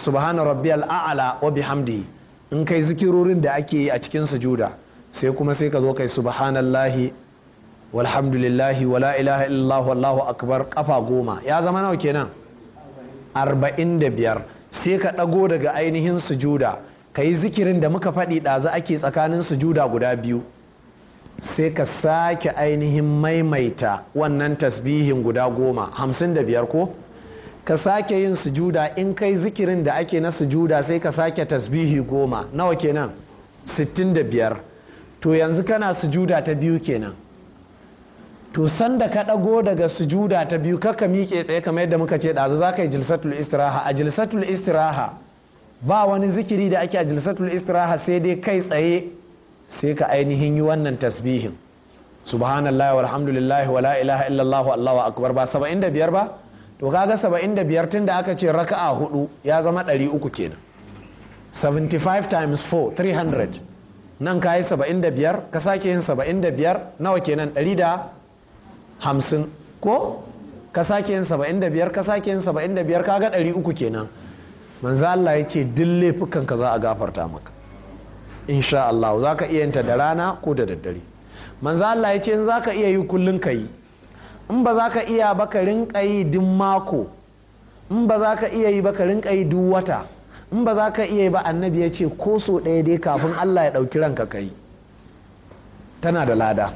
subhana rabbiyal a'la wa bihamdihi in kai zikirorin da ake yi a cikin sujuda sai kuma sai ka zo kai subhanallahi walhamdulillahi wala ilaha illallah wallahu akbar kafa goma ya zama nawa kenan arba'in biyar sai ka ɗago daga ainihin sujuda ka yi zikirin da muka faɗi ɗazu ake tsakanin sujuda guda biyu sai ka sake ainihin maimaita wannan tasbihin guda goma hamsin da biyar ko ka sake yin sujuda in kai zikirin da ake na sujuda sai ka sake tasbihi goma nawa kenan 65 to yanzu kana sujuda ta biyu kenan to sanda ka ɗago daga sujuda ta biyu kaka miƙe tsaye kamar yadda muka ce ɗazu za ka yi jilsatul istiraha a jilsatul istiraha ba wani zikiri da ake a jilsatul istiraha sai dai kai tsaye sai ka ainihin yi wannan tasbihin subhanallah walhamdulillah wala ilaha illallah allahu akbar ba 75 ba to kaga 75 tun da aka ce raka'a hudu ya zama 300 kenan 75 times 4 300 nan ka yi 75 ka sake yin 75 nawa kenan 150 ko ka sake yin 75 ka sake yin 75 kaga 300 kenan manzo Allah ya ce duk laifukan ka za a gafarta maka insha Allah za ka iya yanta da rana ko da daddare manzo Allah ya ce in za ka iya yi kullun ka yi in ba za ka iya ba ka rinka yi duk mako in ba za ka iya yi ba ka rinka yi duk wata in ba za ka iya yi ba annabi ya ce ko so ɗaya dai kafin allah ya ɗauki ranka ka yi tana da lada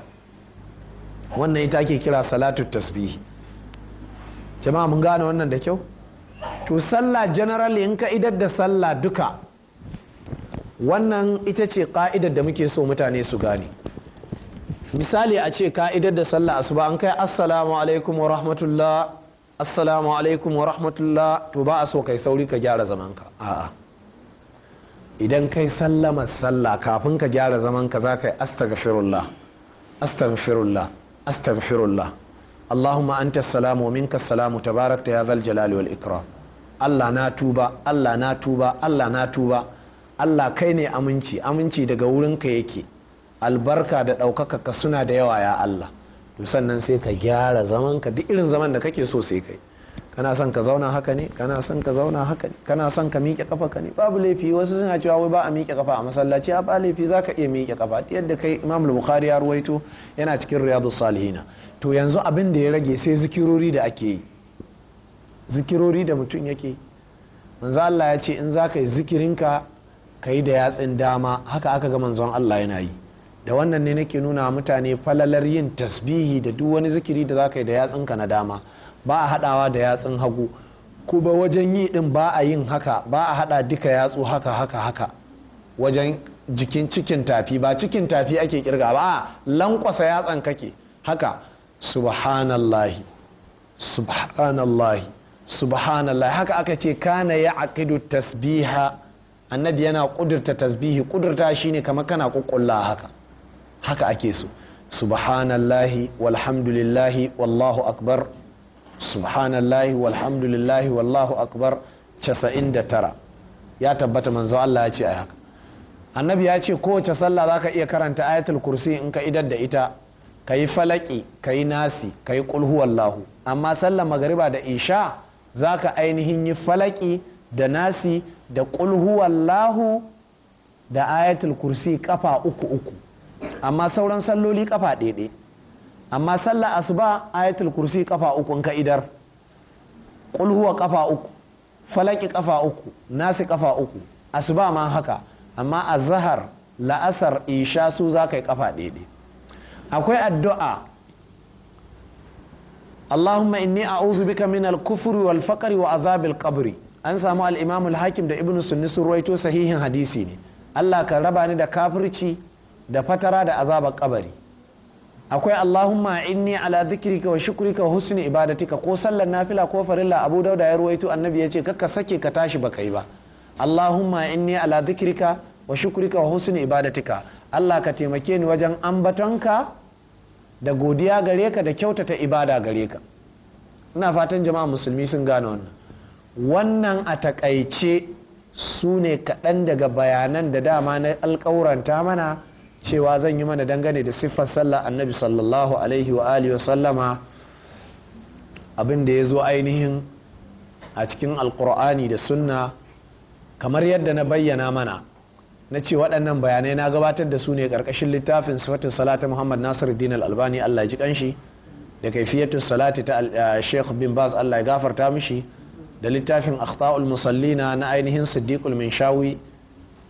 wannan ita ke kira salatu tasbih jama'a mun gane wannan da kyau to sallah general in ka idar da sallah duka wannan ita ce ka'idar da muke so mutane su gane misali a ce ka'idar da sallah asuba an kai assalamu alaikum wa rahmatullah assalamu alaikum wa rahmatullah to ba a so kai sauri ka gyara zamanka a'a idan kai sallama sallah kafin ka gyara zamanka za ka yi astaghfirullah astaghfirullah astaghfirullah allahumma anta assalamu minka salamu tabarakta ya zal jalali wal ikram allah na tuba allah na tuba allah na tuba allah kai ne aminci aminci daga wurinka yake albarka da ɗaukaka ka suna da yawa ya Allah to sannan sai ka gyara zaman ka duk irin zaman da kake so sai kai kana son ka zauna haka ne kana son ka zauna haka ne kana son ka miƙe kafa ka ne babu laifi wasu suna cewa wai ba a miƙe kafa a masallaci a ba laifi zaka iya miƙe kafa yadda kai Imam Bukhari ya ruwaito yana cikin Riyadus Salihina to yanzu abin da ya rage sai zikirori da ake yi zikirori da mutum yake manzo Allah ya ce in zaka yi zikirinka ka da yatsin dama haka aka ga manzon Allah yana yi da wannan ne nake nuna mutane falalar yin tasbihi da duk wani zikiri da za ka yi da yatsunka na dama ba a haɗawa da yatsun hagu kuma wajen yi ɗin ba a yin haka ba a haɗa duka yatsu haka haka haka wajen jikin cikin tafi ba cikin tafi ake kirga ba lankwasa yatsan kake haka subhanallahi subhanallahi subhanallah haka aka ce kana ya aqidu tasbiha annabi yana kudurta tasbihi kudurta shine kamar kana kukulla haka haka ake so subhanallahi walhamdulillahi wallahu akbar subhanallahi walhamdulillahi wallahu akbar 99 ya tabbata manzo Allah ya ce ai haka annabi ya ce kowace sallah zaka iya karanta ayatul kursi in ka idar da ita ka yi falaki ka yi nasi ka yi kulhuwallahu amma sallar magariba da isha za ka ainihin yi falaki da nasi da kulhuwallahu da ayatul kursi kafa uku uku amma sauran salloli kafa ɗaiɗe amma sallar asuba ayatul kursi kafa uku in ka ƙulhuwa kafa uku falaki kafa uku nasi kafa uku asuba ma haka amma azahar la'asar isha su za ka yi kafa ɗaiɗe akwai addu'a Allahumma inni a'udhu bika min al-kufri wal wa azabil qabri an samu al hakim da Ibn Sunni sun ruwaito sahihin hadisi ne Allah ka raba ni da kafirci da fatara da azabar kabari akwai allahumma inni ala zikrika wa shukrika wa husni ibadatika ko sallar nafila ko farilla abu dauda ya ruwaito annabi ya ce kakka sake ka tashi baka yi ba allahumma inni ala zikrika wa shukrika wa husni ibadatika allah ka taimake ni wajen ambatonka da godiya gare ka da kyautata ibada gare ka ina fatan jama'a musulmi sun gane wannan wannan a takaice su ne kaɗan daga bayanan da dama na alƙawuranta mana cewa zan yi mana dangane da siffar sallar annabi sallallahu alaihi wa sallama abin da ya zo ainihin a cikin alkur'ani da sunna kamar yadda na bayyana mana na ce waɗannan bayanai na gabatar da su ne ƙarƙashin littafin sifatun salata muhammad nasiruddin albani allah ji kanshi da kaifiyatun salati ta eh, sheikh bin baz allah ya gafarta mishi da littafin akhta'ul musallina na ainihin siddiqul minshawi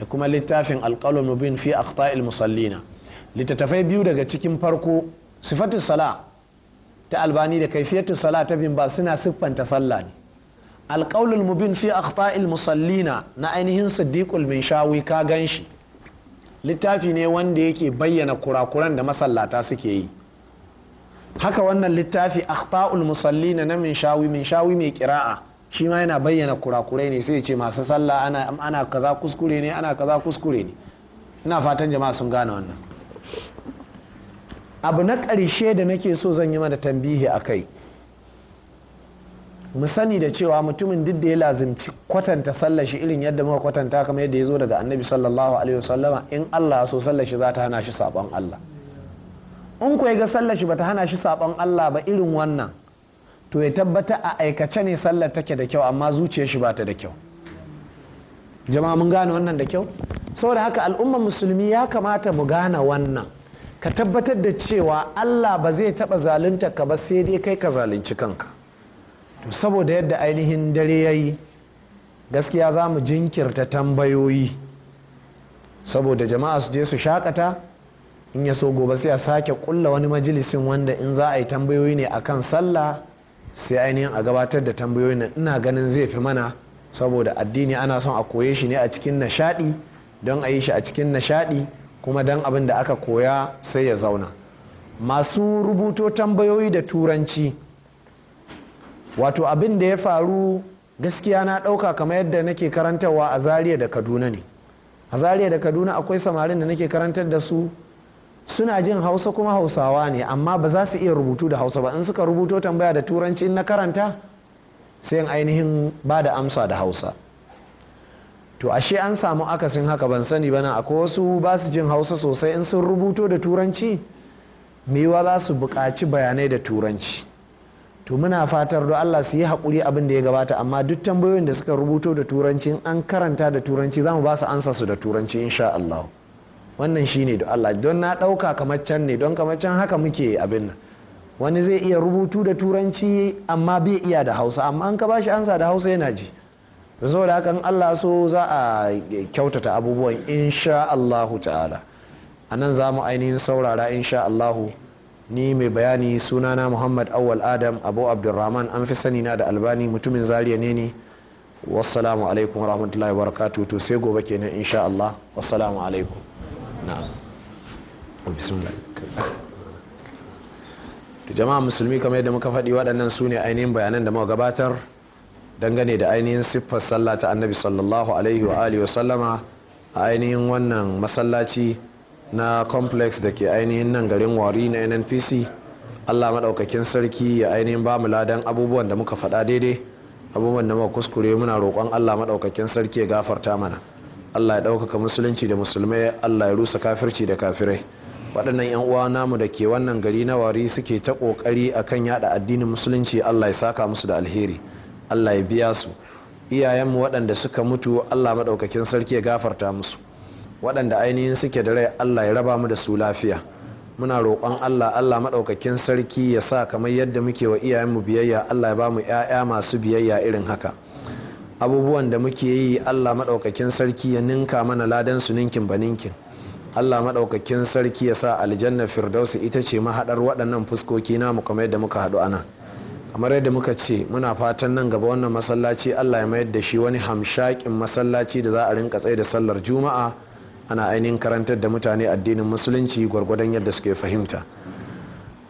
da kuma littafin alƙalul mubin fi akhta'il musallina littattafai biyu daga cikin farko sifatu sala ta albani da kaifiyatu sala ta bin ba suna siffanta sallah ne alƙaulul mubin fi akhta'il musallina na ainihin siddiqul min shawi ka gan shi littafi ne wanda yake bayyana kurakuran da masallata suke yi haka wannan littafi akhta'ul musallina na min shawi min shawi mai kira'a shi ma yana bayyana kurakurai ne sai ce masu sallah ana kaza kuskure ne ana kaza kuskure ne ina fatan jama'a sun gane wannan abu na ƙarshe da nake so zan yi mana tambihi a kai mu sani da cewa mutumin duk da ya lazimci kwatanta sallashi irin yadda muka kwatanta kamar yadda ya zo daga annabi sallallahu alaihi wasallama in Allah so sallashi za ta hana shi sabon Allah in ku ga sallashi shi ta hana shi sabon Allah ba irin wannan to ya tabbata a aikace ne sallar take da kyau amma zuciyar shi bata da kyau jama'a mun gane wannan da kyau saboda haka al'ummar musulmi ya kamata mu gane wannan ka tabbatar da cewa Allah ba zai taba zalunta ka ba sai dai kai ka zalunci kanka to saboda yadda ainihin dare yayi gaskiya za mu jinkirta tambayoyi saboda jama'a su je su shakata in ya so gobe sai a sake kulla wani majalisin wanda in za a yi tambayoyi ne akan sallah sai ainihin a gabatar da tambayoyin nan ina ganin zai fi mana saboda addini ana son a koye shi ne a cikin nishadi don a yi shi a cikin nishadi kuma don abin da aka koya sai ya zauna masu rubuto tambayoyi da turanci wato abin da ya faru gaskiya na ɗauka kamar yadda nake karantarwa a zariya da kaduna ne a zariya da kaduna akwai samarin da nake karantar da su suna jin hausa kuma hausawa ne amma ba za su iya rubutu da hausa ba in suka rubuto tambaya da turanci na karanta sai in ainihin ba da amsa da hausa to ashe an samu akasin haka ban sani bana akwai wasu ba su jin hausa sosai in sun rubuto da turanci mewa za su buƙaci bayanai da turanci to muna fatar da allah su yi haƙuri abin da ya gabata amma duk tambayoyin da suka rubuto da turanci an karanta da turanci za mu ba su ansa su da turanci insha allah wannan shine da Allah don na ɗauka kamar can ne don kamar can haka muke abin nan wani zai iya rubutu da turanci amma bai iya da hausa amma an ka bashi ansa da hausa yana ji da saboda haka hakan Allah so za a kyautata abubuwan insha Allahu ta'ala a nan za mu ainihin saurara insha Allahu ni mai bayani sunana Muhammad Awal Adam Abu Abdulrahman an fi sani na da Albani mutumin Zariya ne ne wassalamu alaikum warahmatullahi wabarakatuh to sai gobe kenan insha Allah wassalamu alaikum na'am jama'a musulmi kamar yadda muka faɗi waɗannan su ne ainihin bayanan da muka gabatar dangane da ainihin siffar sallah ta annabi sallallahu alaihi wa alihi wa sallama a ainihin wannan masallaci na complex da ke ainihin nan garin wari na nnpc allah maɗaukakin sarki ya ainihin ba mu ladan abubuwan da muka faɗa daidai abubuwan da muka kuskure muna roƙon allah maɗaukakin sarki ya gafarta mana allah ya ɗaukaka musulunci da musulmai allah ya rusa kafirci da kafirai waɗannan 'yan uwa namu da ke wannan gari na wari suke ta ƙoƙari akan yaɗa addinin musulunci allah ya saka musu da alheri allah ya biya su iyayenmu waɗanda suka mutu allah maɗaukakin sarki ya gafarta musu waɗanda ainihin suke da rai allah ya raba mu da su lafiya muna roƙon allah allah maɗaukakin sarki ya sa kamar yadda muke wa iyayenmu biyayya allah ya ba mu 'ya'ya masu biyayya irin haka abubuwan da muke yi allah maɗaukakin sarki ya ninka mana ladan su ninkin ba ninkin allah maɗaukakin sarki ya sa aljanna firdausu ita ce mahaɗar waɗannan fuskoki namu kamar yadda muka haɗu anan kamar yadda muka ce muna fatan nan gaba wannan masallaci allah ya mayar da shi wani hamshakin masallaci da za a rinka tsaye da sallar juma'a ana ainihin karantar da mutane addinin musulunci gwargwadon yadda suke fahimta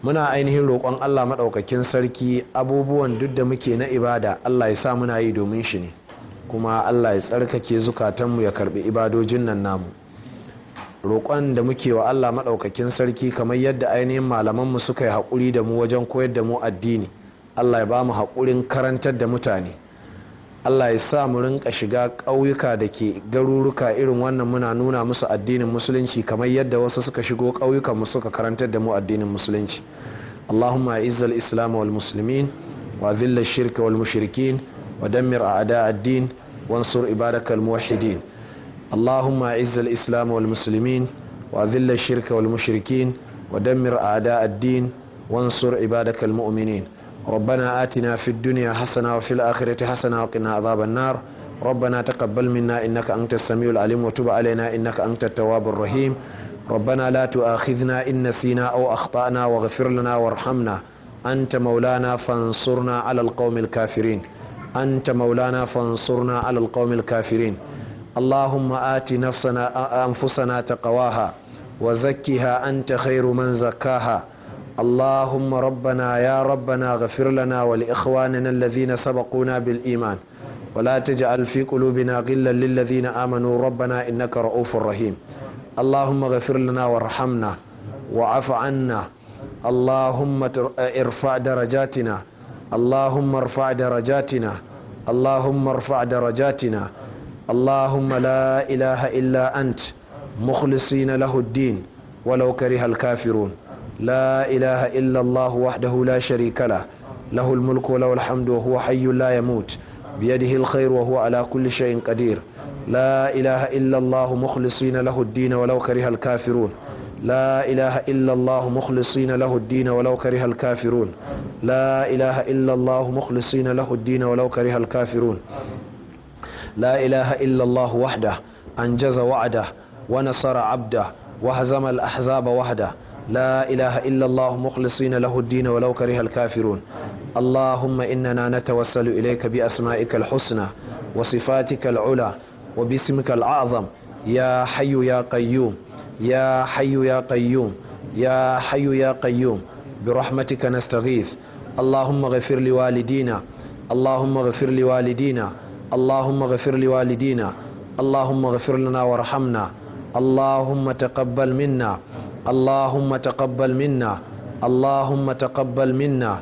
muna ainihin roƙon allah maɗaukakin sarki abubuwan duk da muke na ibada allah ya sa muna yi domin shi ne kuma allah ya tsarkake zukatanmu ya karbi ibadojin nan namu roƙon da muke wa allah maɗaukakin sarki kamar yadda ainihin malamanmu suka yi haƙuri da mu wajen koyar da mu addini allah ya ba mu haƙurin karantar da mutane allah ya sa mu rinka shiga ƙauyuka da ke garuruka irin wannan muna nuna musu addinin musulunci kamar yadda wasu suka shigo ƙauyukan mu suka karantar da mu addinin musulunci allahumma izzal islam wal muslimin wa dhilla shirka wal mushrikin a'da ad وانصر عبادك الموحدين اللهم اعز الاسلام والمسلمين واذل الشرك والمشركين ودمر اعداء الدين وانصر عبادك المؤمنين ربنا آتنا في الدنيا حسنة وفي الآخرة حسنة وقنا عذاب النار ربنا تقبل منا إنك أنت السميع العليم وتب علينا إنك أنت التواب الرحيم ربنا لا تؤاخذنا إن نسينا أو أخطأنا واغفر لنا وارحمنا أنت مولانا فانصرنا على القوم الكافرين أنت مولانا فانصرنا على القوم الكافرين اللهم آت نفسنا أنفسنا تقواها وزكها أنت خير من زكاها اللهم ربنا يا ربنا غفر لنا ولإخواننا الذين سبقونا بالإيمان ولا تجعل في قلوبنا غلا للذين آمنوا ربنا إنك رؤوف رحيم اللهم غفر لنا وارحمنا وعف عنا اللهم ارفع درجاتنا اللهم ارفع درجاتنا اللهم ارفع درجاتنا اللهم لا إله إلا أنت مخلصين له الدين ولو كره الكافرون لا إله إلا الله وحده لا شريك له له الملك وله الحمد وهو حي لا يموت بيده الخير وهو على كل شيء قدير لا إله إلا الله مخلصين له الدين ولو كره الكافرون لا إله إلا الله مخلصين له الدين ولو كره الكافرون لا إله إلا الله مخلصين له الدين ولو كره الكافرون لا إله إلا الله وحده أنجز وعده ونصر عبده وهزم الأحزاب وحده لا إله إلا الله مخلصين له الدين ولو كره الكافرون اللهم إننا نتوسل إليك بأسمائك الحسنى وصفاتك العلى وباسمك الأعظم يا حي يا قيوم يا حي يا قيوم يا حي يا قيوم برحمتك نستغيث اللهم اغفر لوالدينا اللهم اغفر لوالدينا اللهم اغفر لوالدينا اللهم اغفر لنا وارحمنا اللهم تقبل منا اللهم تقبل منا اللهم تقبل منا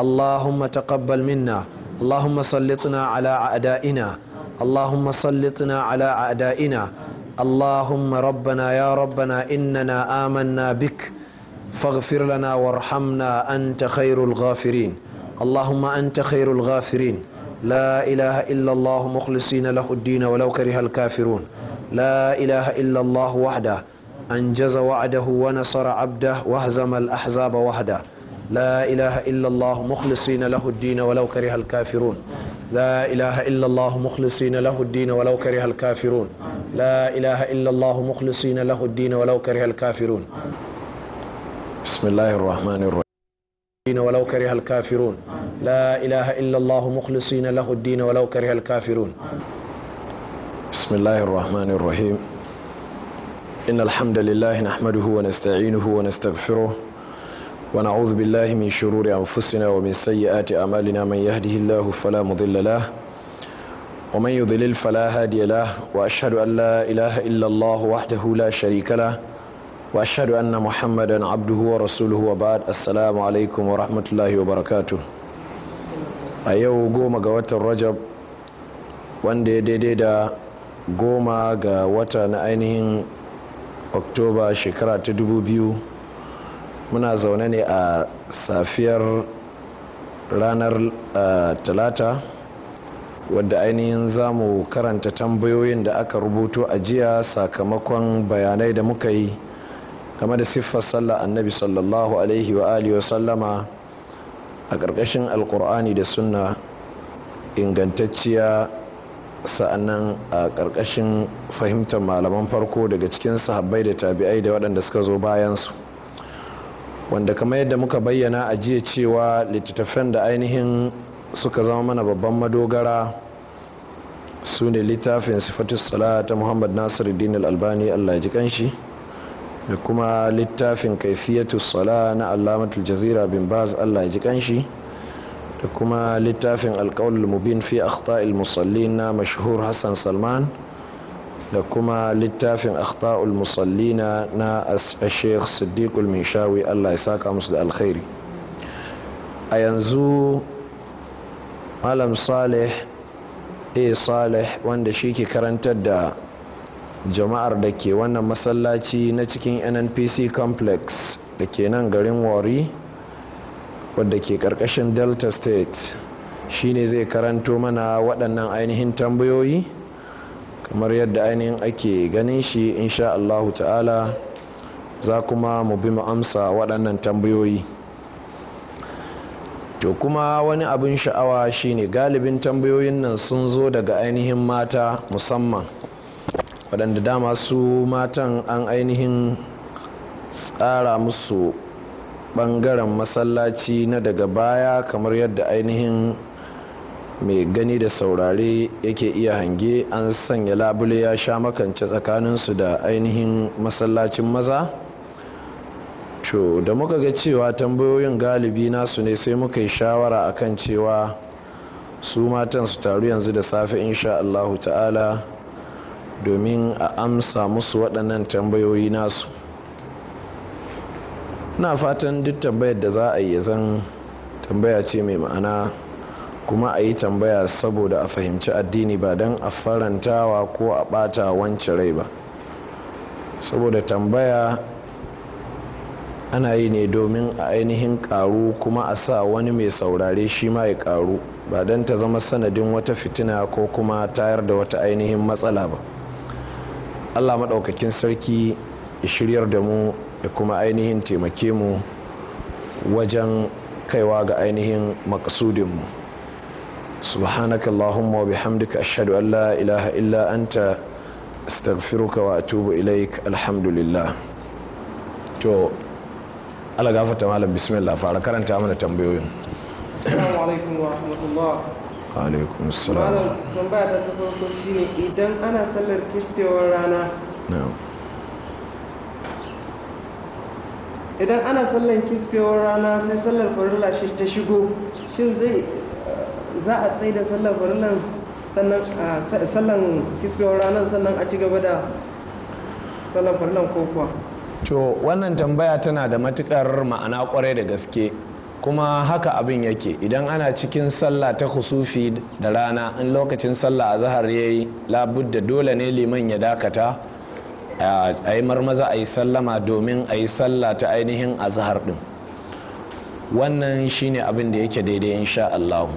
اللهم تقبل منا اللهم سلطنا على اعدائنا اللهم سلطنا على اعدائنا اللهم ربنا يا ربنا إننا آمنا بك فاغفر لنا وارحمنا أنت خير الغافرين اللهم أنت خير الغافرين لا إله إلا الله مخلصين له الدين ولو كره الكافرون لا إله إلا الله وحده أنجز وعده ونصر عبده وهزم الأحزاب وحده لا إله إلا الله مخلصين له الدين ولو كره الكافرون لا إله إلا الله مخلصين له الدين ولو كره الكافرون لا إله إلا الله مخلصين له الدين ولو كره الكافرون بسم الله الرحمن الرحيم ولو كره الكافرون لا إله إلا الله مخلصين له الدين ولو كره الكافرون بسم الله الرحمن الرحيم إن الحمد لله نحمده ونستعينه ونستغفره ونعوذ بالله من شرور أنفسنا ومن سيئات أعمالنا من يهده الله فلا مضل له ومن يضلل فلا هادي له وأشهد أن لا إله إلا الله وحده لا شريك له وأشهد أن محمدا عبده ورسوله وبعد السلام عليكم ورحمة الله وبركاته أيوه قوم قوات الرجب wanda ya daidai da goma ga wata na ainihin oktoba shekara ta dubu biyu muna zaune ne a safiyar ranar talata wadda ainihin za mu karanta tambayoyin da aka rubuto a jiya sakamakon bayanai da muka yi game da siffar sallah annabi sallallahu alaihi wa alihi sallama a ƙarƙashin alkur'ani da sunna ingantacciya sa'annan a ƙarƙashin fahimtar malaman farko daga cikin sahabbai da tabi'ai da waɗanda suka zo bayansu wanda kamar yadda muka bayyana a jiya cewa littattafan da ainihin suka zama mana babban madogara su ne littafin sifatu sala ta muhammad nasir al-albani allah ji kanshi da kuma littafin kaifiyatu sala na alamatul jazira bin baz allah ji kanshi da kuma littafin alkawul mubin fi akhta'il musallin na mashhur hassan salman da kuma littafin akhta'ul musallina na sheikh siddiqul minshawi allah ya saka musu da alkhairi a yanzu malam salih a salih wanda shi ke karantar da jama'ar da ke wannan masallaci na cikin nnpc complex da ke nan garin wari wadda ke karkashin delta state shine zai karanto mana waɗannan ainihin tambayoyi kamar yadda ainihin ake ganin shi insha Allahu ta'ala za kuma mu bi mu amsa waɗannan tambayoyi to kuma wani abin sha'awa shine galibin tambayoyin nan sun zo daga ainihin mata musamman waɗanda dama su matan an ainihin tsara musu ɓangaren masallaci na daga baya kamar yadda ainihin mai gani da saurare yake iya hange an sanya labule ya sha makance tsakaninsu da ainihin masallacin maza to da muka ga cewa tambayoyin galibi nasu ne sai muka yi shawara a kan cewa su matan su taru yanzu da safe insha Allahu ta'ala domin a amsa musu waɗannan tambayoyi nasu na fatan duk tambayar da za a yi zan tambaya ce mai ma'ana kuma a yi tambaya saboda a fahimci addini ba don a farantawa ko a bata wance rai ba saboda tambaya ana yi ne domin a ainihin karu kuma a sa wani mai saurare shi ma ya karu ba don ta zama sanadin wata fitina ko kuma tayar da wata ainihin matsala ba allah maɗaukakin sarki ya shiryar da mu ya kuma ainihin taimake mu wajen kaiwa ga ainihin mu. subhanaka allahumma wa bihamdika ashhadu an la ilaha illa an ta astaghfiruka wa atubu ilaik alhamdulillah to ala gafarta malam bismillah fara karanta mana tambayoyin assalamu alaikum wa rahmatullah alaikum assalam malam tambaya ta farko shine idan ana sallar kisbewar rana idan ana sallar kisbewar rana sai sallar farilla shi ta shigo shin zai za a tsaye da sallar farillan sannan sallan kisbewar ranar sannan a ci da sallar farillan ko kuwa to wannan tambaya tana da matukar ma'ana kwarai da gaske kuma haka abin yake idan ana cikin sallah ta kusufi da rana in lokacin sallah a zahar ya yi labudda dole ne liman ya dakata a yi marmaza a yi sallama domin a yi sallah ta ainihin a zahar din wannan shine abin da yake daidai insha Allah.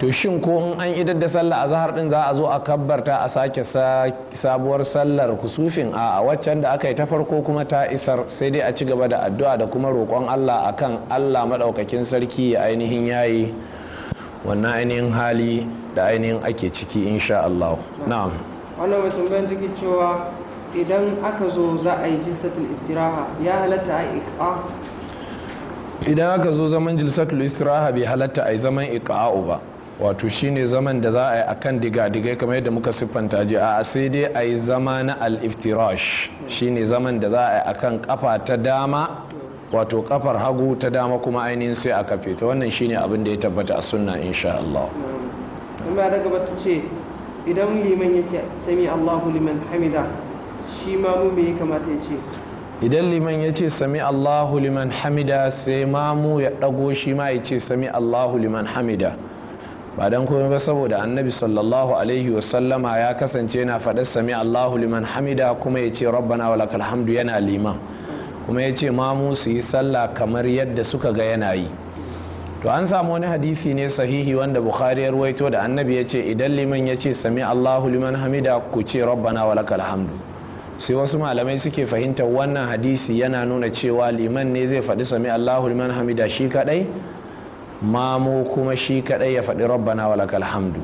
to shin ko in an idar da sallah a zahar din za a zo a kabbarta a sake sabuwar sallar kusufin a waccan da aka yi ta farko kuma ta isar sai dai a ci gaba da addu'a da kuma roƙon Allah a kan Allah maɗaukakin sarki ya ainihin yayi wannan ainihin hali da ainihin ake ciki insha Allah na'am wannan mai tambayar take cewa idan aka zo za a yi jinsatul istiraha ya halatta a idan aka zo zaman jilsatul istiraha bai halatta a yi zaman iqa'u ba wato shine zaman da za a yi akan diga-digai kamar yadda muka siffanta ji a sai dai a yi zama na al-iftirash shine zaman da za a yi akan kafa ta dama wato kafar hagu ta dama kuma ainihin sai a kafe ta wannan shine abin da ya tabbata a sunna insha Allah kuma daga bata ce idan liman yake sami Allahu liman hamida shi mamu me kamata ya ce idan liman ya ce sami allahu liman hamida sai mamu ya ɗago shi ma ya ce sami allahu liman hamida ba dan komai ba saboda annabi sallallahu alaihi wasallama ya kasance yana faɗi sami allahu liman hamida kuma ya ce rabbana walakal hamdu yana liman kuma ya ce mamu su yi sallah kamar yadda suka ga yana yi to an samu wani hadisi ne sahihi wanda bukhari ya ruwaito da annabi ya ce idan liman ya ce sami allahu liman hamida ku ce rabbana wa lakal sai wasu malamai suke fahimtar wannan hadisi yana nuna cewa liman ne zai faɗi sami allahu liman hamida shi kaɗai mamu kuma shi kadai ya faɗi rabbana walakal hamdu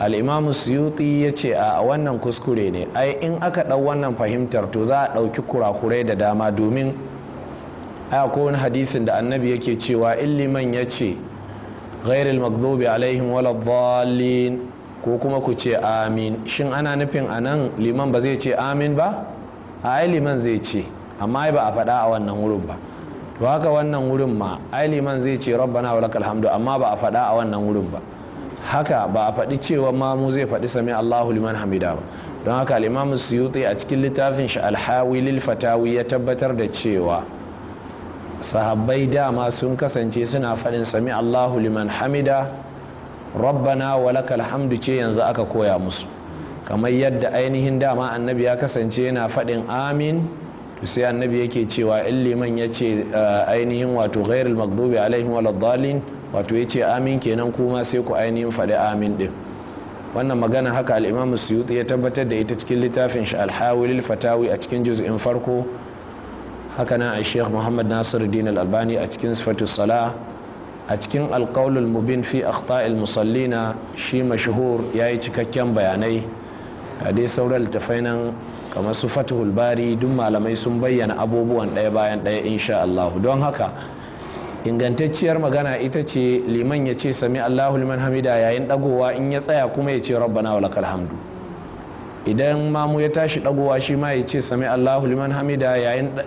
al'imamu suyuti ya ce a wannan kuskure ne ai in aka ɗau wannan fahimtar to za a ɗauki kurakurai da dama domin a wani hadisin da annabi yake cewa illiman ya ce ghairil magdubi alaihim waladdallin ko kuma ku ce amin shin ana nufin a nan liman ba zai ce amin ba a liman zai ce amma ba a faɗa a wannan wurin ba to haka wannan wurin ma ai zai ce rabbana wa lakal hamdu amma ba a faɗa a wannan wurin ba haka ba a faɗi cewa ma mu zai faɗi sami Allahu liman hamida ba don haka al-Imam Suyuti a cikin littafin shi alhawi lilfatawi ya tabbatar da cewa sahabbai dama sun kasance suna faɗin sami Allahu liman hamida rabbana wa lakal hamdu ce yanzu aka koya musu kamar yadda ainihin dama annabi ya kasance yana faɗin amin sai annabi yake cewa in liman ya ce uh, ainihin wato ghairul maghdubi alaihim waladdallin wato ya ce amin kenan kuma sai ku ainihin faɗi amin din wannan magana haka al-imam suyuti ya tabbatar da ita cikin littafin shi al fatawi a cikin juz'in farko haka nan a sheikh muhammad nasiruddin al-albani a cikin sifatu salah a cikin alƙaulul mubin fi akhta'il musallina shi mashhur ya yi cikakken bayanai a dai sauran littafai nan kamar su fatihul bari duk malamai sun bayyana abubuwan ɗaya bayan ɗaya insha Allah don haka ingantacciyar magana ita ce liman ya ce sami Allahu liman hamida yayin dagowa in ya tsaya kuma ya ce rabbana wa lakal hamdu idan mamu ya tashi dagowa shi ma ya ce sami Allahu liman hamida yayin da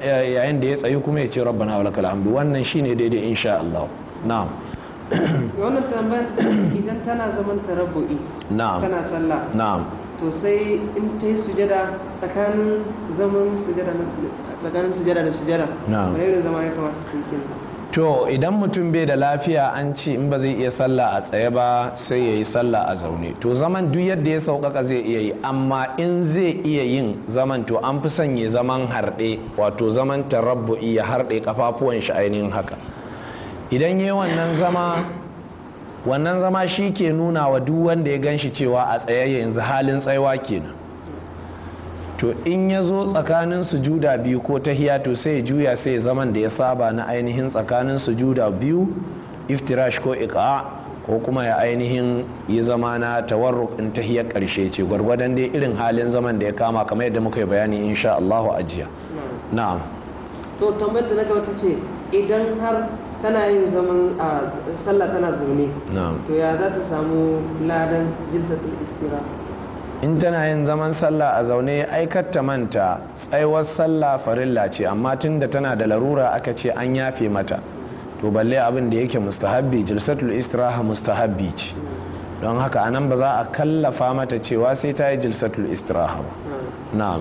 ya tsayi kuma ya ce rabbana wa lakal hamdu wannan shine daidai insha Allah na'am wannan tambayar idan tana zaman tarabbu'i na'am tana sallah na'am to sai in ta yi sujada tsakanin zaman sujada tsakanin sujada da sujada na zama ya kamata su yi to idan mutum bai da lafiya an ce in ba zai iya sallah a tsaye ba sai ya yi sallah a zaune to zaman duk yadda ya sauƙaƙa zai iya yi amma in zai iya yin zaman to an fi sanya zaman harɗe wato zaman tarabbu'i iya harɗe kafafuwan shi ainihin haka idan yi wannan zama wannan zama shi ke nuna wa duk wanda ya gan shi cewa a tsaye yanzu halin tsaiwa kenan to in ya zo tsakanin sujuda biyu ko tahiya to sai ya juya sai ya zaman da ya saba na ainihin tsakanin sujuda biyu iftirash ko ika ko kuma ya ainihin yi zama na tawarruk in tahiyar karshe ce gwargwadon dai irin halin zaman da ya kama kamar yadda muka yi bayani insha Allahu ajiya na'am to tambayar da na gaba ta ce idan har tana yin zaman a sallah tana zaune to ya za ta samu ladan jilsatul istira in tana yin zaman sallah a zaune ta manta tsaiwar sallah farilla ce amma tunda tana da larura aka ce an yafe mata to balle abin da yake mustahabbi jilsatul istiraha mustahabbi ce don haka anan ba za a kallafa mata cewa sai ta yi jilsatul istiraha ba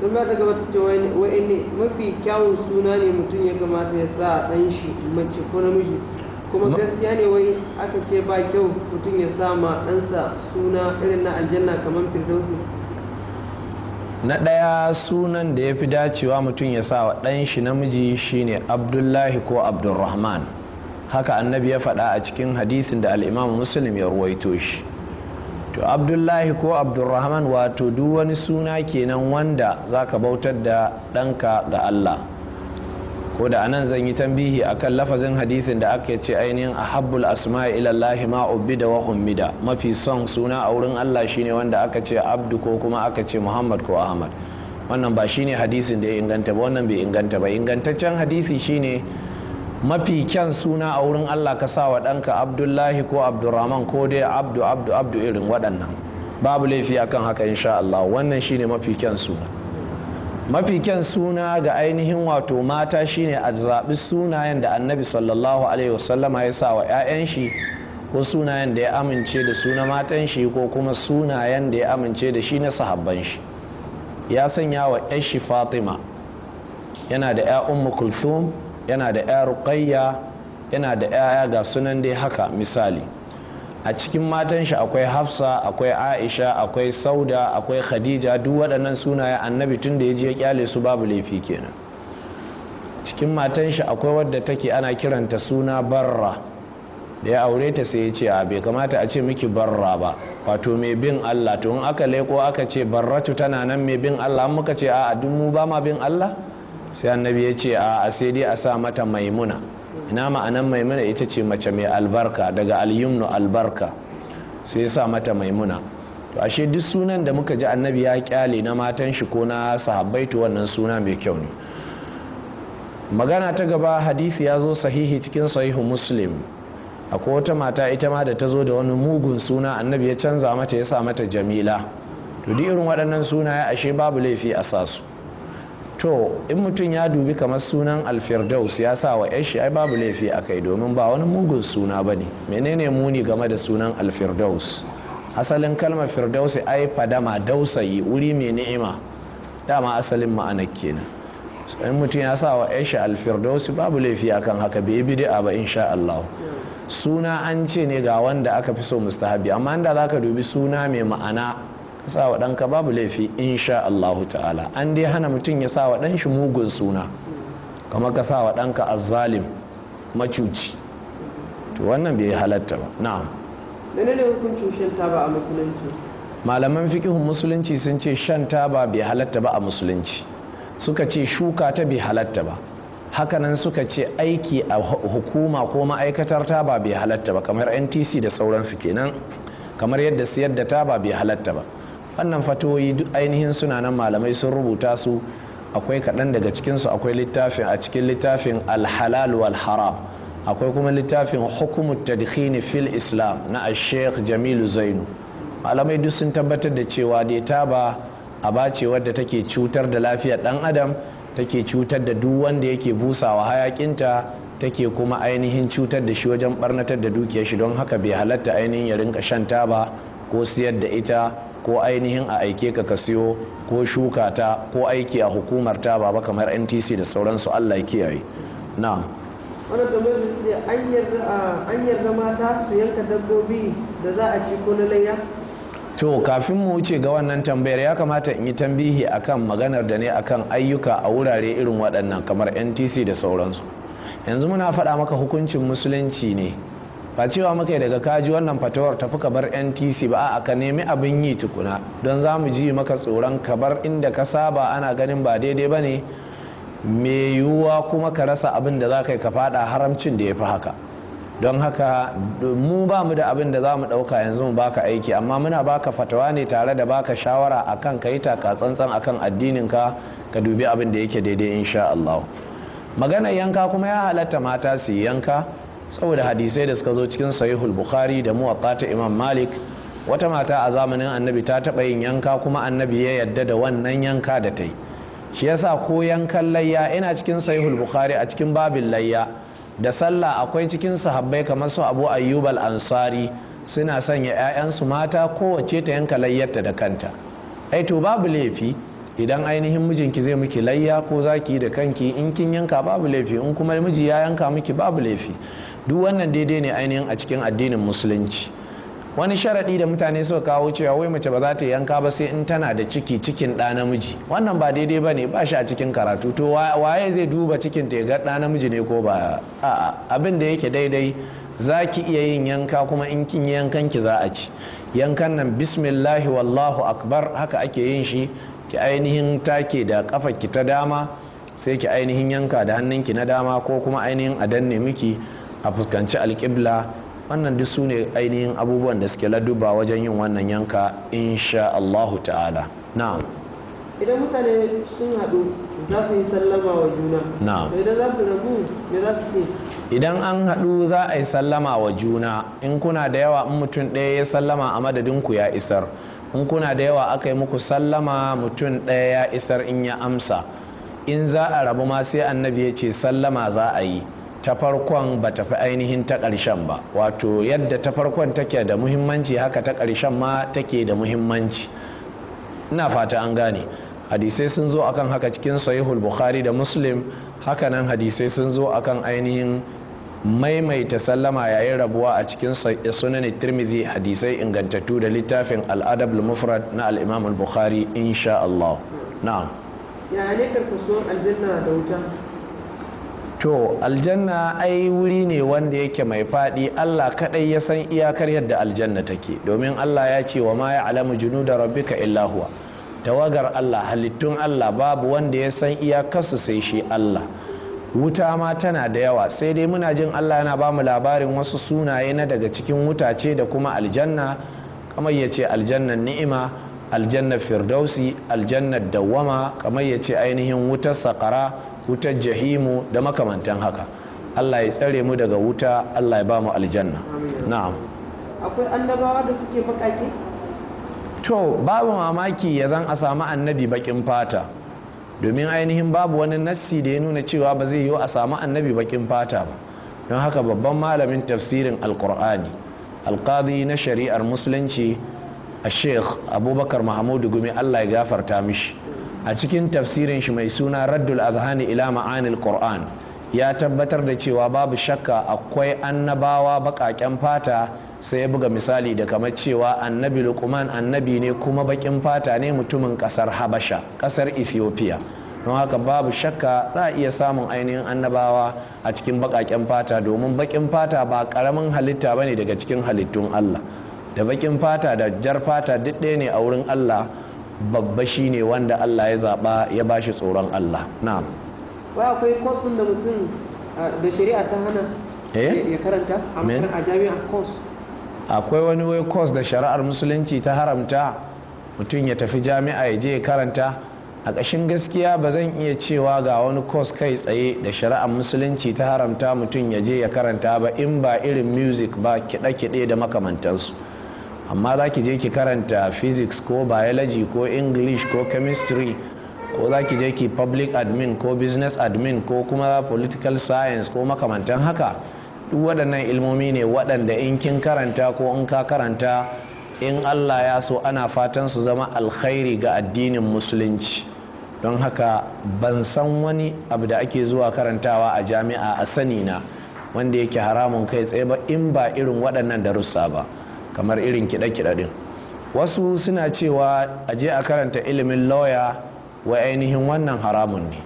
sun ba ta gaba ta ce wa'in mafi kyawun suna ne mutum ya kamata ya sa ɗan shi mace ko namiji kuma gaskiya ne wai aka ce ba kyau mutum ya sa ma ɗansa suna irin na aljanna kamar firdausi na ɗaya sunan da ya fi dacewa mutum ya sa wa ɗan shi namiji shine abdullahi ko abdulrahman haka annabi ya faɗa a cikin hadisin da al'imamu muslim ya ruwaito shi to abdullahi ko abdurrahman wato duk wani suna kenan wanda zaka bautar da ɗanka ga allah ko da anan zan yi tambihi akan lafazin hadithin da aka ce ainihin ahabbul asma'i ilallahi ma obi da ummida mafi son suna a wurin allah shine wanda aka ce abdu ko kuma aka ce muhammad ko ahmad wannan ba shine hadisin da ya inganta ba wannan bai inganta ba ingantaccen hadisi shine mafi kyan suna a wurin Allah ka sa wa ɗanka abdullahi ko abdurrahman ko dai abdu abdu abdu irin waɗannan babu laifi akan haka insha Allah wannan shine mafi kyan suna mafi kyan suna ga ainihin wato mata shine a zaɓi sunayen da annabi sallallahu alaihi wasallama ya sa wa 'ya'yan shi ko sunayen da ya amince da suna matan shi ko kuma sunayen da ya amince da shi na sahabban shi ya sanya wa 'yar shi fatima yana da 'yayan ummu yana da ya ruqayya yana da yaya ga sunan dai haka misali a cikin matan shi akwai hafsa akwai aisha akwai sauda akwai khadija duk waɗannan sunaye annabi tun da ya je ya kyale su babu laifi kenan cikin matan shi akwai wadda take ana kiranta suna barra da ya aure ta sai ya ce a bai kamata a ce miki barra ba wato mai bin Allah to in aka leko aka ce barratu tana nan mai bin Allah an muka ce a duk mu ba ma bin Allah sai annabi ya ce a sai dai a sa mata maimuna ina ma'anan maimuna ita ce mace mai albarka daga alyumnu albarka sai ya sa mata maimuna to ashe duk sunan da muka ji annabi ya kyale na matan shi ko na sahabbai to wannan suna mai kyau ne magana ta gaba hadisi ya zo sahihi cikin sahihu muslim akwai wata mata ita ma da ta zo da wani mugun suna annabi ya canza mata ya sa mata jamila to duk irin waɗannan sunaye ashe babu laifi a sa su to in mutum ya dubi kamar sunan alfirdaus ya sa wa yashi ai babu laifi a kai domin ba wani mugun suna ba ne menene muni game da sunan alfirdaus asalin kalmar firdausi ai fadama dausayi wuri mai ni'ima dama asalin ma'anar kenan in mutum ya sa wa yashi alfirdausi babu laifi akan haka bai bid'a ba insha Allah suna an ce ne ga wanda aka fi so mustahabi amma inda zaka dubi suna mai ma'ana ka sa wa ɗanka babu laifi insha Allahu ta'ala an dai hana mutum ya sa wa ɗan shi mugun suna kamar ka sa wa ɗanka azzalim macuci to wannan bai halatta ba na'am menene hukuncin shan taba a musulunci malaman fikihun musulunci sun ce shan taba bai halatta ba a musulunci suka ce shuka ta bai halatta ba hakanan suka ce aiki a hukuma ko ma'aikatar taba bai halatta ba kamar ntc da sauransu kenan kamar yadda siyar da taba bai halatta ba wannan fatoyi ainihin suna nan malamai sun rubuta su akwai kaɗan daga cikinsu akwai littafin a cikin littafin alhalal wal haram akwai kuma littafin hukumar tadhini fil islam na sheikh jamilu zainu malamai duk sun tabbatar da cewa dai taba a bace wadda take cutar da lafiyar dan adam take cutar da duk wanda yake busawa hayakinta take kuma ainihin cutar da shi wajen barnatar da dukiyar shi don haka bai halatta ainihin ya rinka shan taba ko siyar da ita ko ainihin a aike ka ka siyo ko shuka ta ko aiki a hukumar ta baba kamar ntc da sauransu allah ya kiyaye na wani tambayar su ce an yarda mata su yanka dabbobi da za a ci ko na layya to kafin mu wuce ga wannan tambayar ya kamata in yi tambihi akan maganar da ne akan ayyuka a wurare irin waɗannan kamar ntc da sauransu yanzu muna faɗa maka hukuncin musulunci ne ba cewa muka daga kaji wannan fatawar tafi ka bar ntc ba a ka nemi abin yi tukuna don za mu ji maka tsoron ka bar inda ka saba ana ganin ba daidai ba ne mai yiwuwa kuma ka rasa abin da za ka yi ka fada haramcin da ya fi haka don haka mu ba mu da abin da za mu ɗauka yanzu mu baka aiki amma muna baka fatawa ne tare da baka shawara akan ka yi taka tsantsan akan addinin ka ka dubi abin da yake daidai insha Allah maganar yanka kuma ya halatta mata su yanka saboda hadisai da suka zo cikin sahihul bukhari da muwaqqata imam malik wata mata a zamanin annabi ta taba yin yanka kuma annabi ya yadda da wannan yanka da ta yi shi yasa ko yankan layya ina cikin sahihul bukhari a cikin babin layya da sallah akwai cikin sahabbai kamar su abu ayyub al-ansari suna sanya 'ya'yansu mata kowace ta yanka layyarta da kanta ai to babu laifi idan ainihin mijinki zai miki layya ko zaki da kanki in kin yanka babu laifi in kuma miji ya yanka miki babu laifi duk wannan daidai ne ainihin a cikin addinin musulunci wani sharaɗi da mutane suka kawo cewa wai mace ba za ta yanka ba sai in tana da ciki cikin ɗa namiji wannan ba daidai ba ne ba shi a cikin karatu to waye zai duba cikin ta ga ɗa namiji ne ko ba a'a abin da yake daidai za ki iya yin yanka kuma in kin yi yankan ki za a ci yankan nan bismillahi wallahu akbar haka ake yin shi ki ainihin take da kafa ki ta dama sai ki ainihin yanka da hannun ki na dama ko kuma ainihin a danne miki a fuskanci alƙibla wannan duk su ne ainihin abubuwan da suke laduba wajen yin wannan yanka insha Allahu ta'ala na'am idan mutane sun haɗu za su yi sallama wa juna na'am idan za su rabu me za su ce idan an haɗu za a yi sallama wa juna in kuna da yawa in mutum ɗaya ya sallama a madadin ku ya isar in kuna da yawa aka yi muku sallama mutum ɗaya ya isar in ya amsa in za a rabu ma sai annabi ya ce sallama za a yi ta farkon ba ta fi ainihin ta ƙarshen ba wato yadda ta farkon take da muhimmanci haka ta ƙarshen ma take da muhimmanci ina fata an gane hadisai sun zo akan haka cikin sahihul bukhari da muslim hakanan hadisai sun zo akan ainihin maimaita sallama yayin rabuwa a cikin sunan tirmidhi hadisai ingantattu da littafin al'adab mufrad na al bukhari insha Allah na'am ya ne ka aljanna da wuta to aljanna ai wuri ne wanda yake mai faɗi allah kaɗai ya san iyakar yadda aljanna take domin allah ya ce wa ma ya alamu da rabbika illa huwa tawagar allah halittun allah babu wanda ya san iyakarsu sai shi allah wuta ma tana da yawa sai dai muna jin allah yana ba mu labarin wasu sunaye na daga cikin wuta ce da kuma aljanna kamar ya ce aljannar ni'ima aljannar firdausi aljannar dawwama kamar ya ce ainihin wutar sakara wutar jahimu da makamantan haka allah ya tsare mu daga wuta allah ya ba mu aljanna na'am akwai annabawa da suke to babu mamaki ya zan a samu annabi baƙin fata domin ainihin babu wani nassi da ya nuna cewa ba zai yi a samu annabi baƙin fata ba don haka babban malamin tafsirin alkur'ani alkadi na shari'ar musulunci a sheikh abubakar mahamudu gumi allah ya gafarta mishi a cikin tafsirin shi mai suna raddul azhani ila ma'anil qur'an ya tabbatar da cewa babu shakka akwai annabawa baƙaƙen fata sai ya buga misali da kamar cewa annabi lukman annabi ne kuma bakin fata ne mutumin kasar habasha kasar ethiopia don haka babu shakka za a iya samun ainihin annabawa a cikin baƙaƙen fata domin bakin fata ba ƙaramin halitta bane daga cikin halittun allah da bakin fata da jar fata duk ɗaya ne a wurin allah babba shine wanda Allah ya zaba ya bashi tsoron Allah na'am wai akwai da mutum ah, da shari'a ta hana eh? ya karanta a jami'a akwai wani wai kwas da shari'ar musulunci ta haramta mutum ya tafi jami'a ya je ya karanta a ƙashin gaskiya ba zan iya cewa ga wani kwas kai tsaye da shari'ar musulunci ta haramta mutum ya je ya karanta ba in ba irin music ba kiɗe-kiɗe da makamantansu amma za ki je ki karanta physics ko biology ko english ko chemistry ko za ki je ki public admin ko business admin ko kuma political science ko makamantan haka duk waɗannan ilmomi ne waɗanda in kin karanta ko in ka karanta in allah ya so ana fatan su zama alkhairi ga addinin musulunci don haka ban san wani abu da ake zuwa karantawa a jami'a a sani na wanda yake haramun kai tsaye ba in ba irin waɗannan darussa ba. kamar irin kiɗe-kiɗe ɗin wasu suna cewa a je a karanta ilimin lauya wa ainihin wannan haramun ne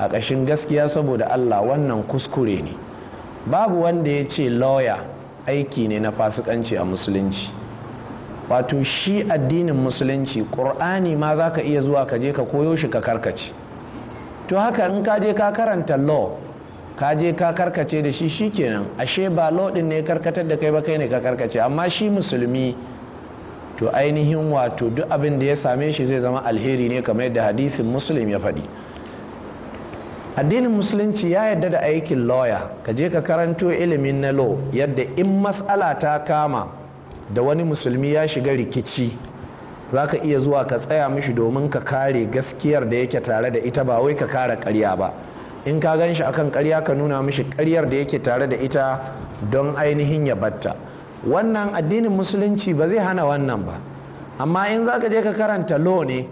a ƙashin gaskiya saboda allah wannan kuskure ne babu wanda ya ce lauya aiki ne na fasikanci a musulunci wato shi addinin musulunci ƙur'ani ma za ka iya zuwa ka je ka koyo shi ka karkace to haka in ka je ka karanta law ka je ka karkace da shi shi kenan ashe ba lodin ne karkatar da kai ba kai ne ka karkace amma shi musulmi to ainihin wato duk abin da ya same shi zai zama alheri ne kamar yadda hadithin muslim ya faɗi addinin musulunci ya yadda da aikin lawyer ka je ka karanto ilimin na law yadda in matsala ta kama da wani musulmi ya shiga rikici za ka iya zuwa ka tsaya mishi domin ka kare gaskiyar da yake tare da ita ba wai ka kara karya ba in ka gan shi akan karya ka nuna mishi karyar da yake tare da ita don ainihin ya batta wannan addinin musulunci ba zai hana wannan ba amma in za ka je ka karanta law ne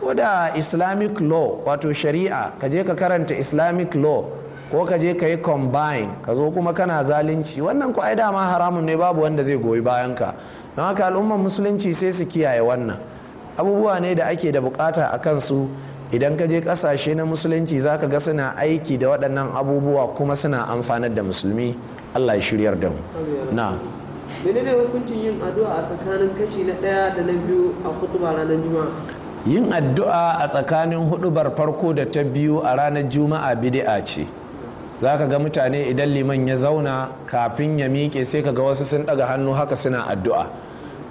ko da islamic law wato shari'a ka je ka karanta islamic law ko ka je ka yi combine ka zo kuma kana zalunci wannan ko ai dama haramun ne babu wanda zai goyi bayan ka don haka al'ummar musulunci sai su kiyaye wannan abubuwa ne da ake da bukata a kansu idan ka je kasashe na musulunci za ka ga suna aiki da waɗannan abubuwa kuma suna amfanar da musulmi allah ya shiryar da mu na menene hukuncin yin addu'a a tsakanin kashi na ɗaya da na biyu a kutuba ranar juma'a yin addu'a a tsakanin hudubar farko da ta biyu a ranar juma'a Bidi'a ce za ka ga mutane idan liman ya zauna kafin ya miƙe sai ka ga wasu sun ɗaga hannu haka suna addu'a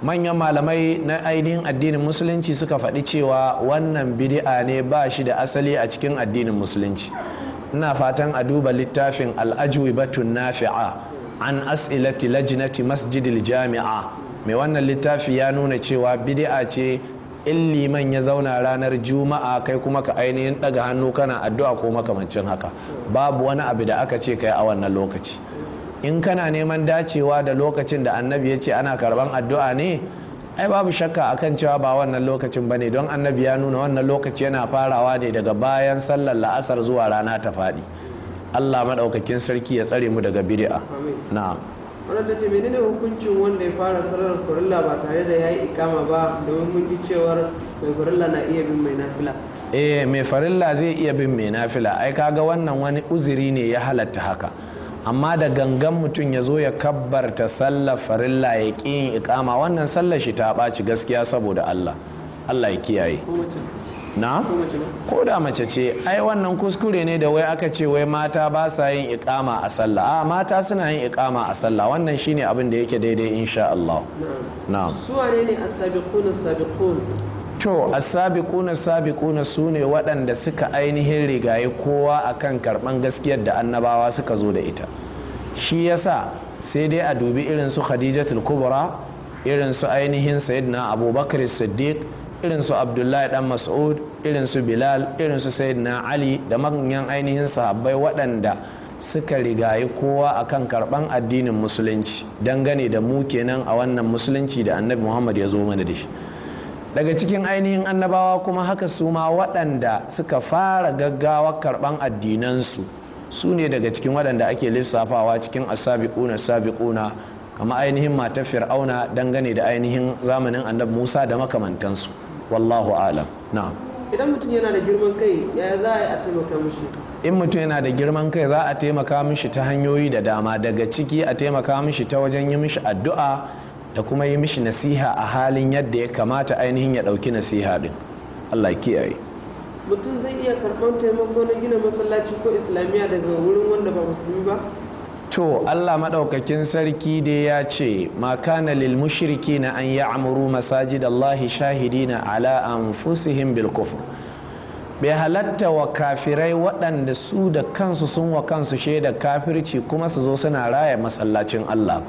manyan malamai na ainihin addinin musulunci suka faɗi cewa wannan bidi'a ne ba shi da asali a cikin addinin musulunci ina fatan a duba littafin al'ajwibatun nafi'a an as'ilati lajinati masjidil jami'a mai wannan littafi ya nuna cewa bidi'a ce in liman ya zauna ranar juma'a kai kuma ka ainihin ɗaga hannu kana addu'a ko makamancin haka babu wani abu da aka ce kai a wannan lokaci in kana neman dacewa da lokacin da annabi ya ce ana karban addu'a ne ai babu shakka akan cewa ba wannan lokacin ba ne don annabi ya nuna wannan lokaci yana farawa ne daga bayan sallar la'asar zuwa rana ta faɗi allah maɗaukakin sarki ya tsare mu daga bid'a na'am wannan tace menene hukuncin wanda ya fara sallar farilla ba tare da ya yi ikama ba domin mun ji cewar mai farilla na iya bin mai nafila eh mai farilla zai iya bin mai nafila ai kaga wannan wani uzuri ne ya halatta haka amma da gangan mutum ya zo ya kabbarta sallar farilla ya ƙi yin ikama wannan sallar shi ta ɓaci gaskiya saboda Allah Allah ya kiyaye na ko da mace ce ai wannan kuskure ne da wai aka ce wai mata ba sa yin ikama a sallah a mata suna yin ikama a sallah wannan shine abin da yake daidai insha Allah na'am suwane ne as-sabiqun as to asabiquna sabiquna su ne waɗanda suka ainihin rigaye kowa akan karɓan gaskiyar da annabawa suka zo da ita shi yasa sai dai a dubi irin su khadijatul kubra irin su ainihin sayyidina abubakar siddiq irin su abdullahi dan mas'ud irin su bilal irin su sayyidina ali da manyan ainihin sahabbai waɗanda suka rigayi kowa a kan karɓan addinin musulunci dangane da mu kenan a wannan musulunci da annabi muhammad ya zo mana da shi daga cikin ainihin annabawa kuma haka su ma waɗanda suka fara gaggawa karɓan addinansu su ne daga cikin waɗanda ake lissafawa cikin asabiquna sabiquna kama ainihin mata fir'auna dangane da ainihin zamanin annab musa da makamantansu wallahu alam na'am idan mutum yana da girman kai ya za a taimaka mishi in mutum yana da girman kai za a taimaka mishi ta hanyoyi da dama daga ciki a taimaka mishi ta wajen yi mishi addu'a da kuma yi mishi nasiha a halin yadda ya kamata ainihin ya ɗauki nasiha ɗin allah kiyaye mutum zai iya karɓar taimako na gina masallaci ko islamiyya daga wurin wanda ba musulmi ba to allah maɗaukakin sarki da ya ce ma kana lil mushriki na an yi amuru masajid allahi shahidina ala anfusihim bil Bilkufu" bai halatta wa kafirai waɗanda su da kansu sun wa kansu shaida kafirci kuma su zo suna raya masallacin allah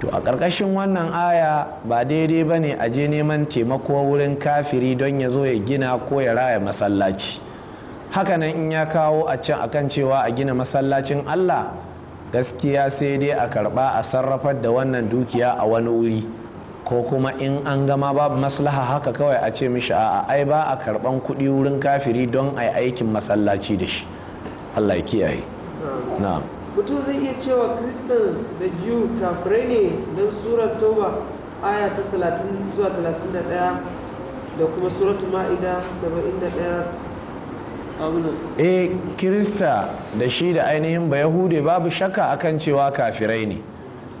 to a ƙarƙashin wannan aya ba daidai ba ne a je neman taimako wurin kafiri don ya zo ya gina ko ya raya masallaci hakanan in ya kawo a can akan cewa a gina masallacin allah gaskiya sai dai a karɓa a sarrafar da wannan dukiya a wani wuri ko kuma in an gama babu maslaha haka kawai a ce mishi a'a ai ba a karɓan kuɗi wurin kafiri don a yi aikin masallaci da shi allah ya kiyaye na'am mutum zai iya cewa kristan da jiwu kafirai ne don surar toba aya ta 30 zuwa 31 da kuma suratu ma'ida 71 eh kirista da shi da ainihin ba yahude babu shakka akan cewa kafirai ne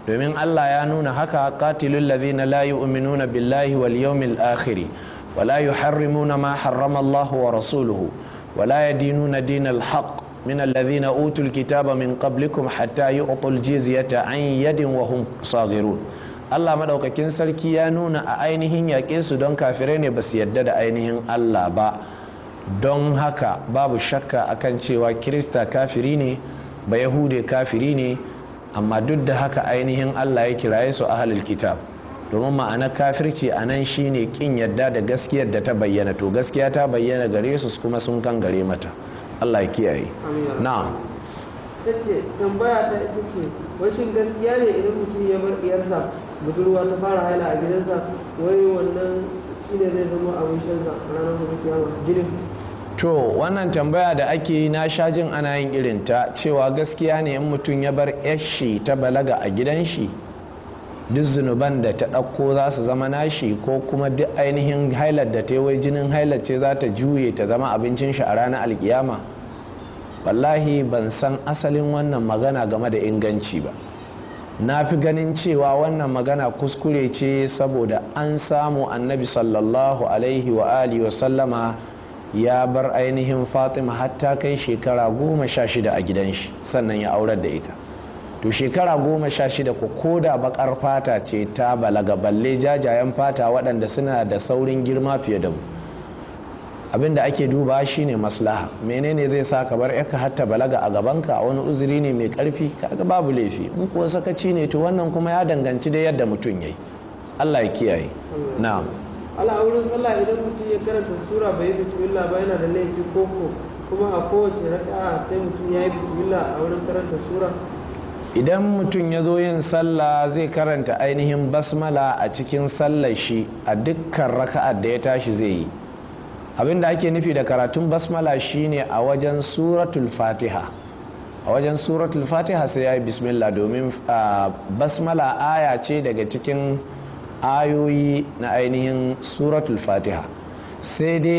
domin allah ya nuna haka katilun lazina la yu'minuna billahi wal yawmil akhiri wala yuharrimuna ma harrama wa rasuluhu wala yadinuna dinal haqq min alladhina utul kitaba min qablikum hatta yi jizyata an yadin wa hum Allah madaukakin sarki ya nuna a ainihin yaƙe su don kafirai ne ba su yadda da ainihin Allah ba don haka babu shakka akan cewa kirista kafiri ne ba yahude kafiri ne amma duk da haka ainihin Allah ya kiraye su ahalul kitab domin ma'anar kafirci a nan shine ƙin yadda da gaskiyar da ta bayyana to gaskiya ta bayyana gare su kuma sun kan gare mata Allah ya kiyaye na'am tace tambaya ta ita ce rashin gaskiya ne idan mutum ya bar iyarsa budurwa ta fara haila a gidansa wai wannan shine zai zama abin shansa ranar gobe kiyama jirin. to wannan tambaya da ake yi na sha jin ana yin irinta cewa gaskiya ne in mutum ya bar yashi ta balaga a gidan shi duk zunuban da ta ɗauko za su zama nashi ko kuma duk ainihin hailar da ta yi wai jinin hailar ce za ta juye ta zama abincin shi a ranar alkiyama wallahi ban san asalin wannan magana game da inganci ba na fi ganin cewa wannan magana kuskure ce saboda an samu annabi sallallahu alaihi wa alihi wa sallama ya bar ainihin fatima hatta kai shekara goma sha shida a gidan shi sannan ya aurar da ita to shekara goma sha shida ko koda bakar fata ce ta balaga balle jajayen fata waɗanda suna da saurin girma fiye da mu abin da ake duba shine maslaha menene zai sa ka bar yaka hatta balaga a gabanka a wani uzuri ne mai karfi kaga babu laifi in kuwa sakaci ne to wannan kuma ya danganci da yadda mutum yayi Allah ya kiyaye na'am ala a wurin sallah idan mutum ya karanta sura bai bismillah ba yana da laifi koko kuma a kowace raka'a sai mutum ya yi bismillah a wurin karanta sura idan mutum ya zo yin sallah zai karanta ainihin basmala a cikin sallar shi a dukkan raka'ar da ya tashi zai yi abinda ake nufi da karatun basmala shine a wajen suratul fatiha a wajen suratul fatiha sai ya yi bismillah domin basmala aya ce daga cikin ayoyi na ainihin suratul fatiha sai dai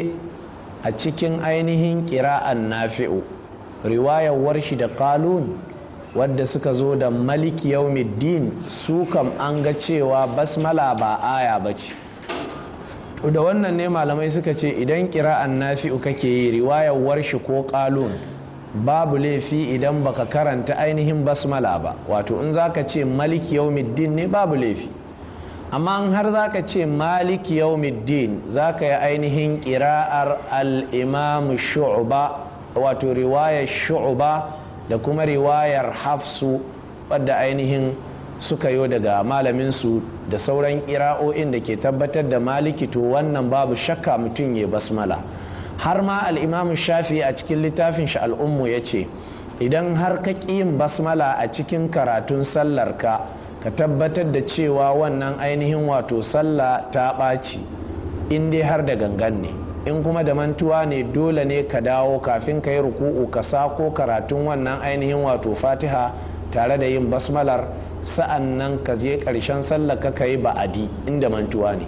a cikin ainihin kira'an nafi'u riwayar warshi da kalun wadda suka zo da maliki yaumiddin su kam an ga cewa basmala ba aya ba ce da wannan ne malamai suka ce idan kira'an nafi'u kake yi riwayar warshi ko kalun babu laifi idan baka karanta ainihin basmala ba wato in zaka ce maliki yaumiddin ne babu laifi amma in har zaka ce maliki yaumiddin zaka yi ainihin kira'ar alimamu shu'uba wato riwayar shu'uba da kuma riwayar hafsu wadda ainihin suka yo daga malaminsu da sauran ira'o'in da ke tabbatar da maliki to wannan babu shakka mutum ya basmala har ma al'imamu shafi a cikin littafin shi al'ummu ya ce idan har ka yin basmala a cikin karatun sallarka ka tabbatar da cewa wannan ainihin wato sallah ta ɓaci in dai har da gangan ne in kuma da mantuwa ne dole ne ka dawo kafin ka yi ruku'u ka sa ko karatun wannan ainihin wato fatiha tare da yin basmalar sa'an nan ka je ƙarshen sallar ka yi ba'adi inda mantuwa ne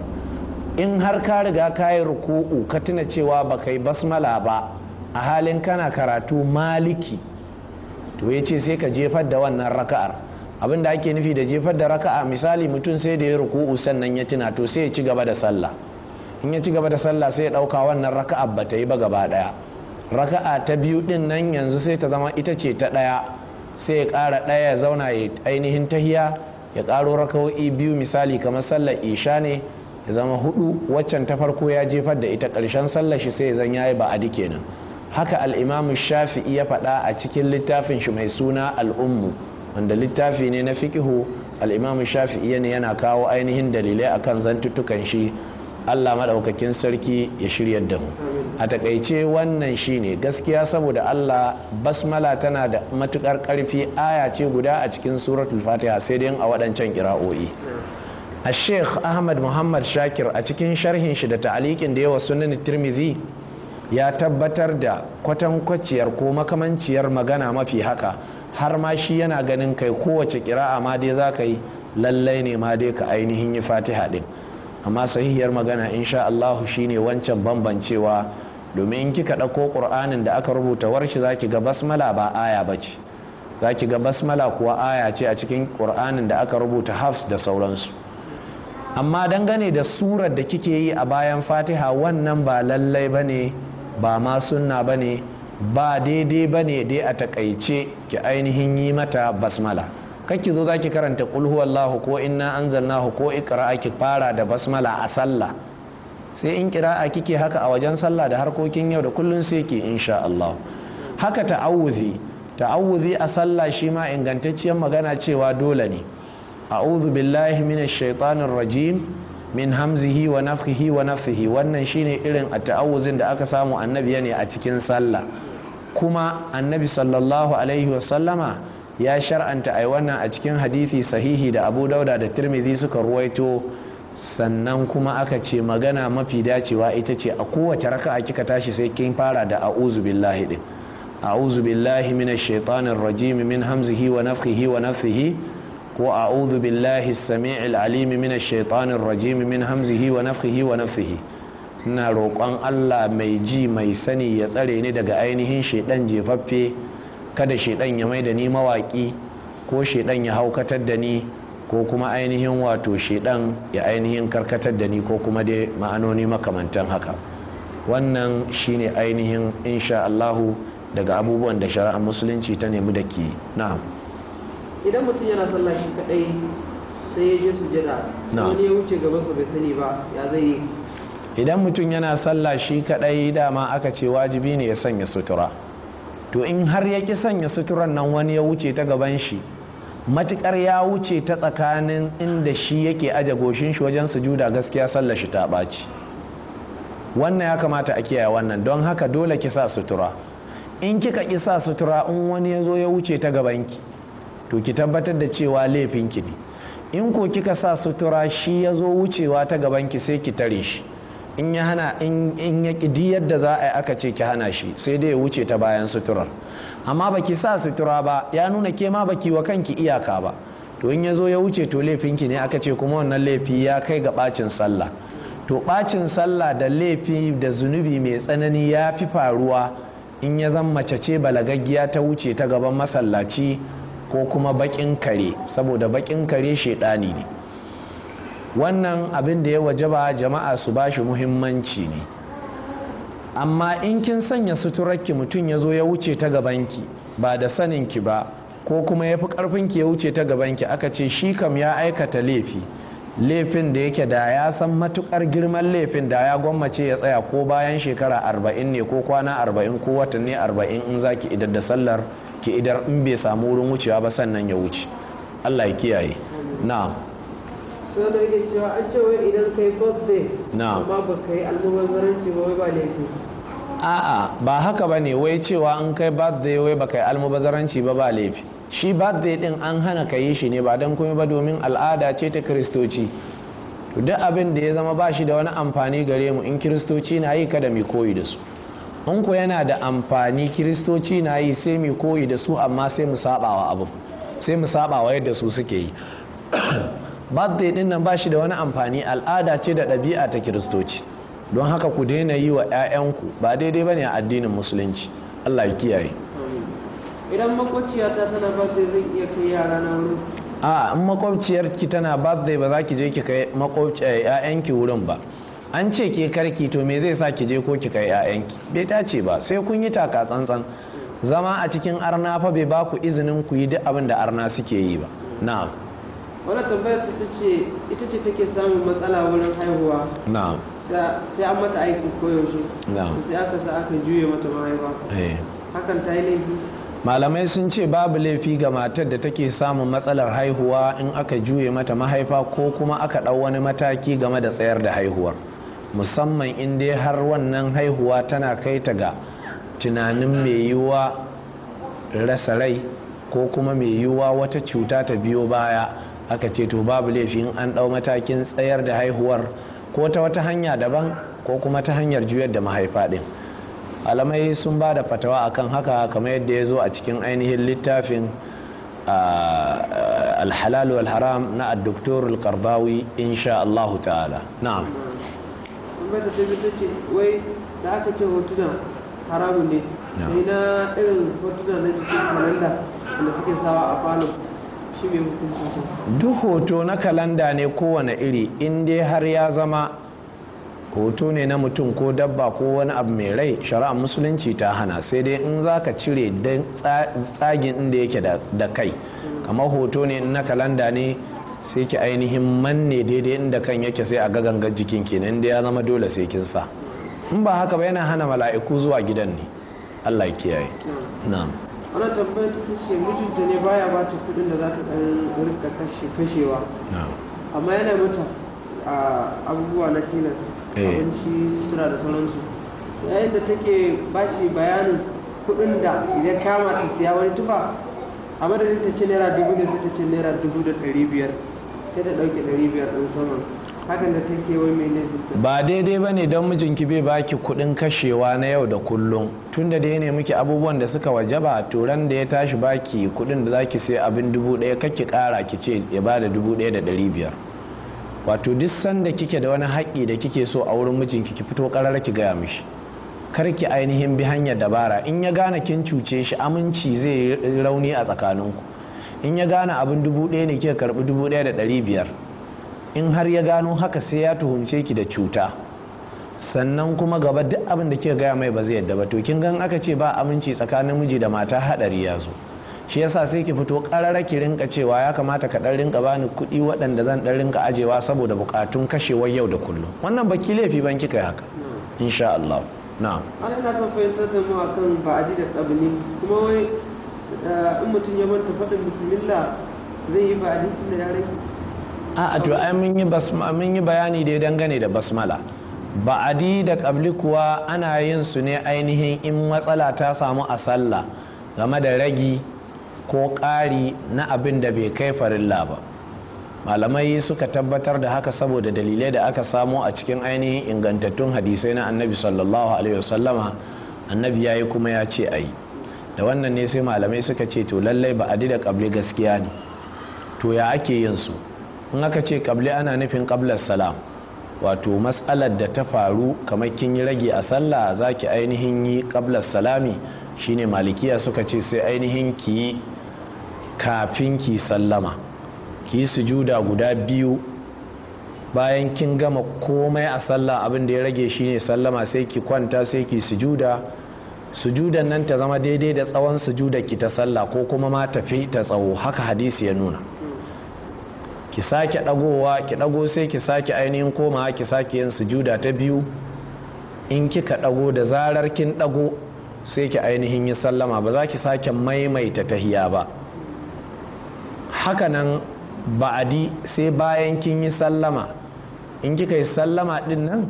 in har ka riga ka yi ruku'u ka tuna cewa ba ka yi basmala ba a halin kana karatu maliki to ya ce sai ka jefar da wannan raka'ar abin da ake nufi da jefar da raka'a misali mutum sai da ya ruku'u sannan ya tuna to sai ya ci gaba da sallah in ya ci gaba da sallah sai ya ɗauka wannan raka'a ba ta yi ba gaba ɗaya raka'a ta biyu ɗin nan yanzu sai ta zama ita ce ta ɗaya sai ya ƙara ɗaya ya zauna ya ainihin tahiya ya ƙaro raka'o'i biyu misali kamar sallar isha ne ya zama hudu waccan ta farko ya jefar da ita ƙarshen sallar shi sai zan yayi ba adi kenan haka al'imamu shafi'i ya faɗa a cikin littafin shi mai suna al'ummu wanda littafi ne na fiƙihu al'imamu shafi'i ne yana kawo ainihin dalilai akan zantuttukan shi allah maɗaukakin sarki ya shirya da mu a takaice wannan shi ne gaskiya saboda allah basmala tana da matukar ƙarfi aya ce guda a cikin suratul fatiha sai dai a waɗancan kira'o'i a sheikh ahmad muhammad shakir a cikin sharhin shi da ta'alikin da yawa sunan tirmizi ya tabbatar da kwatankwaciyar ko makamanciyar magana mafi haka har ma shi yana ganin kai kowace kira'a ma dai za ka yi lallai ne ma dai ka ainihin yi fatiha din amma sahihiyar magana insha Allahu shine wancan bambancewa domin in kika ɗauko ƙur'anin da aka rubuta warshi zaki ga basmala ba aya ba ce za ga basmala kuwa aya ce a cikin ƙur'anin da aka rubuta hafs da sauransu amma dangane da surar da kike yi a bayan fatiha wannan ba lallai ba ne ba ma sunna ba ne ba daidai ba ne dai a takaice ki ainihin yi mata basmala kake zo zaki karanta kul huwallahu ko inna anzalnahu ko iqra'a ki fara da basmala a sallah sai in kira'a kike haka a wajen sallah da harkokin yau da kullun sai ki insha Allah haka ta'awuzi ta'awuzi a sallah shi ma ingantacciyar magana cewa dole ne a'udhu billahi minash shaitanir rajim min hamzihi wa nafhihi wa nafihi wannan shine irin a ta'awuzin da aka samu annabi ne a cikin sallah kuma annabi sallallahu alaihi wa sallama. ya shar'anta ai wannan a cikin hadithi sahihi da abu dauda da tirmidhi suka ruwaito sannan kuma aka ce magana mafi dacewa ita ce a kowace raka'a kika tashi sai kin fara da a'uzu billahi din a'uzu billahi minash shaitanir rajim min hamzihi wa nafthihi wa nafthihi ko a'udhu billahi as-sami'il alim minash shaitanir rajim min hamzihi wa nafthihi wa nafthihi ina roƙon Allah mai ji mai sani ya tsare ni daga ainihin shaidan jefaffe kada shaidan ya mai da ni mawaƙi ko shaidan ya haukatar da ni ko kuma ainihin wato shaidan ya ainihin karkatar da ni ko kuma dai ma'anoni makamantan haka wannan shine ainihin insha Allahu daga abubuwan da shari'ar musulunci ta nemi da ke na'am idan mutum yana sallah shi kadai sai ya je sujada wani ya wuce gaba sa bai sani ba ya zai yi idan mutum yana sallah shi kadai dama aka ce wajibi ne ya sanya sutura to in har ya ki sanya suturan nan wani ya wuce ta gaban shi matukar ya wuce ta tsakanin inda shi yake aje goshin shi wajen sujuda gaskiya sallar shi ta baci wannan ya kamata a kiyaye wannan don haka dole ki sa sutura in kika ki sa sutura in wani ya zo ya wuce ta gaban ki to ki tabbatar da cewa laifin ki ne in ko kika sa sutura shi ya zo wucewa ta gaban ki sai ki tare shi in ya hana in ya ƙidi yadda za a yi aka ce ki hana shi sai dai ya wuce ta bayan suturar amma baki sa sutura ba ya nuna ke ma baki wa kanki iyaka ba to in ya zo ya wuce to laifinki ne aka ce kuma wannan laifi ya kai ga bacin sallah to bacin sallah da laifi da zunubi mai tsanani ya fi faruwa in ya zan mace ce balagaggiya ta wuce ta gaban masallaci ko kuma baƙin kare saboda baƙin kare shedani ne wannan abin da ya waje ba jama'a su ba shi muhimmanci ne amma in kin sanya suturarki mutum ya zo ya wuce ta gabanki ba da sanin ki ba ko kuma ya fi ki ya wuce ta gabanki aka ce shi kam ya aikata laifi laifin da yake da ya san matukar girman laifin da ya gwammace ya tsaya ko bayan shekara arba'in ne ko kwana arba'in ko watanni arba'in in za ki idar da sallar ki idar in bai samu wurin wucewa ba sannan ya wuce allah ya kiyaye na'am sai da yake cewa an idan kai birthday ba almubazzaranci ba laifi a'a ba haka ba ne wai cewa an kai birthday wai ba kai yi almubazzaranci ba ba laifi shi birthday din an hana ka yi shi ne ba don kuma ba domin al'ada ce ta kiristoci duk abin da ya zama ba shi da wani amfani gare mu in kiristoci na yi kada mai koyi da su in ku yana da amfani kiristoci na yi sai mai koyi da su amma sai mu sabawa abu sai mu sabawa yadda su suke yi birthday din nan ba shi da wani amfani al'ada ce da ɗabi'a ta kiristoci don haka ku daina yi wa 'ya'yanku ba daidai ba ne a addinin musulunci allah ya kiyaye idan makwabciyata tana birthday zai iya kai yara na wuri a in makwabciyar ki tana birthday ba za ki je ki kai makwabciyar eh, 'ya'yanki wurin ba an ce ke karki to me zai sa ki je ko ki kai 'ya'yanki bai dace ba sai kun yi taka tsantsan zama a cikin arna fa bai ba ku izinin ku yi duk abin da arna suke yi ba na'am wani tambayar ta ce ita ce take samun matsala wurin haihuwa na'am sai an mata aiki koyaushe na'am sai aka sa aka juye mata mahaifa eh. hakan ta yi laifi malamai sun ce babu laifi ga matar da take samun matsalar haihuwa in aka juye mata mahaifa ko kuma aka ɗau wani mataki game da tsayar da haihuwar musamman in dai har wannan haihuwa tana kai ta ga tunanin mai yiwuwa rasa rai ko kuma mai yiwuwa wata cuta ta biyo baya aka ce to babu laifin an ɗau matakin tsayar da haihuwar ko ta wata hanya daban ko kuma ta hanyar juyar da mahaifa ɗin alamai sun ba da fatawa akan haka kamar yadda ya zo a cikin ainihin littafin alhalal wal haram na addoktor al-karbawi insha Allah ta'ala na'am da aka ce haramun ne na irin hotuna na jikin kalanda da suke sawa a falo duk hoto na kalanda ne kowane iri in dai har ya zama hoto ne na mutum ko dabba ko wani abu mai rai shari'ar musulunci ta hana sai dai in za ka cire tsagin inda yake da kai kamar hoto ne na kalanda ne sai ki ainihin manne daidai inda kan yake sai a ga gangar jikin kenan inda ya zama dole sai kin sa in ba haka ba yana hana mala'iku zuwa gidan ne allah ya kiyaye na'am ana tambayar ta ce mijinta ne baya ba ta kudin da za ta dan rika kashewa amma yana mata abubuwa na tilas eh. abinci sutura da sauransu yayin da take ba shi bayanin kudin da idan kama ta siya wani tufa a madadin ta ce naira dubu da sai ta ce naira dubu da ɗari biyar sai ta ɗauke ɗari biyar ɗin saman ba daidai ba ne don mijinki bai baki kudin kashewa na yau da kullum tun da dai ne muke abubuwan da suka wajaba turan da ya tashi baki kudin da zaki sai abin dubu daya kake kara ki ce ya ba da dubu daya da dari biyar wato duk sanda kike da wani haƙƙi da kike so a wurin mijinki ki fito ƙarar ki gaya mishi kar ki ainihin bi hanyar dabara in ya gane kin cuce shi aminci zai rauni a tsakaninku in ya gane abin dubu ɗaya ne kika karɓi dubu ɗaya da ɗari biyar in har ya gano haka sai ya tuhumce ki da cuta sannan kuma gaba duk abin da kika gaya mai ba zai yadda ba to kin gan aka ce ba aminci tsakanin miji da mata hadari ya zo shi yasa sai ki fito karara ki rinka cewa ya kamata ka dan rinka bani kuɗi waɗanda zan dan rinka ajewa saboda bukatun kashewar yau da kullum wannan ba ki laifi ban kika yi haka hmm. insha Allah na'am ana son fahimtar da mu akan aji da qabli kuma wai eh, in mutum ya manta faɗin bismillah zai yi ba'adi tun da yaran a to mun yi bayani da dangane da basmala ba'adi da ƙabli kuwa ana yin su ne ainihin in matsala ta samu a sallah game da ragi ko ƙari na abin da bai kai farilla ba malamai suka tabbatar da haka saboda dalilai da aka samo a cikin ainihin ingantattun hadisai na annabi sallallahu alaihi wasallama annabi ya yi kuma ya ce a yi da wannan ne sai malamai suka ce to lallai ba'adi da ƙabli gaskiya ne to ya ake yin su in aka ce kabli ana nufin kablar salam wato matsalar da ta faru kamar kin yi rage a sallah za ki ainihin yi kablar salami shine malikiya suka ce sai ainihin ki kafin ki sallama ki yi sujuda guda biyu bayan kin gama komai a sallah abinda ya rage shine sallama sai ki kwanta sai ki sujuda sujudan nan ta zama daidai da tsawon sujudar ki ta sallah ko kuma ma tafi ta tsawo haka hadisi ya nuna ki sake ɗagowa ki ɗago sai ki sake ainihin komawa ki sake yin sujuda ta biyu in kika ɗago da zarar kin ɗago sai ki ainihin yi sallama ba za ki sake maimaita tahiya ba hakanan ba'adi sai bayan kin yi sallama in kika yi sallama ɗin nan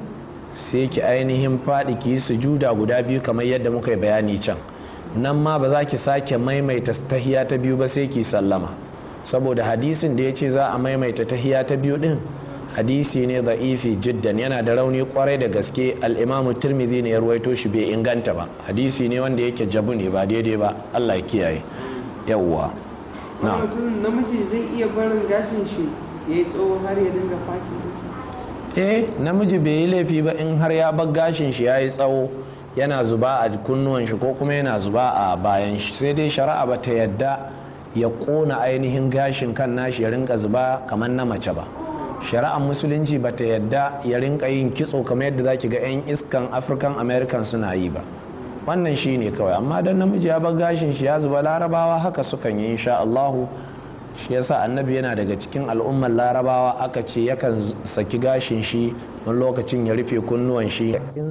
sai ki ainihin faɗi ki yi sujuda guda biyu kamar yadda muka yi bayani can nan ma ba za ki sake maimaita tahiya ta biyu ba sai ki sallama saboda hadisin da ya ce za a maimaita tahiya ta biyu din hadisi ne ifi jiddan yana da rauni kwarai da gaske al'imamu turmizi ne ya ruwaito shi bai inganta ba hadisi ne wanda yake jabu ne ba daidai ba allah ya kiyaye yawwa na namiji zai iya barin gashin shi ya yi tsawo har ya dinga faki eh namiji bai yi laifi ba in har ya bar gashin shi ya yi tsawo yana zuba a kunnuwan shi ko kuma yana zuba a bayan shi sai dai shari'a ba ta yadda ya ƙona ainihin gashin kan nashi ya rinka zuba kamar na mace ba shari'ar musulunci ba ta yadda ya rinka yin kitso kamar yadda za ki ga 'yan iskan african american suna yi ba wannan shi ne kawai amma don namiji ya bar gashin shi ya zuba larabawa haka su kan yi insha allahu shi yasa annabi yana daga cikin al'ummar larabawa aka ce yakan saki gashin shi wani lokacin ya rufe kunnuwan shi in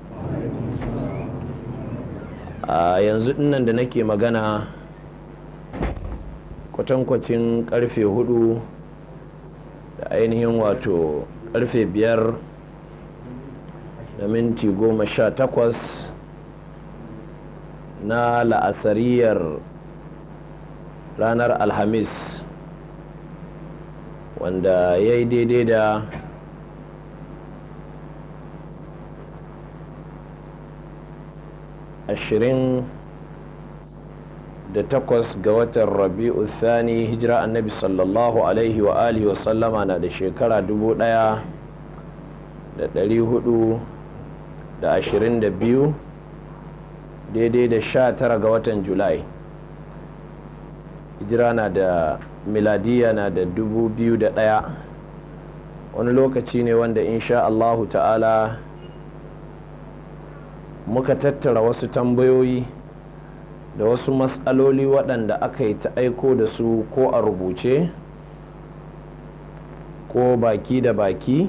a yanzu dinnan da nake magana kwatankwacin karfe hudu da ainihin wato karfe biyar da minti goma sha takwas na la'asariyar ranar alhamis wanda ya yi daidai da ashirin da takwas ga watan rabi'u thani hijira annabi sallallahu alaihi wa alihi wa sallama na da shekara dubu daya da dari hudu da ashirin da biyu daidai da sha tara ga watan julai hijira na da miladiya na da dubu biyu da daya wani lokaci ne wanda insha allahu ta'ala muka tattara wasu tambayoyi da wasu matsaloli waɗanda aka yi ta aiko da su ko a rubuce ko baki da baki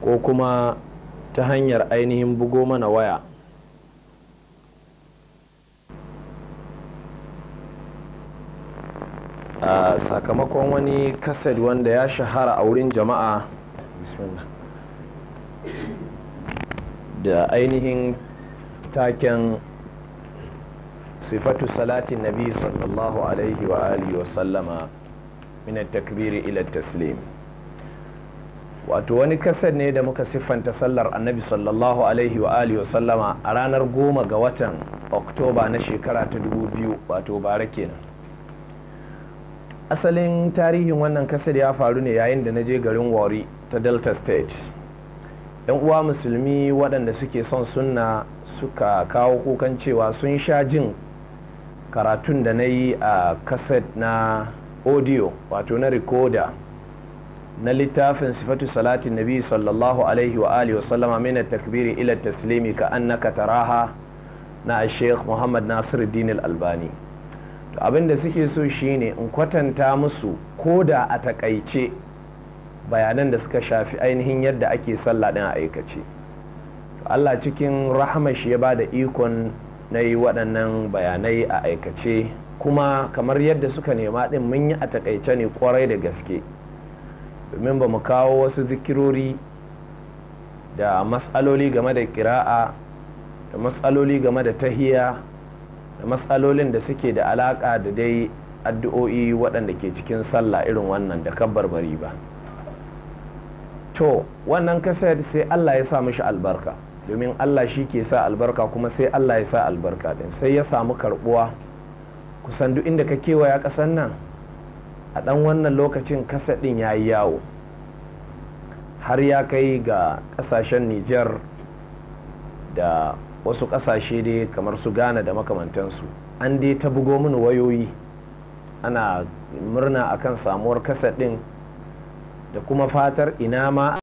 ko kuma ta hanyar ainihin bugo mana waya a ah, sakamakon wani kasar wanda ya shahara a wurin jama'a bismillah da ainihin taken sifatu salatin nabi sallallahu alaihi wa alihi wa sallama minar takbiri ila taslim wato wani kasar ne da muka siffanta sallar annabi sallallahu alaihi wa alihi wa sallama a ranar goma ga watan oktoba na shekara ta dubu biyu, wato bara kenan asalin tarihin wannan kasar ya faru ne yayin da na je garin wari ta delta state 'yan uwa musulmi waɗanda suke son sunna suka kawo kukan cewa sun sha jin karatun da na yi a kaset na audio wato na rikoda na littafin sifatu salatin nabi sallallahu alaihi wa alihi wa sallama takbiri ila taslimi ka annaka taraha na sheikh muhammad nasir dinil albani abin da suke so shine in kwatanta musu koda a takaice bayanan da suka shafi ainihin yadda ake sallah din a aikace Allah cikin rahama shi ya ba da ikon na yi waɗannan bayanai a aikace kuma kamar yadda suka nema ɗin mun yi a takaice ne kwarai da gaske domin ba mu kawo wasu zikirori da matsaloli game da kira'a da matsaloli game da tahiya da matsalolin da suke da alaƙa da dai addu'o'i waɗanda ke cikin sallah irin wannan da kabbar bari ba. to wannan kasar sai allah ya sa mishi albarka domin allah shi ke sa albarka kuma sai allah ya sa albarka din sai ya samu karbuwa kusan duk inda ka kewaya kasan nan a dan wannan lokacin kasa din ya yi yawo har ya kai ga kasashen nijar da wasu kasashe dai kamar su ghana da makamantansu an dai ta bugo mini wayoyi ana murna akan samuwar kasa din da kuma fatar ina ma